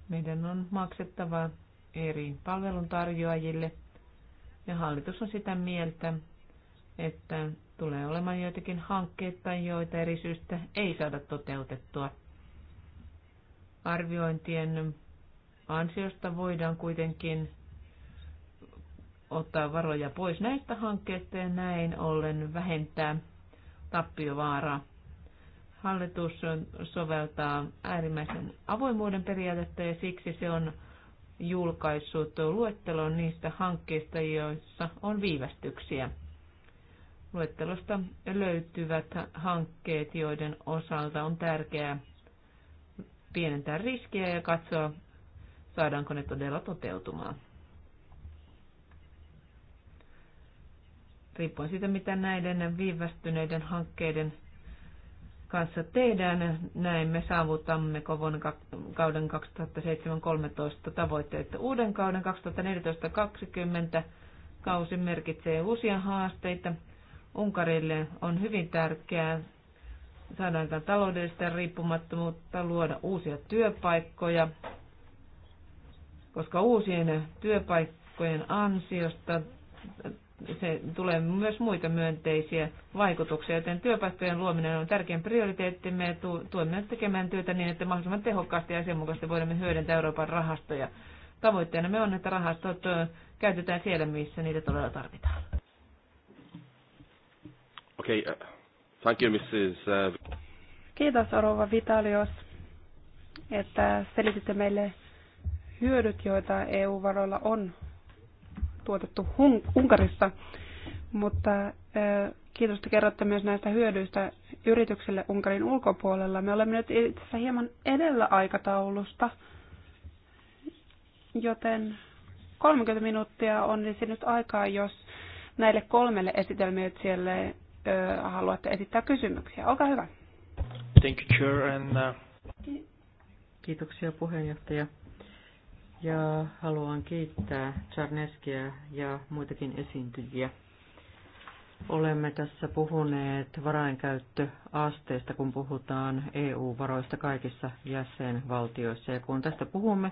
Meidän on maksettava eri palveluntarjoajille ja hallitus on sitä mieltä, että tulee olemaan joitakin hankkeita, joita eri syystä ei saada toteutettua. Arviointien ansiosta voidaan kuitenkin ottaa varoja pois näistä hankkeista ja näin ollen vähentää tappiovaaraa. Hallitus soveltaa äärimmäisen avoimuuden periaatetta ja siksi se on julkaissut luettelon niistä hankkeista, joissa on viivästyksiä. Luettelosta löytyvät hankkeet, joiden osalta on tärkeää pienentää riskiä ja katsoa, saadaanko ne todella toteutumaan. Riippuen siitä, mitä näiden viivästyneiden hankkeiden kanssa tehdään. Näin me saavutamme vuonna kauden 2007-2013 tavoitteet. Uuden kauden 2014-2020 kausi merkitsee uusia haasteita. Unkarille on hyvin tärkeää saada taloudellista riippumattomuutta, luoda uusia työpaikkoja, koska uusien työpaikkojen ansiosta se tulee myös muita myönteisiä vaikutuksia, joten työpaikkojen luominen on tärkein prioriteettimme ja tuemme tekemään työtä niin, että mahdollisimman tehokkaasti ja asianmukaisesti voimme hyödyntää Euroopan rahastoja. Tavoitteena me on, että rahastot käytetään siellä, missä niitä todella tarvitaan. Okei, okay, uh, thank you Mrs. Uh, Kiitos Arova Vitalios, että selititte meille hyödyt, joita EU-varoilla on tuotettu Unkarissa. Mutta kiitos, että kerrotte myös näistä hyödyistä yrityksille Unkarin ulkopuolella. Me olemme nyt itse asiassa hieman edellä aikataulusta, joten 30 minuuttia on olisi siis nyt aikaa, jos näille kolmelle esitelmöitsijälle haluatte esittää kysymyksiä. Olkaa hyvä. Thank you, Chair, and, uh, Kiitoksia puheenjohtaja ja haluan kiittää Czarneskiä ja muitakin esiintyjiä. Olemme tässä puhuneet varainkäyttöasteesta, kun puhutaan EU-varoista kaikissa jäsenvaltioissa. Ja kun tästä puhumme,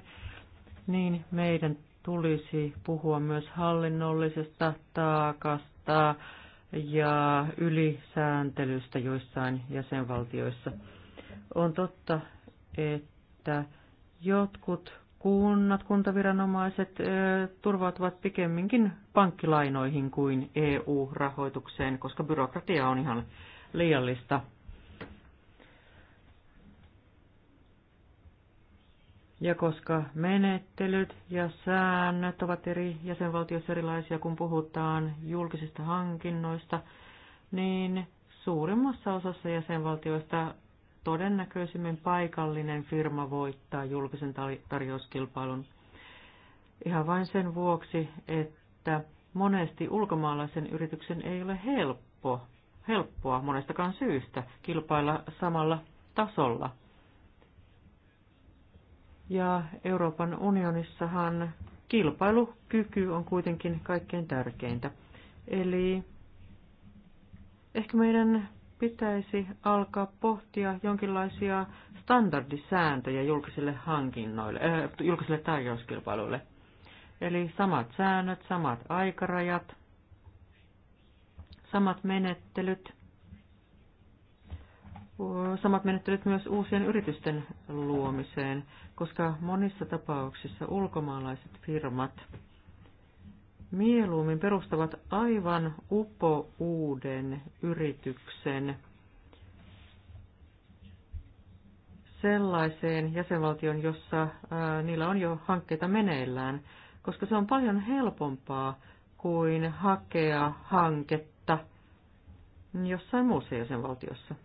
niin meidän tulisi puhua myös hallinnollisesta taakasta ja ylisääntelystä joissain jäsenvaltioissa. On totta, että jotkut Kunnat, kuntaviranomaiset turvautuvat pikemminkin pankkilainoihin kuin EU-rahoitukseen, koska byrokratia on ihan liiallista. Ja koska menettelyt ja säännöt ovat eri jäsenvaltioissa erilaisia, kun puhutaan julkisista hankinnoista, niin suurimmassa osassa jäsenvaltioista todennäköisimmin paikallinen firma voittaa julkisen tarjouskilpailun. Ihan vain sen vuoksi, että monesti ulkomaalaisen yrityksen ei ole helppo, helppoa monestakaan syystä kilpailla samalla tasolla. Ja Euroopan unionissahan kilpailukyky on kuitenkin kaikkein tärkeintä. Eli ehkä meidän pitäisi alkaa pohtia jonkinlaisia standardisääntöjä julkisille hankinnoille, äh, julkisille tarjouskilpailuille. Eli samat säännöt, samat aikarajat, samat menettelyt, samat menettelyt myös uusien yritysten luomiseen, koska monissa tapauksissa ulkomaalaiset firmat mieluummin perustavat aivan upo uuden yrityksen sellaiseen jäsenvaltion, jossa ää, äh, niillä on jo hankkeita meneillään, koska se on paljon helpompaa kuin hakea hanketta jossain muussa jäsenvaltiossa.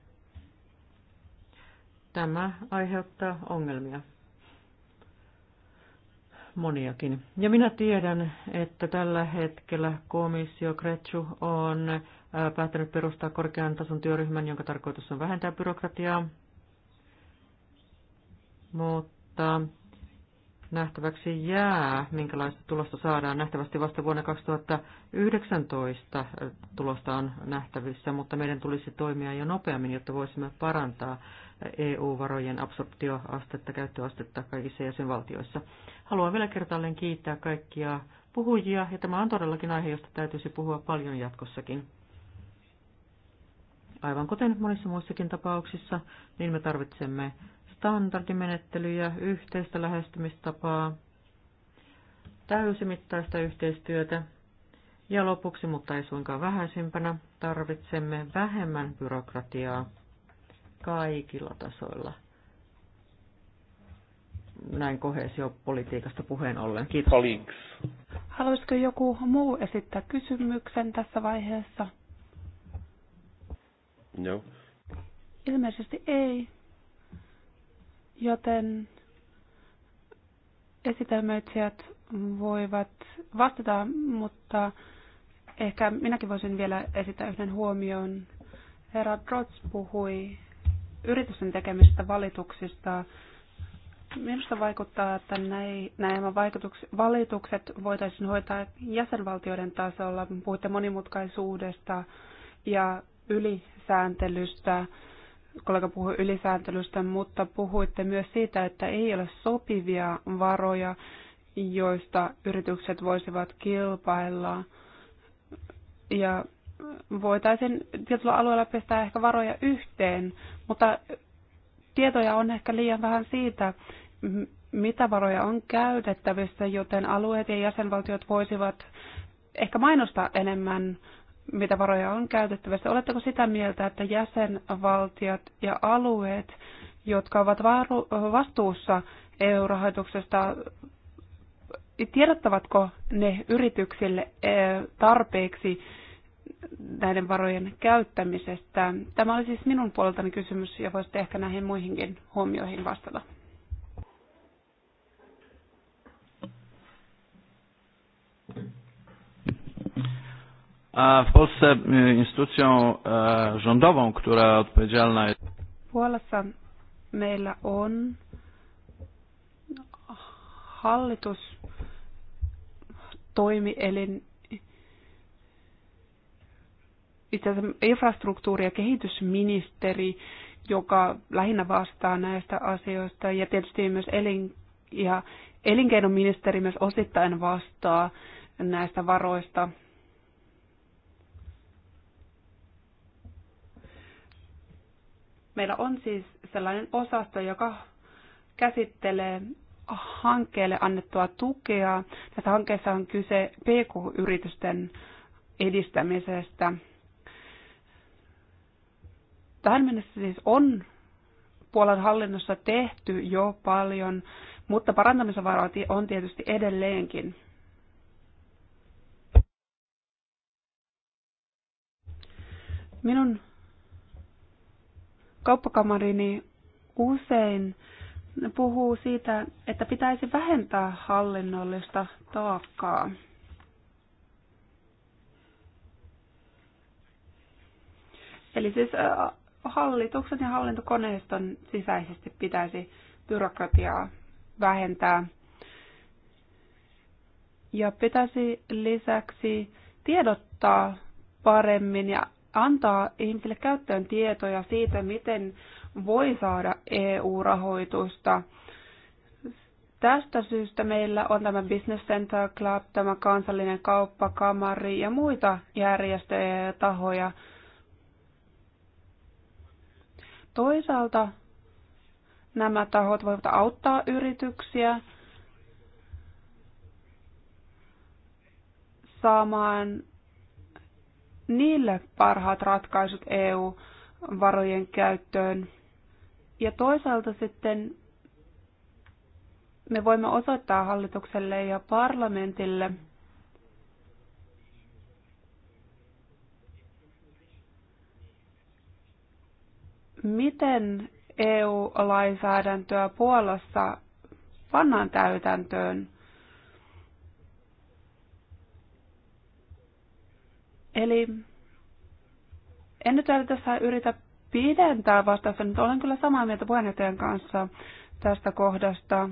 Tämä aiheuttaa ongelmia moniakin. Ja minä tiedän, että tällä hetkellä komissio Kretsu on äh, päättänyt perustaa korkean tason työryhmän, jonka tarkoitus on vähentää byrokratiaa. Mutta nähtäväksi jää, minkälaista tulosta saadaan. Nähtävästi vasta vuonna 2019 äh, tulosta on nähtävissä, mutta meidän tulisi toimia jo nopeammin, jotta voisimme parantaa äh, EU-varojen absorptioastetta, käyttöastetta kaikissa jäsenvaltioissa. Haluan vielä kertaalleen kiittää kaikkia puhujia, ja tämä on todellakin aihe, josta täytyisi puhua paljon jatkossakin. Aivan kuten monissa muissakin tapauksissa, niin me tarvitsemme standardimenettelyjä, yhteistä lähestymistapaa, täysimittaista yhteistyötä ja lopuksi, mutta ei suinkaan vähäisimpänä, tarvitsemme vähemmän byrokratiaa kaikilla tasoilla näin kohesiopolitiikasta puheen ollen. Kiitos. Colleagues. Haluaisiko joku muu esittää kysymyksen tässä vaiheessa? No. Ilmeisesti ei. Joten esitelmöitsijät voivat vastata, mutta ehkä minäkin voisin vielä esittää yhden huomion. Herra Trotz puhui yritysten tekemistä valituksista Minusta vaikuttaa, että nämä valitukset voitaisiin hoitaa jäsenvaltioiden tasolla. Puhutte monimutkaisuudesta ja ylisääntelystä. Kollega puhui ylisääntelystä, mutta puhuitte myös siitä, että ei ole sopivia varoja, joista yritykset voisivat kilpailla. Ja voitaisiin tietyllä alueella pistää ehkä varoja yhteen, mutta tietoja on ehkä liian vähän siitä, mitä varoja on käytettävissä, joten alueet ja jäsenvaltiot voisivat ehkä mainostaa enemmän, mitä varoja on käytettävissä. Oletteko sitä mieltä, että jäsenvaltiot ja alueet, jotka ovat vastuussa EU-rahoituksesta, tiedottavatko ne yrityksille e, tarpeeksi näiden varojen käyttämisestä? Tämä oli siis minun puoleltani kysymys ja voisitte ehkä näihin muihinkin huomioihin vastata. a w Polsce instytucją e, rządową, która odpowiedzialna jest. Puolassa meillä on hallitus toimielin itse asiassa infrastruktuuri- ja kehitysministeri, joka lähinnä vastaa näistä asioista ja tietysti myös elin, ja elinkeinoministeri myös osittain vastaa näistä varoista meillä on siis sellainen osasto, joka käsittelee hankkeelle annettua tukea. Tässä hankkeessa on kyse PK-yritysten edistämisestä. Tähän mennessä siis on Puolan hallinnossa tehty jo paljon, mutta parantamisen on tietysti edelleenkin. Minun niin usein puhuu siitä, että pitäisi vähentää hallinnollista taakkaa. Eli siis hallituksen ja hallintokoneiston sisäisesti pitäisi byrokratiaa vähentää. Ja pitäisi lisäksi tiedottaa paremmin ja antaa ihmisille käyttöön tietoja siitä, miten voi saada EU-rahoitusta. Tästä syystä meillä on tämä Business Center Club, tämä kansallinen kauppakamari ja muita järjestöjä ja tahoja. Toisaalta nämä tahot voivat auttaa yrityksiä saamaan niille parhaat ratkaisut EU-varojen käyttöön. Ja toisaalta sitten me voimme osoittaa hallitukselle ja parlamentille, miten EU-lainsäädäntöä Puolassa pannaan täytäntöön. Eli en nyt tässä yritä pidentää vastausta, mutta olen kyllä samaa mieltä puheenjohtajan kanssa tästä kohdasta.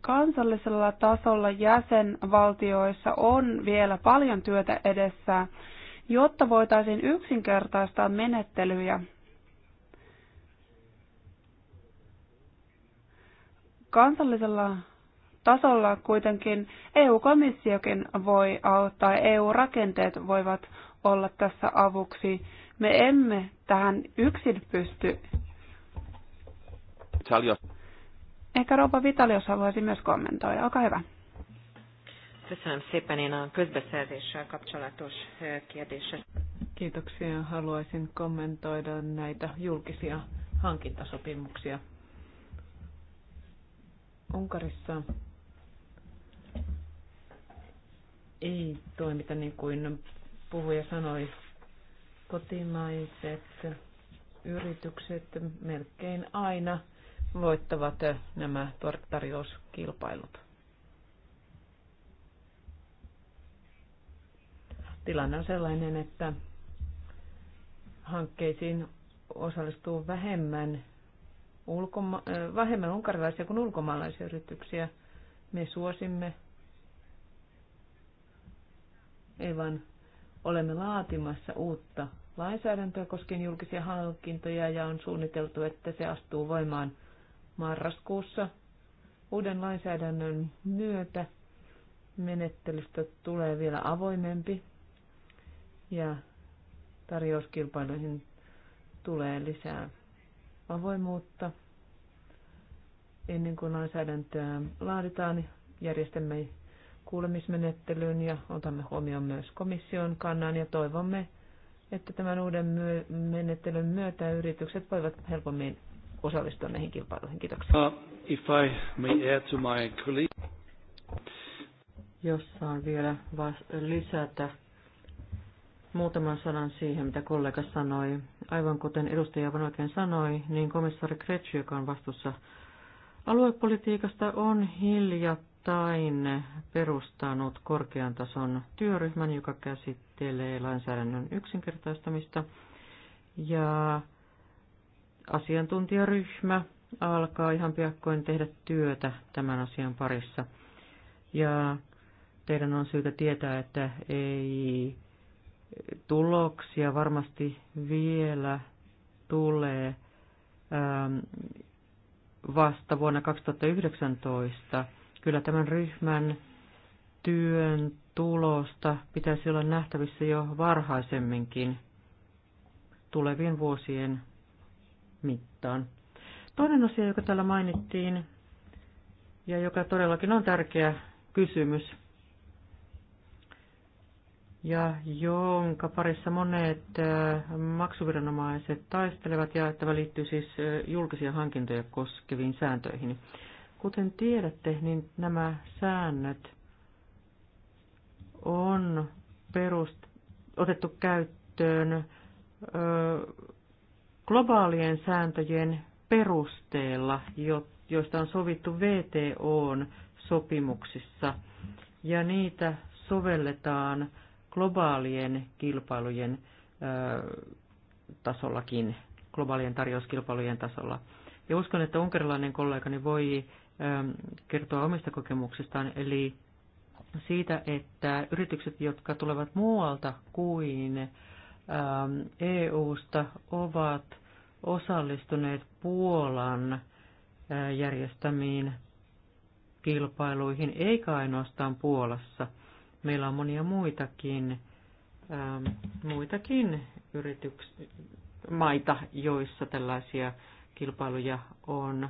Kansallisella tasolla jäsenvaltioissa on vielä paljon työtä edessä, jotta voitaisiin yksinkertaistaa menettelyjä. Kansallisella tasolla kuitenkin EU-komissiokin voi auttaa, EU-rakenteet voivat olla tässä avuksi. Me emme tähän yksin pysty. Italios. Ehkä Rouva Vitalios haluaisi myös kommentoida. Olkaa hyvä. Kiitoksia. Haluaisin kommentoida näitä julkisia hankintasopimuksia. Unkarissa ei toimita niin kuin puhuja sanoi. Kotimaiset yritykset melkein aina voittavat nämä tarjouskilpailut. Tilanne on sellainen, että hankkeisiin osallistuu vähemmän, ulkoma- äh, vähemmän unkarilaisia kuin ulkomaalaisia yrityksiä. Me suosimme ei vaan olemme laatimassa uutta lainsäädäntöä koskien julkisia hankintoja ja on suunniteltu, että se astuu voimaan marraskuussa. Uuden lainsäädännön myötä menettelystä tulee vielä avoimempi ja tarjouskilpailuihin tulee lisää avoimuutta. Ennen kuin lainsäädäntöä laaditaan, järjestämme kuulemismenettelyyn ja otamme huomioon myös komission kannan ja toivomme, että tämän uuden myö- menettelyn myötä yritykset voivat helpommin osallistua näihin kilpailuihin. Kiitoksia. Uh, if I may add to my colleague. Jos saan vielä lisätä muutaman sanan siihen, mitä kollega sanoi. Aivan kuten edustaja Van oikein sanoi, niin komissaari Kretsch, joka on vastuussa aluepolitiikasta, on hiljattu hiljattain perustanut korkean tason työryhmän, joka käsittelee lainsäädännön yksinkertaistamista. Ja asiantuntijaryhmä alkaa ihan piakkoin tehdä työtä tämän asian parissa. Ja teidän on syytä tietää, että ei tuloksia varmasti vielä tulee ähm, vasta vuonna 2019, Kyllä tämän ryhmän työn tulosta pitäisi olla nähtävissä jo varhaisemminkin tulevien vuosien mittaan. Toinen asia, joka täällä mainittiin ja joka todellakin on tärkeä kysymys ja jonka parissa monet äh, maksuviranomaiset taistelevat ja tämä liittyy siis äh, julkisia hankintoja koskeviin sääntöihin. Kuten tiedätte, niin nämä säännöt on perust, otettu käyttöön ö, globaalien sääntöjen perusteella, jo, joista on sovittu VTOn sopimuksissa, ja niitä sovelletaan globaalien kilpailujen ö, tasollakin, globaalien tarjouskilpailujen tasolla. Ja uskon, että unkarilainen kollegani voi Ähm, kertoa omista kokemuksistaan, eli siitä, että yritykset, jotka tulevat muualta kuin ähm, EU-sta, ovat osallistuneet Puolan äh, järjestämiin kilpailuihin, eikä ainoastaan Puolassa. Meillä on monia muitakin, ähm, muitakin yrityks- maita, joissa tällaisia kilpailuja on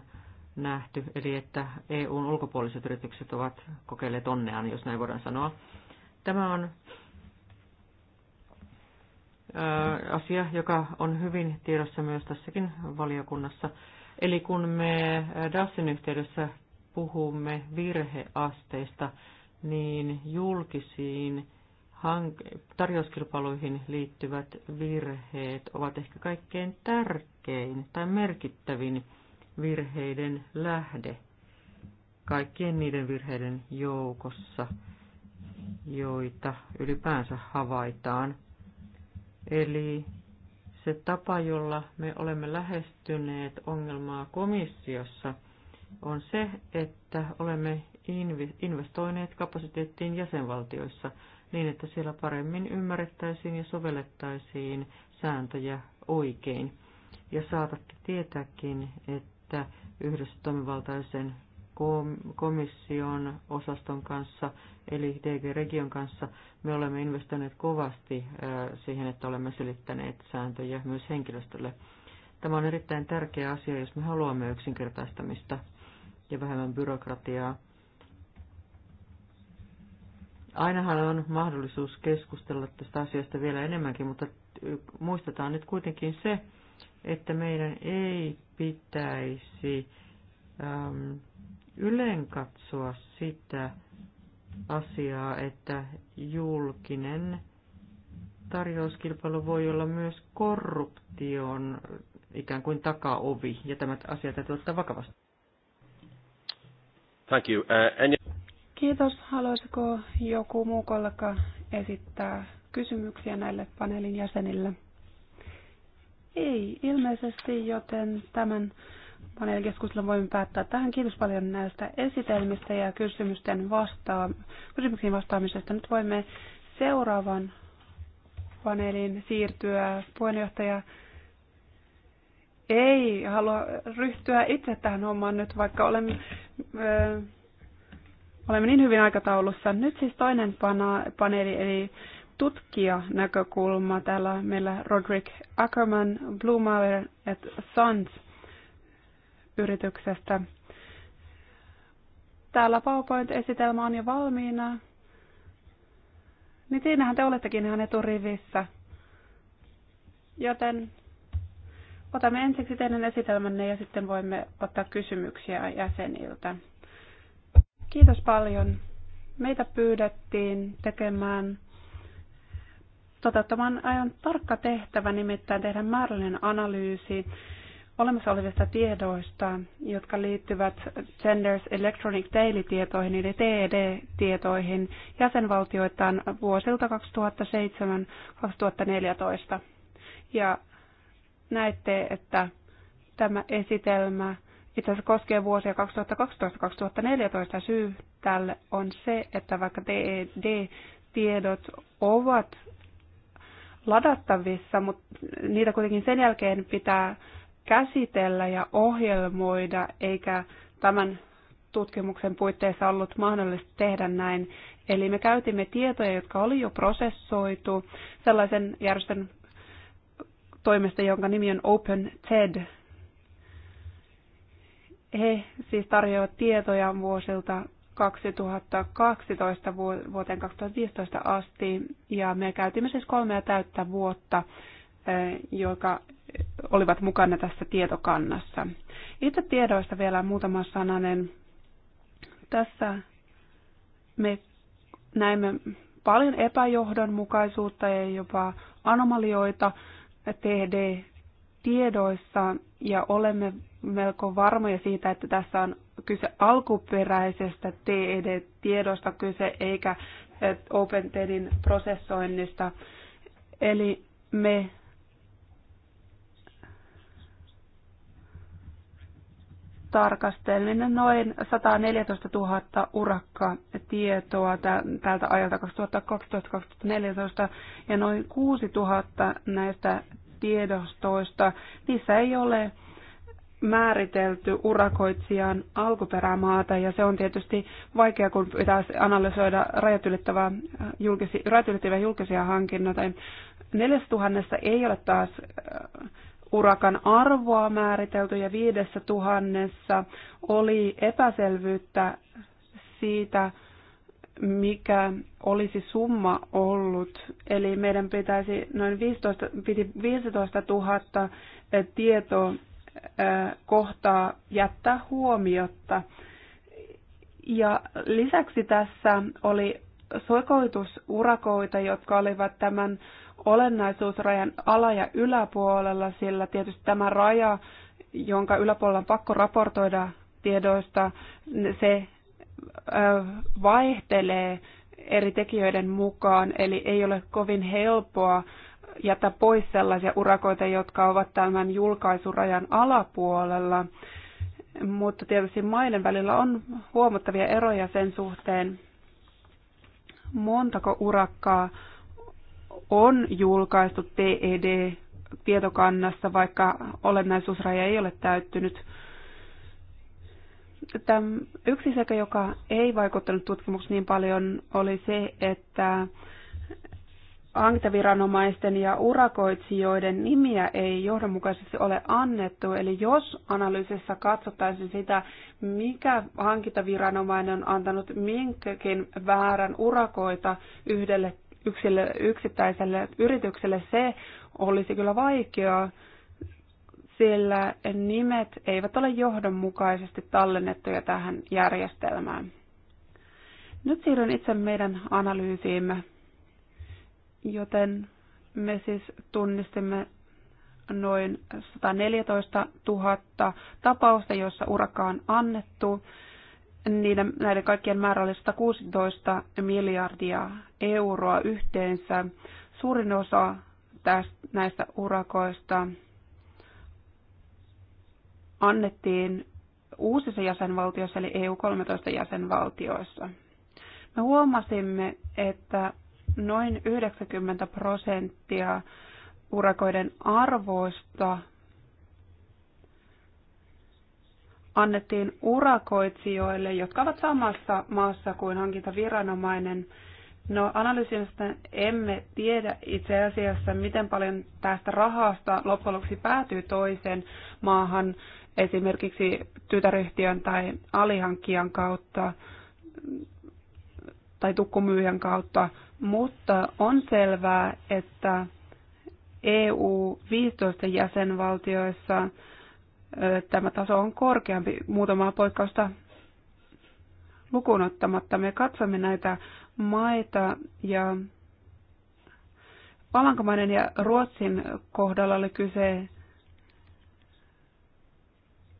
nähty, eli että EUn ulkopuoliset yritykset ovat kokeilleet onneaan, jos näin voidaan sanoa. Tämä on asia, joka on hyvin tiedossa myös tässäkin valiokunnassa. Eli kun me DASin yhteydessä puhumme virheasteista, niin julkisiin tarjouskilpailuihin liittyvät virheet ovat ehkä kaikkein tärkein tai merkittävin virheiden lähde kaikkien niiden virheiden joukossa, joita ylipäänsä havaitaan. Eli se tapa, jolla me olemme lähestyneet ongelmaa komissiossa, on se, että olemme investoineet kapasiteettiin jäsenvaltioissa niin, että siellä paremmin ymmärrettäisiin ja sovellettaisiin sääntöjä oikein. Ja saatatte tietääkin, että että yhdessä toimivaltaisen komission osaston kanssa, eli DG Region kanssa, me olemme investoineet kovasti siihen, että olemme selittäneet sääntöjä myös henkilöstölle. Tämä on erittäin tärkeä asia, jos me haluamme yksinkertaistamista ja vähemmän byrokratiaa. Ainahan on mahdollisuus keskustella tästä asiasta vielä enemmänkin, mutta muistetaan nyt kuitenkin se, että meidän ei pitäisi äm, ylen katsoa sitä asiaa, että julkinen tarjouskilpailu voi olla myös korruption ikään kuin takaovi, ja tämä asia täytyy ottaa vakavasti. Thank you. Uh, and... Kiitos. Haluaisiko joku muu kollega esittää kysymyksiä näille paneelin jäsenille? Ei ilmeisesti, joten tämän paneelikeskustelun voimme päättää tähän. Kiitos paljon näistä esitelmistä ja kysymysten vastaa, kysymyksiin vastaamisesta. Nyt voimme seuraavan paneelin siirtyä. Puheenjohtaja ei halua ryhtyä itse tähän hommaan nyt, vaikka olemme, öö, olemme niin hyvin aikataulussa. Nyt siis toinen pana, paneeli, eli Tutkija näkökulma. Täällä meillä Roderick Ackerman, Blumauer et Sons yrityksestä. Täällä PowerPoint-esitelmä on jo valmiina. Niin siinähän te olettekin ihan eturivissä. Joten otamme ensiksi teidän esitelmänne ja sitten voimme ottaa kysymyksiä jäseniltä. Kiitos paljon. Meitä pyydettiin tekemään toteuttamaan ajan tarkka tehtävä, nimittäin tehdä määrällinen analyysi olemassa olevista tiedoista, jotka liittyvät Genders Electronic Daily-tietoihin, eli TED-tietoihin, jäsenvaltioitaan vuosilta 2007-2014. Ja näette, että tämä esitelmä itse asiassa koskee vuosia 2012-2014. Syy tälle on se, että vaikka TED-tiedot ovat ladattavissa, mutta niitä kuitenkin sen jälkeen pitää käsitellä ja ohjelmoida, eikä tämän tutkimuksen puitteissa ollut mahdollista tehdä näin. Eli me käytimme tietoja, jotka oli jo prosessoitu sellaisen järjestön toimesta, jonka nimi on Open TED. He siis tarjoavat tietoja vuosilta 2012 vuoteen 2015 asti ja me käytimme siis kolmea täyttä vuotta, joka olivat mukana tässä tietokannassa. Itse tiedoista vielä muutama sananen. Tässä me näimme paljon epäjohdonmukaisuutta ja jopa anomalioita TD-tiedoissa ja olemme melko varmoja siitä, että tässä on kyse alkuperäisestä TED-tiedosta kyse eikä OpenTEDin prosessoinnista. Eli me tarkastelimme noin 114 000 urakkatietoa tältä ajalta 2012-2014 ja noin 6 000 näistä tiedostoista. Niissä ei ole määritelty urakoitsijan alkuperämaata ja se on tietysti vaikea, kun pitäisi analysoida rajat äh, julkisi, julkisia, julkisia hankinnoita. 4000 ei ole taas äh, urakan arvoa määritelty ja 5000 tuhannessa oli epäselvyyttä siitä, mikä olisi summa ollut. Eli meidän pitäisi noin 15, piti 15 000 äh, tietoa kohtaa jättää huomiotta. Ja lisäksi tässä oli sokoitusurakoita, jotka olivat tämän olennaisuusrajan ala- ja yläpuolella, sillä tietysti tämä raja, jonka yläpuolella on pakko raportoida tiedoista, se vaihtelee eri tekijöiden mukaan, eli ei ole kovin helppoa jätä pois sellaisia urakoita, jotka ovat tämän julkaisurajan alapuolella, mutta tietysti maiden välillä on huomattavia eroja sen suhteen, montako urakkaa on julkaistu TED-tietokannassa, vaikka olennaisuusraja ei ole täyttynyt. Tämä yksi sekä, joka ei vaikuttanut tutkimukseen niin paljon, oli se, että hankintaviranomaisten ja urakoitsijoiden nimiä ei johdonmukaisesti ole annettu. Eli jos analyysissa katsottaisiin sitä, mikä hankintaviranomainen on antanut minkäkin väärän urakoita yhdelle yksille, yksittäiselle yritykselle, se olisi kyllä vaikeaa, sillä nimet eivät ole johdonmukaisesti tallennettuja tähän järjestelmään. Nyt siirryn itse meidän analyysiimme. Joten me siis tunnistimme noin 114 000 tapausta, joissa urakka on annettu. Niiden, näiden kaikkien määrä oli 116 miljardia euroa yhteensä. Suurin osa tästä, näistä urakoista annettiin uusissa jäsenvaltioissa eli EU-13 jäsenvaltioissa. Me huomasimme, että noin 90 prosenttia urakoiden arvoista annettiin urakoitsijoille, jotka ovat samassa maassa kuin hankintaviranomainen. No analyysistä emme tiedä itse asiassa, miten paljon tästä rahasta loppujen lopuksi päätyy toiseen maahan esimerkiksi tytäryhtiön tai alihankkijan kautta tai tukkumyyjän kautta mutta on selvää, että EU 15 jäsenvaltioissa tämä taso on korkeampi muutamaa poikkausta lukuun ottamatta. Me katsomme näitä maita ja Alankomainen ja Ruotsin kohdalla oli kyse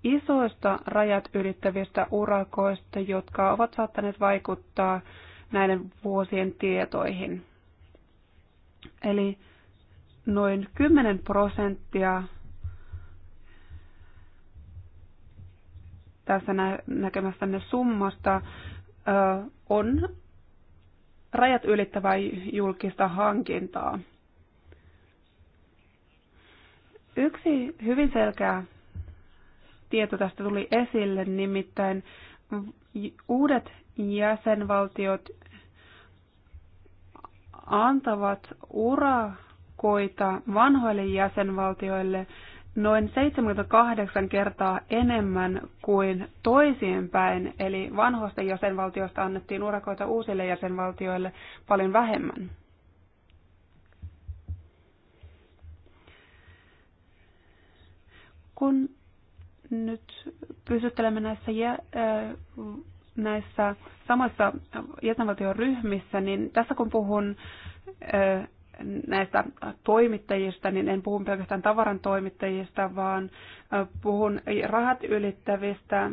isoista rajat ylittävistä urakoista, jotka ovat saattaneet vaikuttaa näiden vuosien tietoihin. Eli noin 10 prosenttia tässä nä- näkemästänne summasta on rajat ylittävää julkista hankintaa. Yksi hyvin selkeä tieto tästä tuli esille, nimittäin uudet jäsenvaltiot antavat urakoita vanhoille jäsenvaltioille noin 78 kertaa enemmän kuin toisinpäin, eli vanhoista jäsenvaltioista annettiin urakoita uusille jäsenvaltioille paljon vähemmän. Kun nyt pysyttelemme näissä jä, äh, näissä samassa jäsenvaltioryhmissä, niin tässä kun puhun näistä toimittajista, niin en puhu pelkästään tavaran toimittajista, vaan puhun rahat ylittävistä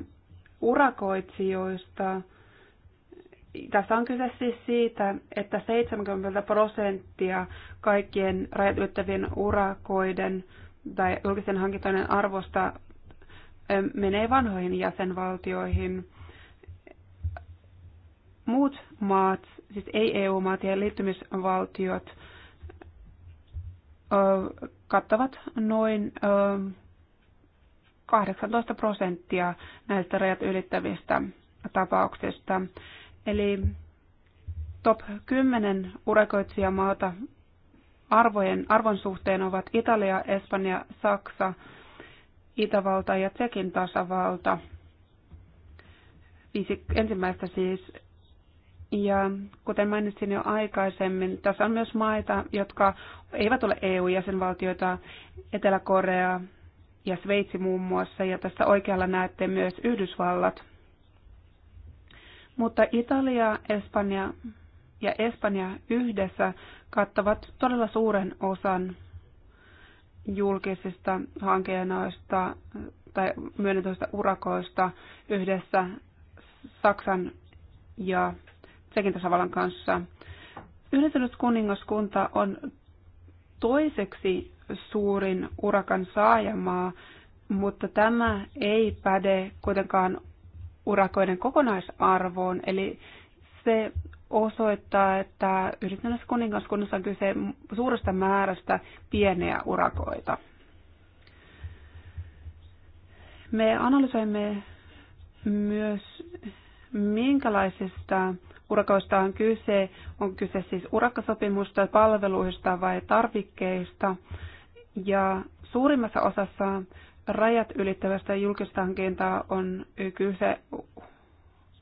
urakoitsijoista. Tässä on kyse siis siitä, että 70 prosenttia kaikkien rajat ylittävien urakoiden tai julkisen hankintojen arvosta menee vanhoihin jäsenvaltioihin muut maat, siis ei-EU-maat ja liittymisvaltiot kattavat noin 18 prosenttia näistä rajat ylittävistä tapauksista. Eli top 10 urakoitsijamaata arvojen, arvon suhteen ovat Italia, Espanja, Saksa, Itävalta ja Tsekin tasavalta. Viisi ensimmäistä siis ja kuten mainitsin jo aikaisemmin, tässä on myös maita, jotka eivät ole EU-jäsenvaltioita, Etelä-Korea ja Sveitsi muun muassa, ja tässä oikealla näette myös Yhdysvallat. Mutta Italia, Espanja ja Espanja yhdessä kattavat todella suuren osan julkisista hankinnoista tai myönnetyistä urakoista yhdessä Saksan ja Sekin tasavallan kanssa. Yhdistynyt kuningaskunta on toiseksi suurin urakan saajamaa, mutta tämä ei päde kuitenkaan urakoiden kokonaisarvoon, eli se osoittaa, että yhdistyneessä kuningaskunnassa on kyse suuresta määrästä pieniä urakoita. Me analysoimme myös minkälaisista urakoista on kyse, on kyse siis urakkasopimusta, palveluista vai tarvikkeista. Ja suurimmassa osassa rajat ylittävästä julkista hankintaa on kyse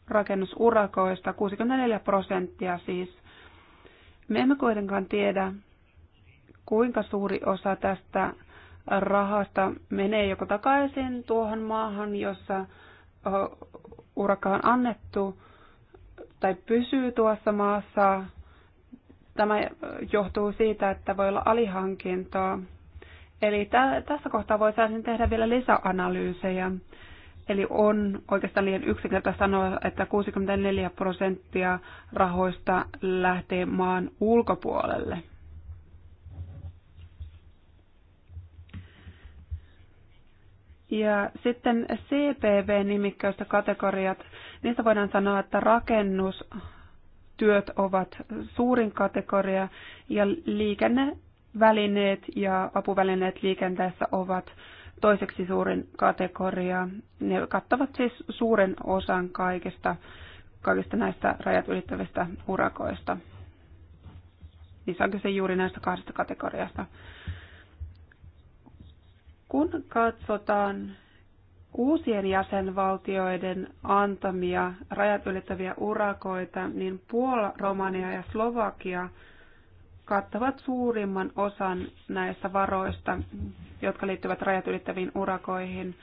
rakennusurakoista, 64 prosenttia siis. Me emme kuitenkaan tiedä, kuinka suuri osa tästä rahasta menee joko takaisin tuohon maahan, jossa urakka on annettu, tai pysyy tuossa maassa. Tämä johtuu siitä, että voi olla alihankintoa Eli tä- tässä kohtaa voisin tehdä vielä lisäanalyysejä. Eli on oikeastaan liian yksinkertaista sanoa, että 64 prosenttia rahoista lähtee maan ulkopuolelle. Ja sitten CPV-nimikkäystä kategoriat. Niistä voidaan sanoa, että rakennustyöt ovat suurin kategoria ja liikennevälineet ja apuvälineet liikenteessä ovat toiseksi suurin kategoria. Ne kattavat siis suuren osan kaikista, kaikista näistä rajat ylittävistä urakoista. Niissä on kyse juuri näistä kahdesta kategoriasta. Kun katsotaan uusien jäsenvaltioiden antamia rajat ylittäviä urakoita, niin Puola, Romania ja Slovakia kattavat suurimman osan näistä varoista, jotka liittyvät rajat ylittäviin urakoihin.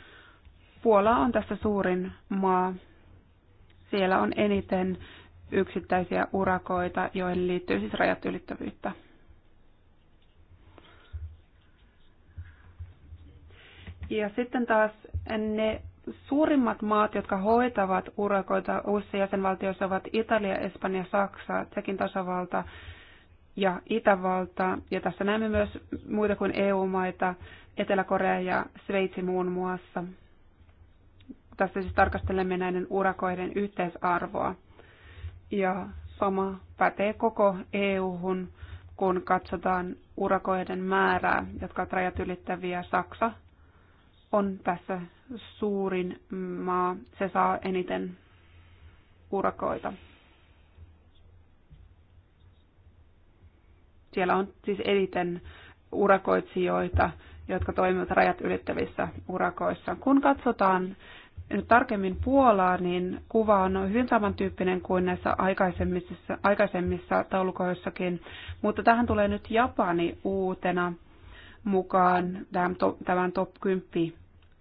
Puola on tässä suurin maa. Siellä on eniten yksittäisiä urakoita, joihin liittyy siis rajat ylittävyyttä. Ja sitten taas ne suurimmat maat, jotka hoitavat urakoita uusissa jäsenvaltioissa, ovat Italia, Espanja, Saksa, Tsekin tasavalta ja Itävalta. Ja tässä näemme myös muita kuin EU-maita, Etelä-Korea ja Sveitsi muun muassa. Tässä siis tarkastelemme näiden urakoiden yhteisarvoa. Ja sama pätee koko EU-hun, kun katsotaan urakoiden määrää, jotka ovat rajat ylittäviä. Saksa on tässä suurin maa. Se saa eniten urakoita. Siellä on siis eniten urakoitsijoita, jotka toimivat rajat ylittävissä urakoissa. Kun katsotaan nyt tarkemmin Puolaa, niin kuva on hyvin samantyyppinen kuin näissä aikaisemmissa, aikaisemmissa taulukoissakin, mutta tähän tulee nyt Japani uutena mukaan tämän top, 10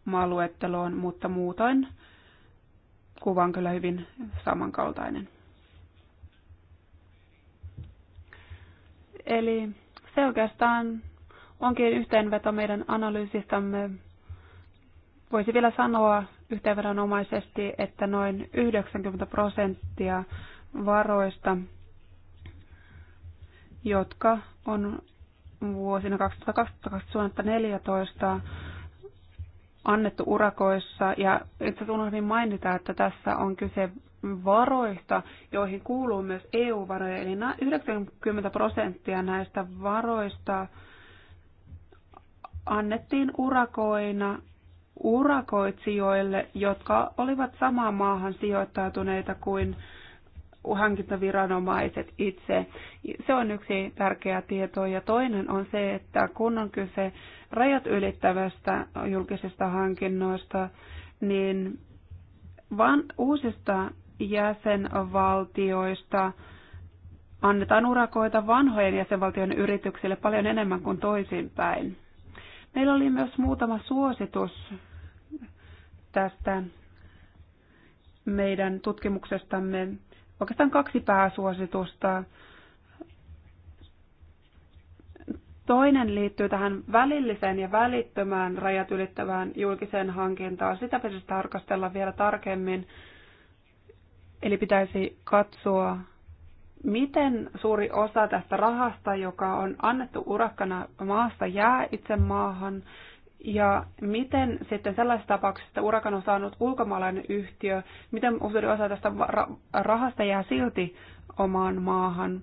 maaluetteloon, mutta muutoin kuva on kyllä hyvin samankaltainen. Eli se oikeastaan onkin yhteenveto meidän analyysistamme. Voisi vielä sanoa yhteenvedonomaisesti, että noin 90 prosenttia varoista, jotka on vuosina 2012-2014 annettu urakoissa. Ja itse asiassa unohdin mainita, että tässä on kyse varoista, joihin kuuluu myös EU-varoja. Eli 90 prosenttia näistä varoista annettiin urakoina urakoitsijoille, jotka olivat samaan maahan sijoittautuneita kuin hankintaviranomaiset itse. Se on yksi tärkeä tieto. Ja toinen on se, että kun on kyse rajat ylittävästä julkisista hankinnoista, niin vain uusista jäsenvaltioista annetaan urakoita vanhojen jäsenvaltion yrityksille paljon enemmän kuin toisinpäin. Meillä oli myös muutama suositus tästä meidän tutkimuksestamme oikeastaan kaksi pääsuositusta. Toinen liittyy tähän välilliseen ja välittömään rajat ylittävään julkiseen hankintaan. Sitä pitäisi tarkastella vielä tarkemmin. Eli pitäisi katsoa, miten suuri osa tästä rahasta, joka on annettu urakkana maasta, jää itse maahan ja miten sitten sellaisessa tapauksessa, että urakan on saanut ulkomaalainen yhtiö, miten suuri osa tästä rahasta jää silti omaan maahan?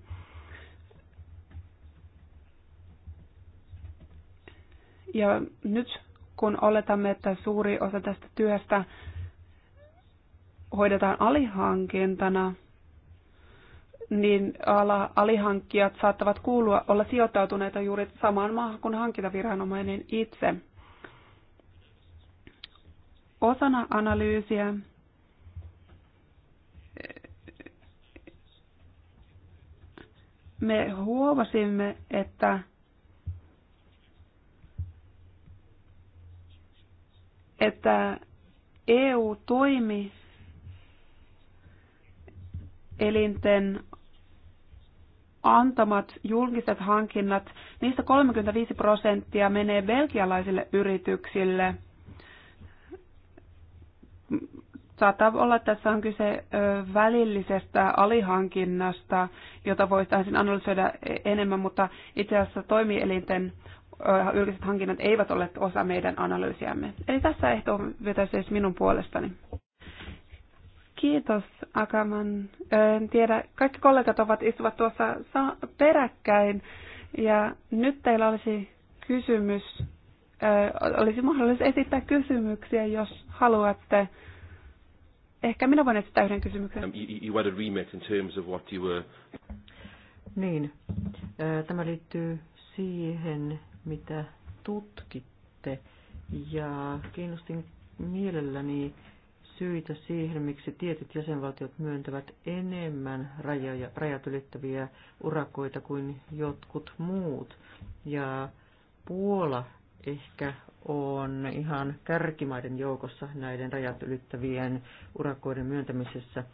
Ja nyt kun oletamme, että suuri osa tästä työstä hoidetaan alihankintana, niin ala, alihankkijat saattavat kuulua olla sijoittautuneita juuri samaan maahan kuin hankintaviranomainen itse. Osana analyysiä me huomasimme, että että EU toimi elinten antamat julkiset hankinnat, niistä 35 prosenttia menee belgialaisille yrityksille – Saattaa olla, että tässä on kyse välillisestä alihankinnasta, jota voitaisiin analysoida e, enemmän, mutta itse asiassa toimielinten julkiset hankinnat eivät ole osa meidän analyysiämme. Eli tässä ehto vetäisi siis minun puolestani. Kiitos, Akaman. En tiedä, kaikki kollegat ovat istuvat tuossa peräkkäin. Ja nyt teillä olisi kysymys, olisi mahdollisuus esittää kysymyksiä, jos haluatte. Ehkä minä voin esittää yhden kysymyksen. Um, you, you had a remit in terms of what you were... Niin, tämä liittyy siihen, mitä tutkitte. Ja kiinnostin mielelläni syitä siihen, miksi tietyt jäsenvaltiot myöntävät enemmän rajoja, rajat ylittäviä urakoita kuin jotkut muut. Ja Puola ehkä on ihan kärkimaiden joukossa näiden rajat ylittävien urakoiden myöntämisessä.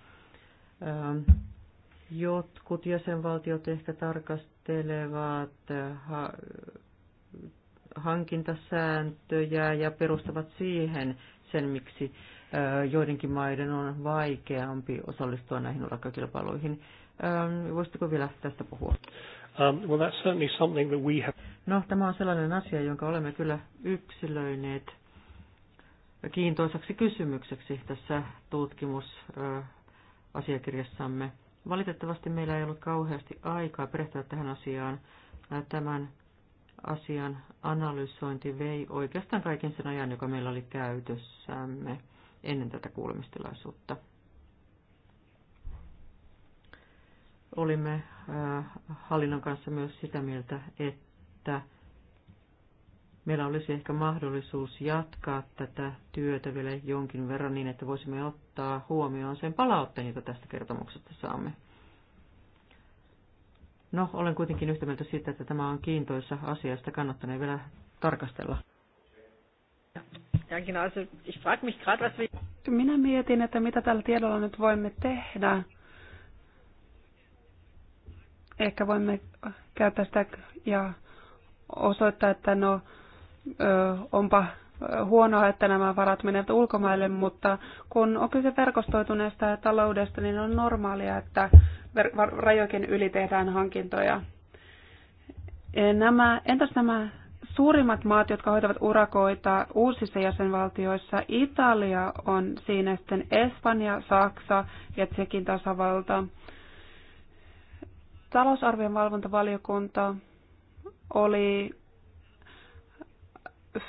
Ähm, jotkut jäsenvaltiot ehkä tarkastelevat äh, hankintasääntöjä ja perustavat siihen sen, miksi äh, joidenkin maiden on vaikeampi osallistua näihin urakkakilpailuihin. Ähm, voisitteko vielä tästä puhua? Um, well, that's certainly something that we have... No, tämä on sellainen asia, jonka olemme kyllä yksilöineet kiintoisaksi kysymykseksi tässä tutkimusasiakirjassamme. Valitettavasti meillä ei ollut kauheasti aikaa perehtyä tähän asiaan. Tämän asian analysointi vei oikeastaan kaiken sen ajan, joka meillä oli käytössämme ennen tätä kuulemistilaisuutta. Olimme äh, hallinnon kanssa myös sitä mieltä, että meillä olisi ehkä mahdollisuus jatkaa tätä työtä vielä jonkin verran niin, että voisimme ottaa huomioon sen palautteen, jota tästä kertomuksesta saamme. No, olen kuitenkin yhtä mieltä siitä, että tämä on kiintoissa asiasta, kannattaneen vielä tarkastella. Minä mietin, että mitä tällä tiedolla nyt voimme tehdä ehkä voimme käyttää sitä ja osoittaa, että no onpa huonoa, että nämä varat menevät ulkomaille, mutta kun on kyse verkostoituneesta taloudesta, niin on normaalia, että rajojen yli tehdään hankintoja. E, nämä, entäs nämä suurimmat maat, jotka hoitavat urakoita uusissa jäsenvaltioissa, Italia on siinä sitten Espanja, Saksa ja Tsekin tasavalta. Talousarvion valvontavaliokunta oli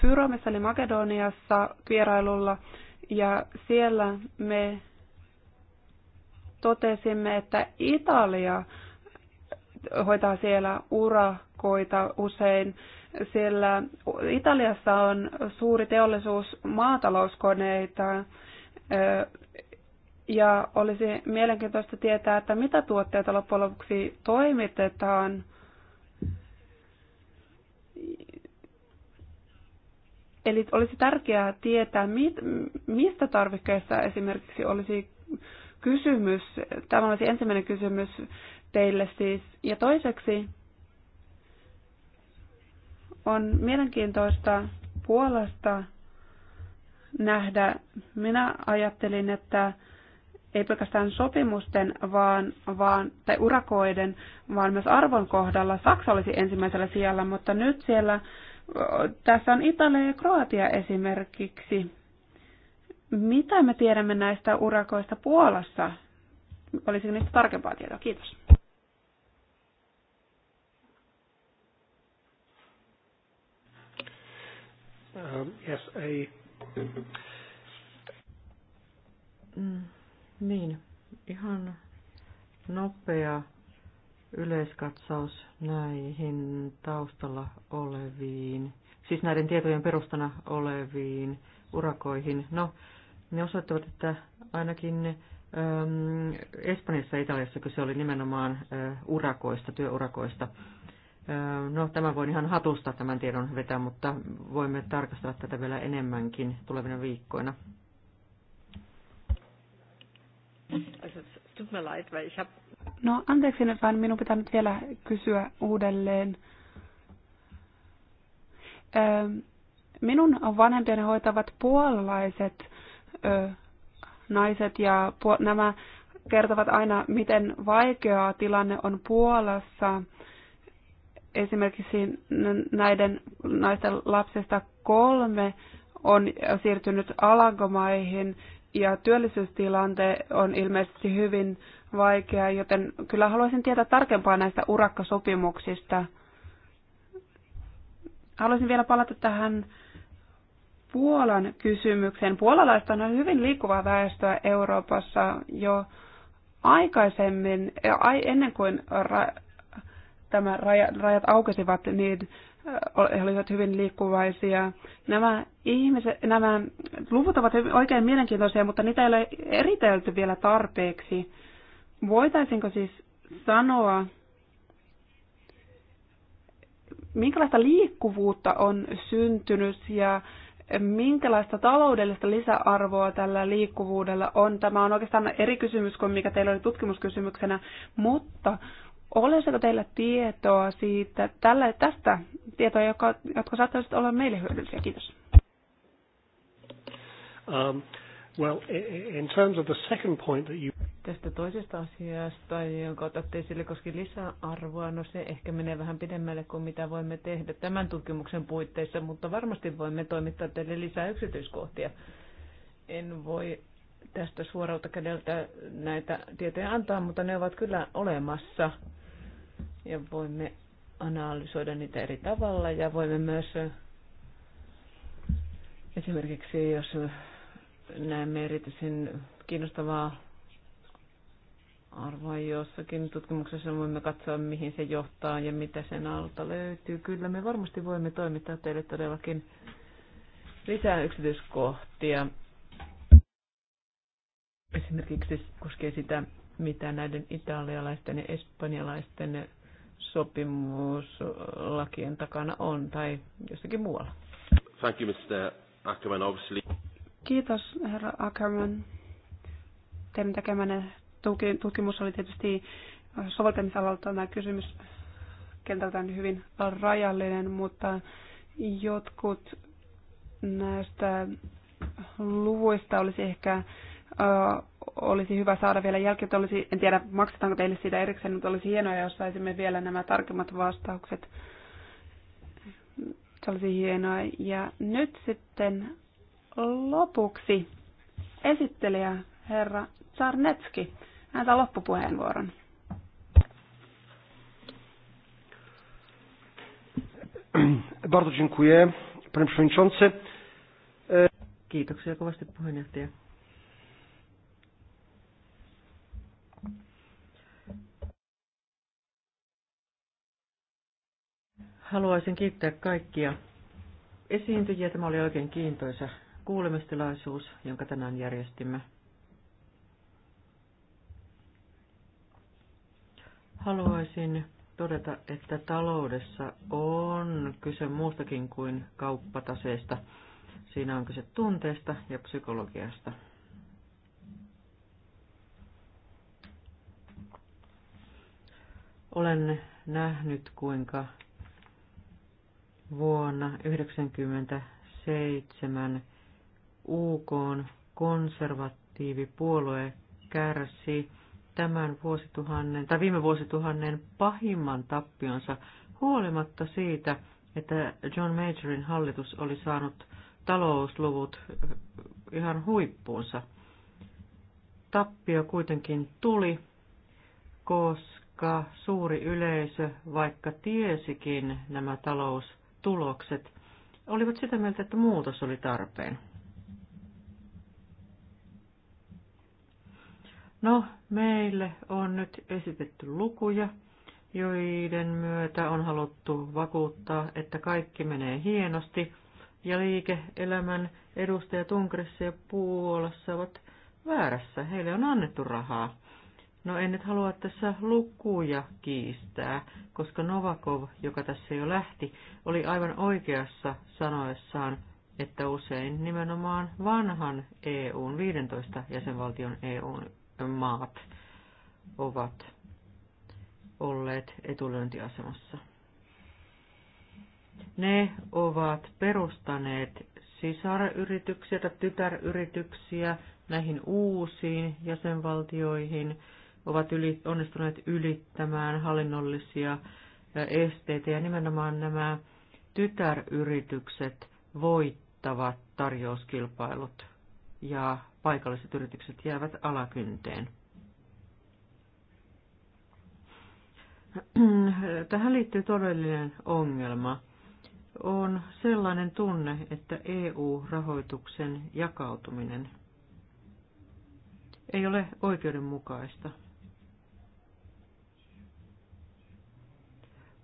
Fyromissa eli Makedoniassa vierailulla ja siellä me totesimme, että Italia hoitaa siellä urakoita usein, Siellä Italiassa on suuri teollisuus maatalouskoneita, ja olisi mielenkiintoista tietää, että mitä tuotteita loppujen lopuksi toimitetaan. Eli olisi tärkeää tietää, mistä tarvikkeista esimerkiksi olisi kysymys. Tämä olisi ensimmäinen kysymys teille siis. Ja toiseksi on mielenkiintoista puolesta nähdä. Minä ajattelin, että ei pelkästään sopimusten vaan, vaan, tai urakoiden, vaan myös arvon kohdalla. Saksa olisi ensimmäisellä sijalla, mutta nyt siellä, tässä on Italia ja Kroatia esimerkiksi. Mitä me tiedämme näistä urakoista Puolassa? Olisi niistä tarkempaa tietoa? Kiitos. Um, yes, I... Mm niin, ihan nopea yleiskatsaus näihin taustalla oleviin, siis näiden tietojen perustana oleviin urakoihin. No, ne osoittavat, että ainakin ähm, Espanjassa ja Italiassa kyse oli nimenomaan äh, urakoista, työurakoista. Äh, no, tämä voin ihan hatusta tämän tiedon vetää, mutta voimme tarkastella tätä vielä enemmänkin tulevina viikkoina. No anteeksi nyt vaan, minun pitää nyt vielä kysyä uudelleen. Ähm, minun vanhempieni hoitavat puolalaiset naiset ja nämä kertovat aina, miten vaikeaa tilanne on Puolassa. Esimerkiksi näiden naisten lapsista kolme on siirtynyt Alankomaihin ja työllisyystilante on ilmeisesti hyvin vaikea, joten kyllä haluaisin tietää tarkempaa näistä urakkasopimuksista. Haluaisin vielä palata tähän Puolan kysymykseen. Puolalaista on hyvin liikkuvaa väestöä Euroopassa jo aikaisemmin, ennen kuin ra- tämä raja, rajat aukesivat, niin olivat hyvin liikkuvaisia. Nämä, ihmiset, nämä luvut ovat oikein mielenkiintoisia, mutta niitä ei ole eritelty vielä tarpeeksi. Voitaisinko siis sanoa, minkälaista liikkuvuutta on syntynyt ja minkälaista taloudellista lisäarvoa tällä liikkuvuudella on. Tämä on oikeastaan eri kysymys kuin mikä teillä oli tutkimuskysymyksenä, mutta Olisiko teillä tietoa siitä, tällä, tästä tietoa, joka, jotka saattaisivat olla meille hyödyllisiä? Kiitos. Um, well, in terms of the second point that you... Tästä toisesta asiasta, jonka otatte esille koski lisäarvoa, no se ehkä menee vähän pidemmälle kuin mitä voimme tehdä tämän tutkimuksen puitteissa, mutta varmasti voimme toimittaa teille lisää yksityiskohtia. En voi tästä suoralta kädeltä näitä tietoja antaa, mutta ne ovat kyllä olemassa ja voimme analysoida niitä eri tavalla ja voimme myös esimerkiksi, jos näemme erityisen kiinnostavaa arvoa jossakin tutkimuksessa, voimme katsoa, mihin se johtaa ja mitä sen alta löytyy. Kyllä me varmasti voimme toimittaa teille todellakin lisää yksityiskohtia. Esimerkiksi koskee sitä, mitä näiden italialaisten ja espanjalaisten sopimuslakien takana on tai jossakin muualla. Thank you, Mr. Ackerman, obviously. Kiitos, herra Ackerman. Teidän tekemänne tutkimus oli tietysti äh, soveltamisalalta tämä kysymys kentältään hyvin rajallinen, mutta jotkut näistä luvuista olisi ehkä äh, olisi hyvä saada vielä jälkeen, olisi, en tiedä maksetaanko teille siitä erikseen, mutta olisi hienoa, jos saisimme vielä nämä tarkemmat vastaukset. Se olisi hienoa. Ja nyt sitten lopuksi esittelijä herra Czarnetski. Hän saa loppupuheenvuoron. Bardzo dziękuję, panie przewodniczący. Kiitoksia kovasti puheenjohtaja. Haluaisin kiittää kaikkia esiintyjiä. Tämä oli oikein kiintoisa kuulemistilaisuus, jonka tänään järjestimme. Haluaisin todeta, että taloudessa on kyse muustakin kuin kauppataseesta. Siinä on kyse tunteesta ja psykologiasta. Olen nähnyt, kuinka vuonna 1997 UK konservatiivipuolue kärsi tämän vuosituhannen tai viime vuosituhannen pahimman tappionsa huolimatta siitä, että John Majorin hallitus oli saanut talousluvut eh, ihan huippuunsa. Tappio kuitenkin tuli, koska suuri yleisö, vaikka tiesikin nämä talous tulokset olivat sitä mieltä, että muutos oli tarpeen. No, meille on nyt esitetty lukuja, joiden myötä on haluttu vakuuttaa, että kaikki menee hienosti, ja liike-elämän edustajat Unkarissa ja Puolassa ovat väärässä. Heille on annettu rahaa. No en nyt halua tässä lukuja kiistää, koska Novakov, joka tässä jo lähti, oli aivan oikeassa sanoessaan, että usein nimenomaan vanhan EUn 15 jäsenvaltion EUn maat ovat olleet etulyöntiasemassa. Ne ovat perustaneet sisaryrityksiä tai tytäryrityksiä näihin uusiin jäsenvaltioihin, ovat yli, onnistuneet ylittämään hallinnollisia esteitä ja nimenomaan nämä tytäryritykset voittavat tarjouskilpailut ja paikalliset yritykset jäävät alakynteen. Tähän liittyy todellinen ongelma. On sellainen tunne, että EU-rahoituksen jakautuminen ei ole oikeudenmukaista.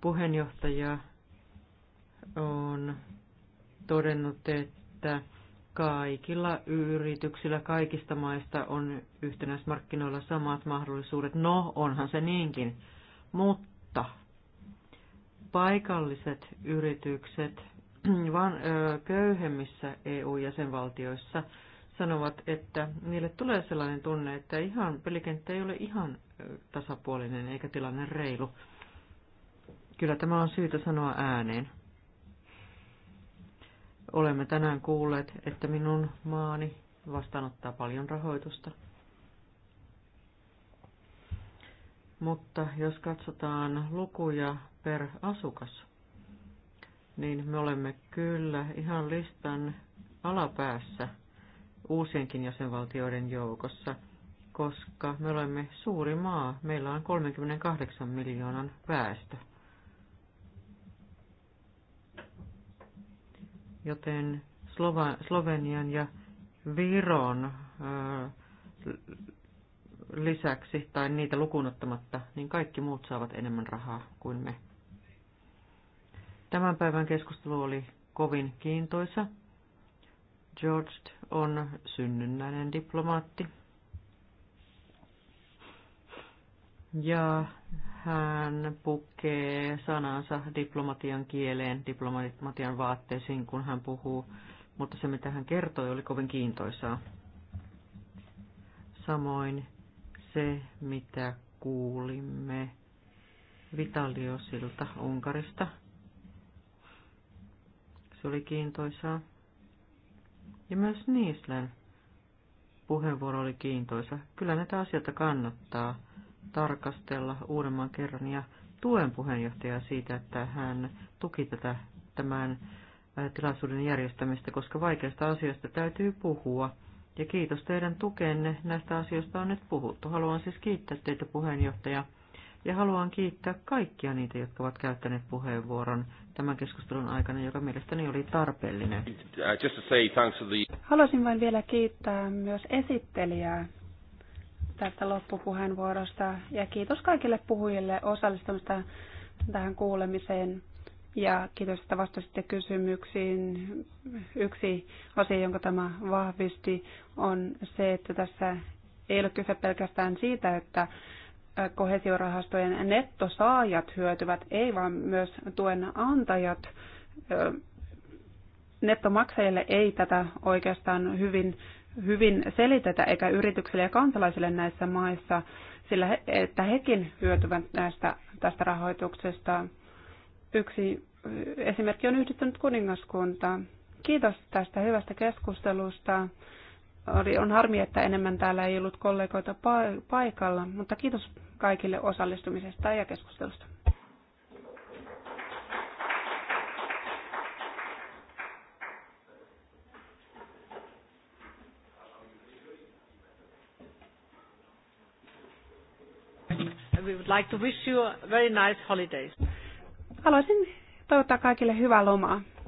Puheenjohtaja on todennut, että kaikilla yrityksillä kaikista maista on yhtenäismarkkinoilla samat mahdollisuudet. No, onhan se niinkin. Mutta paikalliset yritykset vaan köyhemmissä EU-jäsenvaltioissa sanovat, että niille tulee sellainen tunne, että ihan pelikenttä ei ole ihan tasapuolinen eikä tilanne reilu. Kyllä tämä on syytä sanoa ääneen. Olemme tänään kuulleet, että minun maani vastaanottaa paljon rahoitusta. Mutta jos katsotaan lukuja per asukas, niin me olemme kyllä ihan listan alapäässä uusienkin jäsenvaltioiden joukossa, koska me olemme suuri maa. Meillä on 38 miljoonan väestö. joten Slova, Slovenian ja Viron ö, lisäksi, tai niitä lukunottamatta, niin kaikki muut saavat enemmän rahaa kuin me. Tämän päivän keskustelu oli kovin kiintoisa. George on synnynnäinen diplomaatti. Ja hän pukee sanansa diplomatian kieleen, diplomatian vaatteisiin, kun hän puhuu, mutta se mitä hän kertoi oli kovin kiintoisaa. Samoin se, mitä kuulimme Vitaliosilta Unkarista, se oli kiintoisaa. Ja myös Niislen puheenvuoro oli kiintoisa. Kyllä näitä asioita kannattaa tarkastella uudemman kerran ja tuen puheenjohtajaa siitä, että hän tuki tätä, tämän tilaisuuden järjestämistä, koska vaikeista asioista täytyy puhua. Ja kiitos teidän tukenne, näistä asioista on nyt puhuttu. Haluan siis kiittää teitä puheenjohtaja ja haluan kiittää kaikkia niitä, jotka ovat käyttäneet puheenvuoron tämän keskustelun aikana, joka mielestäni oli tarpeellinen. Uh, Haluaisin vain vielä kiittää myös esittelijää tästä loppupuheenvuorosta ja kiitos kaikille puhujille osallistumista tähän kuulemiseen. Ja kiitos, että vastasitte kysymyksiin. Yksi asia, jonka tämä vahvisti, on se, että tässä ei ole kyse pelkästään siitä, että kohesiorahastojen nettosaajat hyötyvät, ei vaan myös tuen antajat. Nettomaksajille ei tätä oikeastaan hyvin hyvin selitetä eikä yrityksille ja kansalaisille näissä maissa, sillä he, että hekin hyötyvät näistä, tästä rahoituksesta. Yksi esimerkki on yhdistynyt kuningaskunta. Kiitos tästä hyvästä keskustelusta. on harmi, että enemmän täällä ei ollut kollegoita paikalla, mutta kiitos kaikille osallistumisesta ja keskustelusta. we would like to wish you very nice holidays. Haluaisin toivottaa kaikille hyvää lomaa.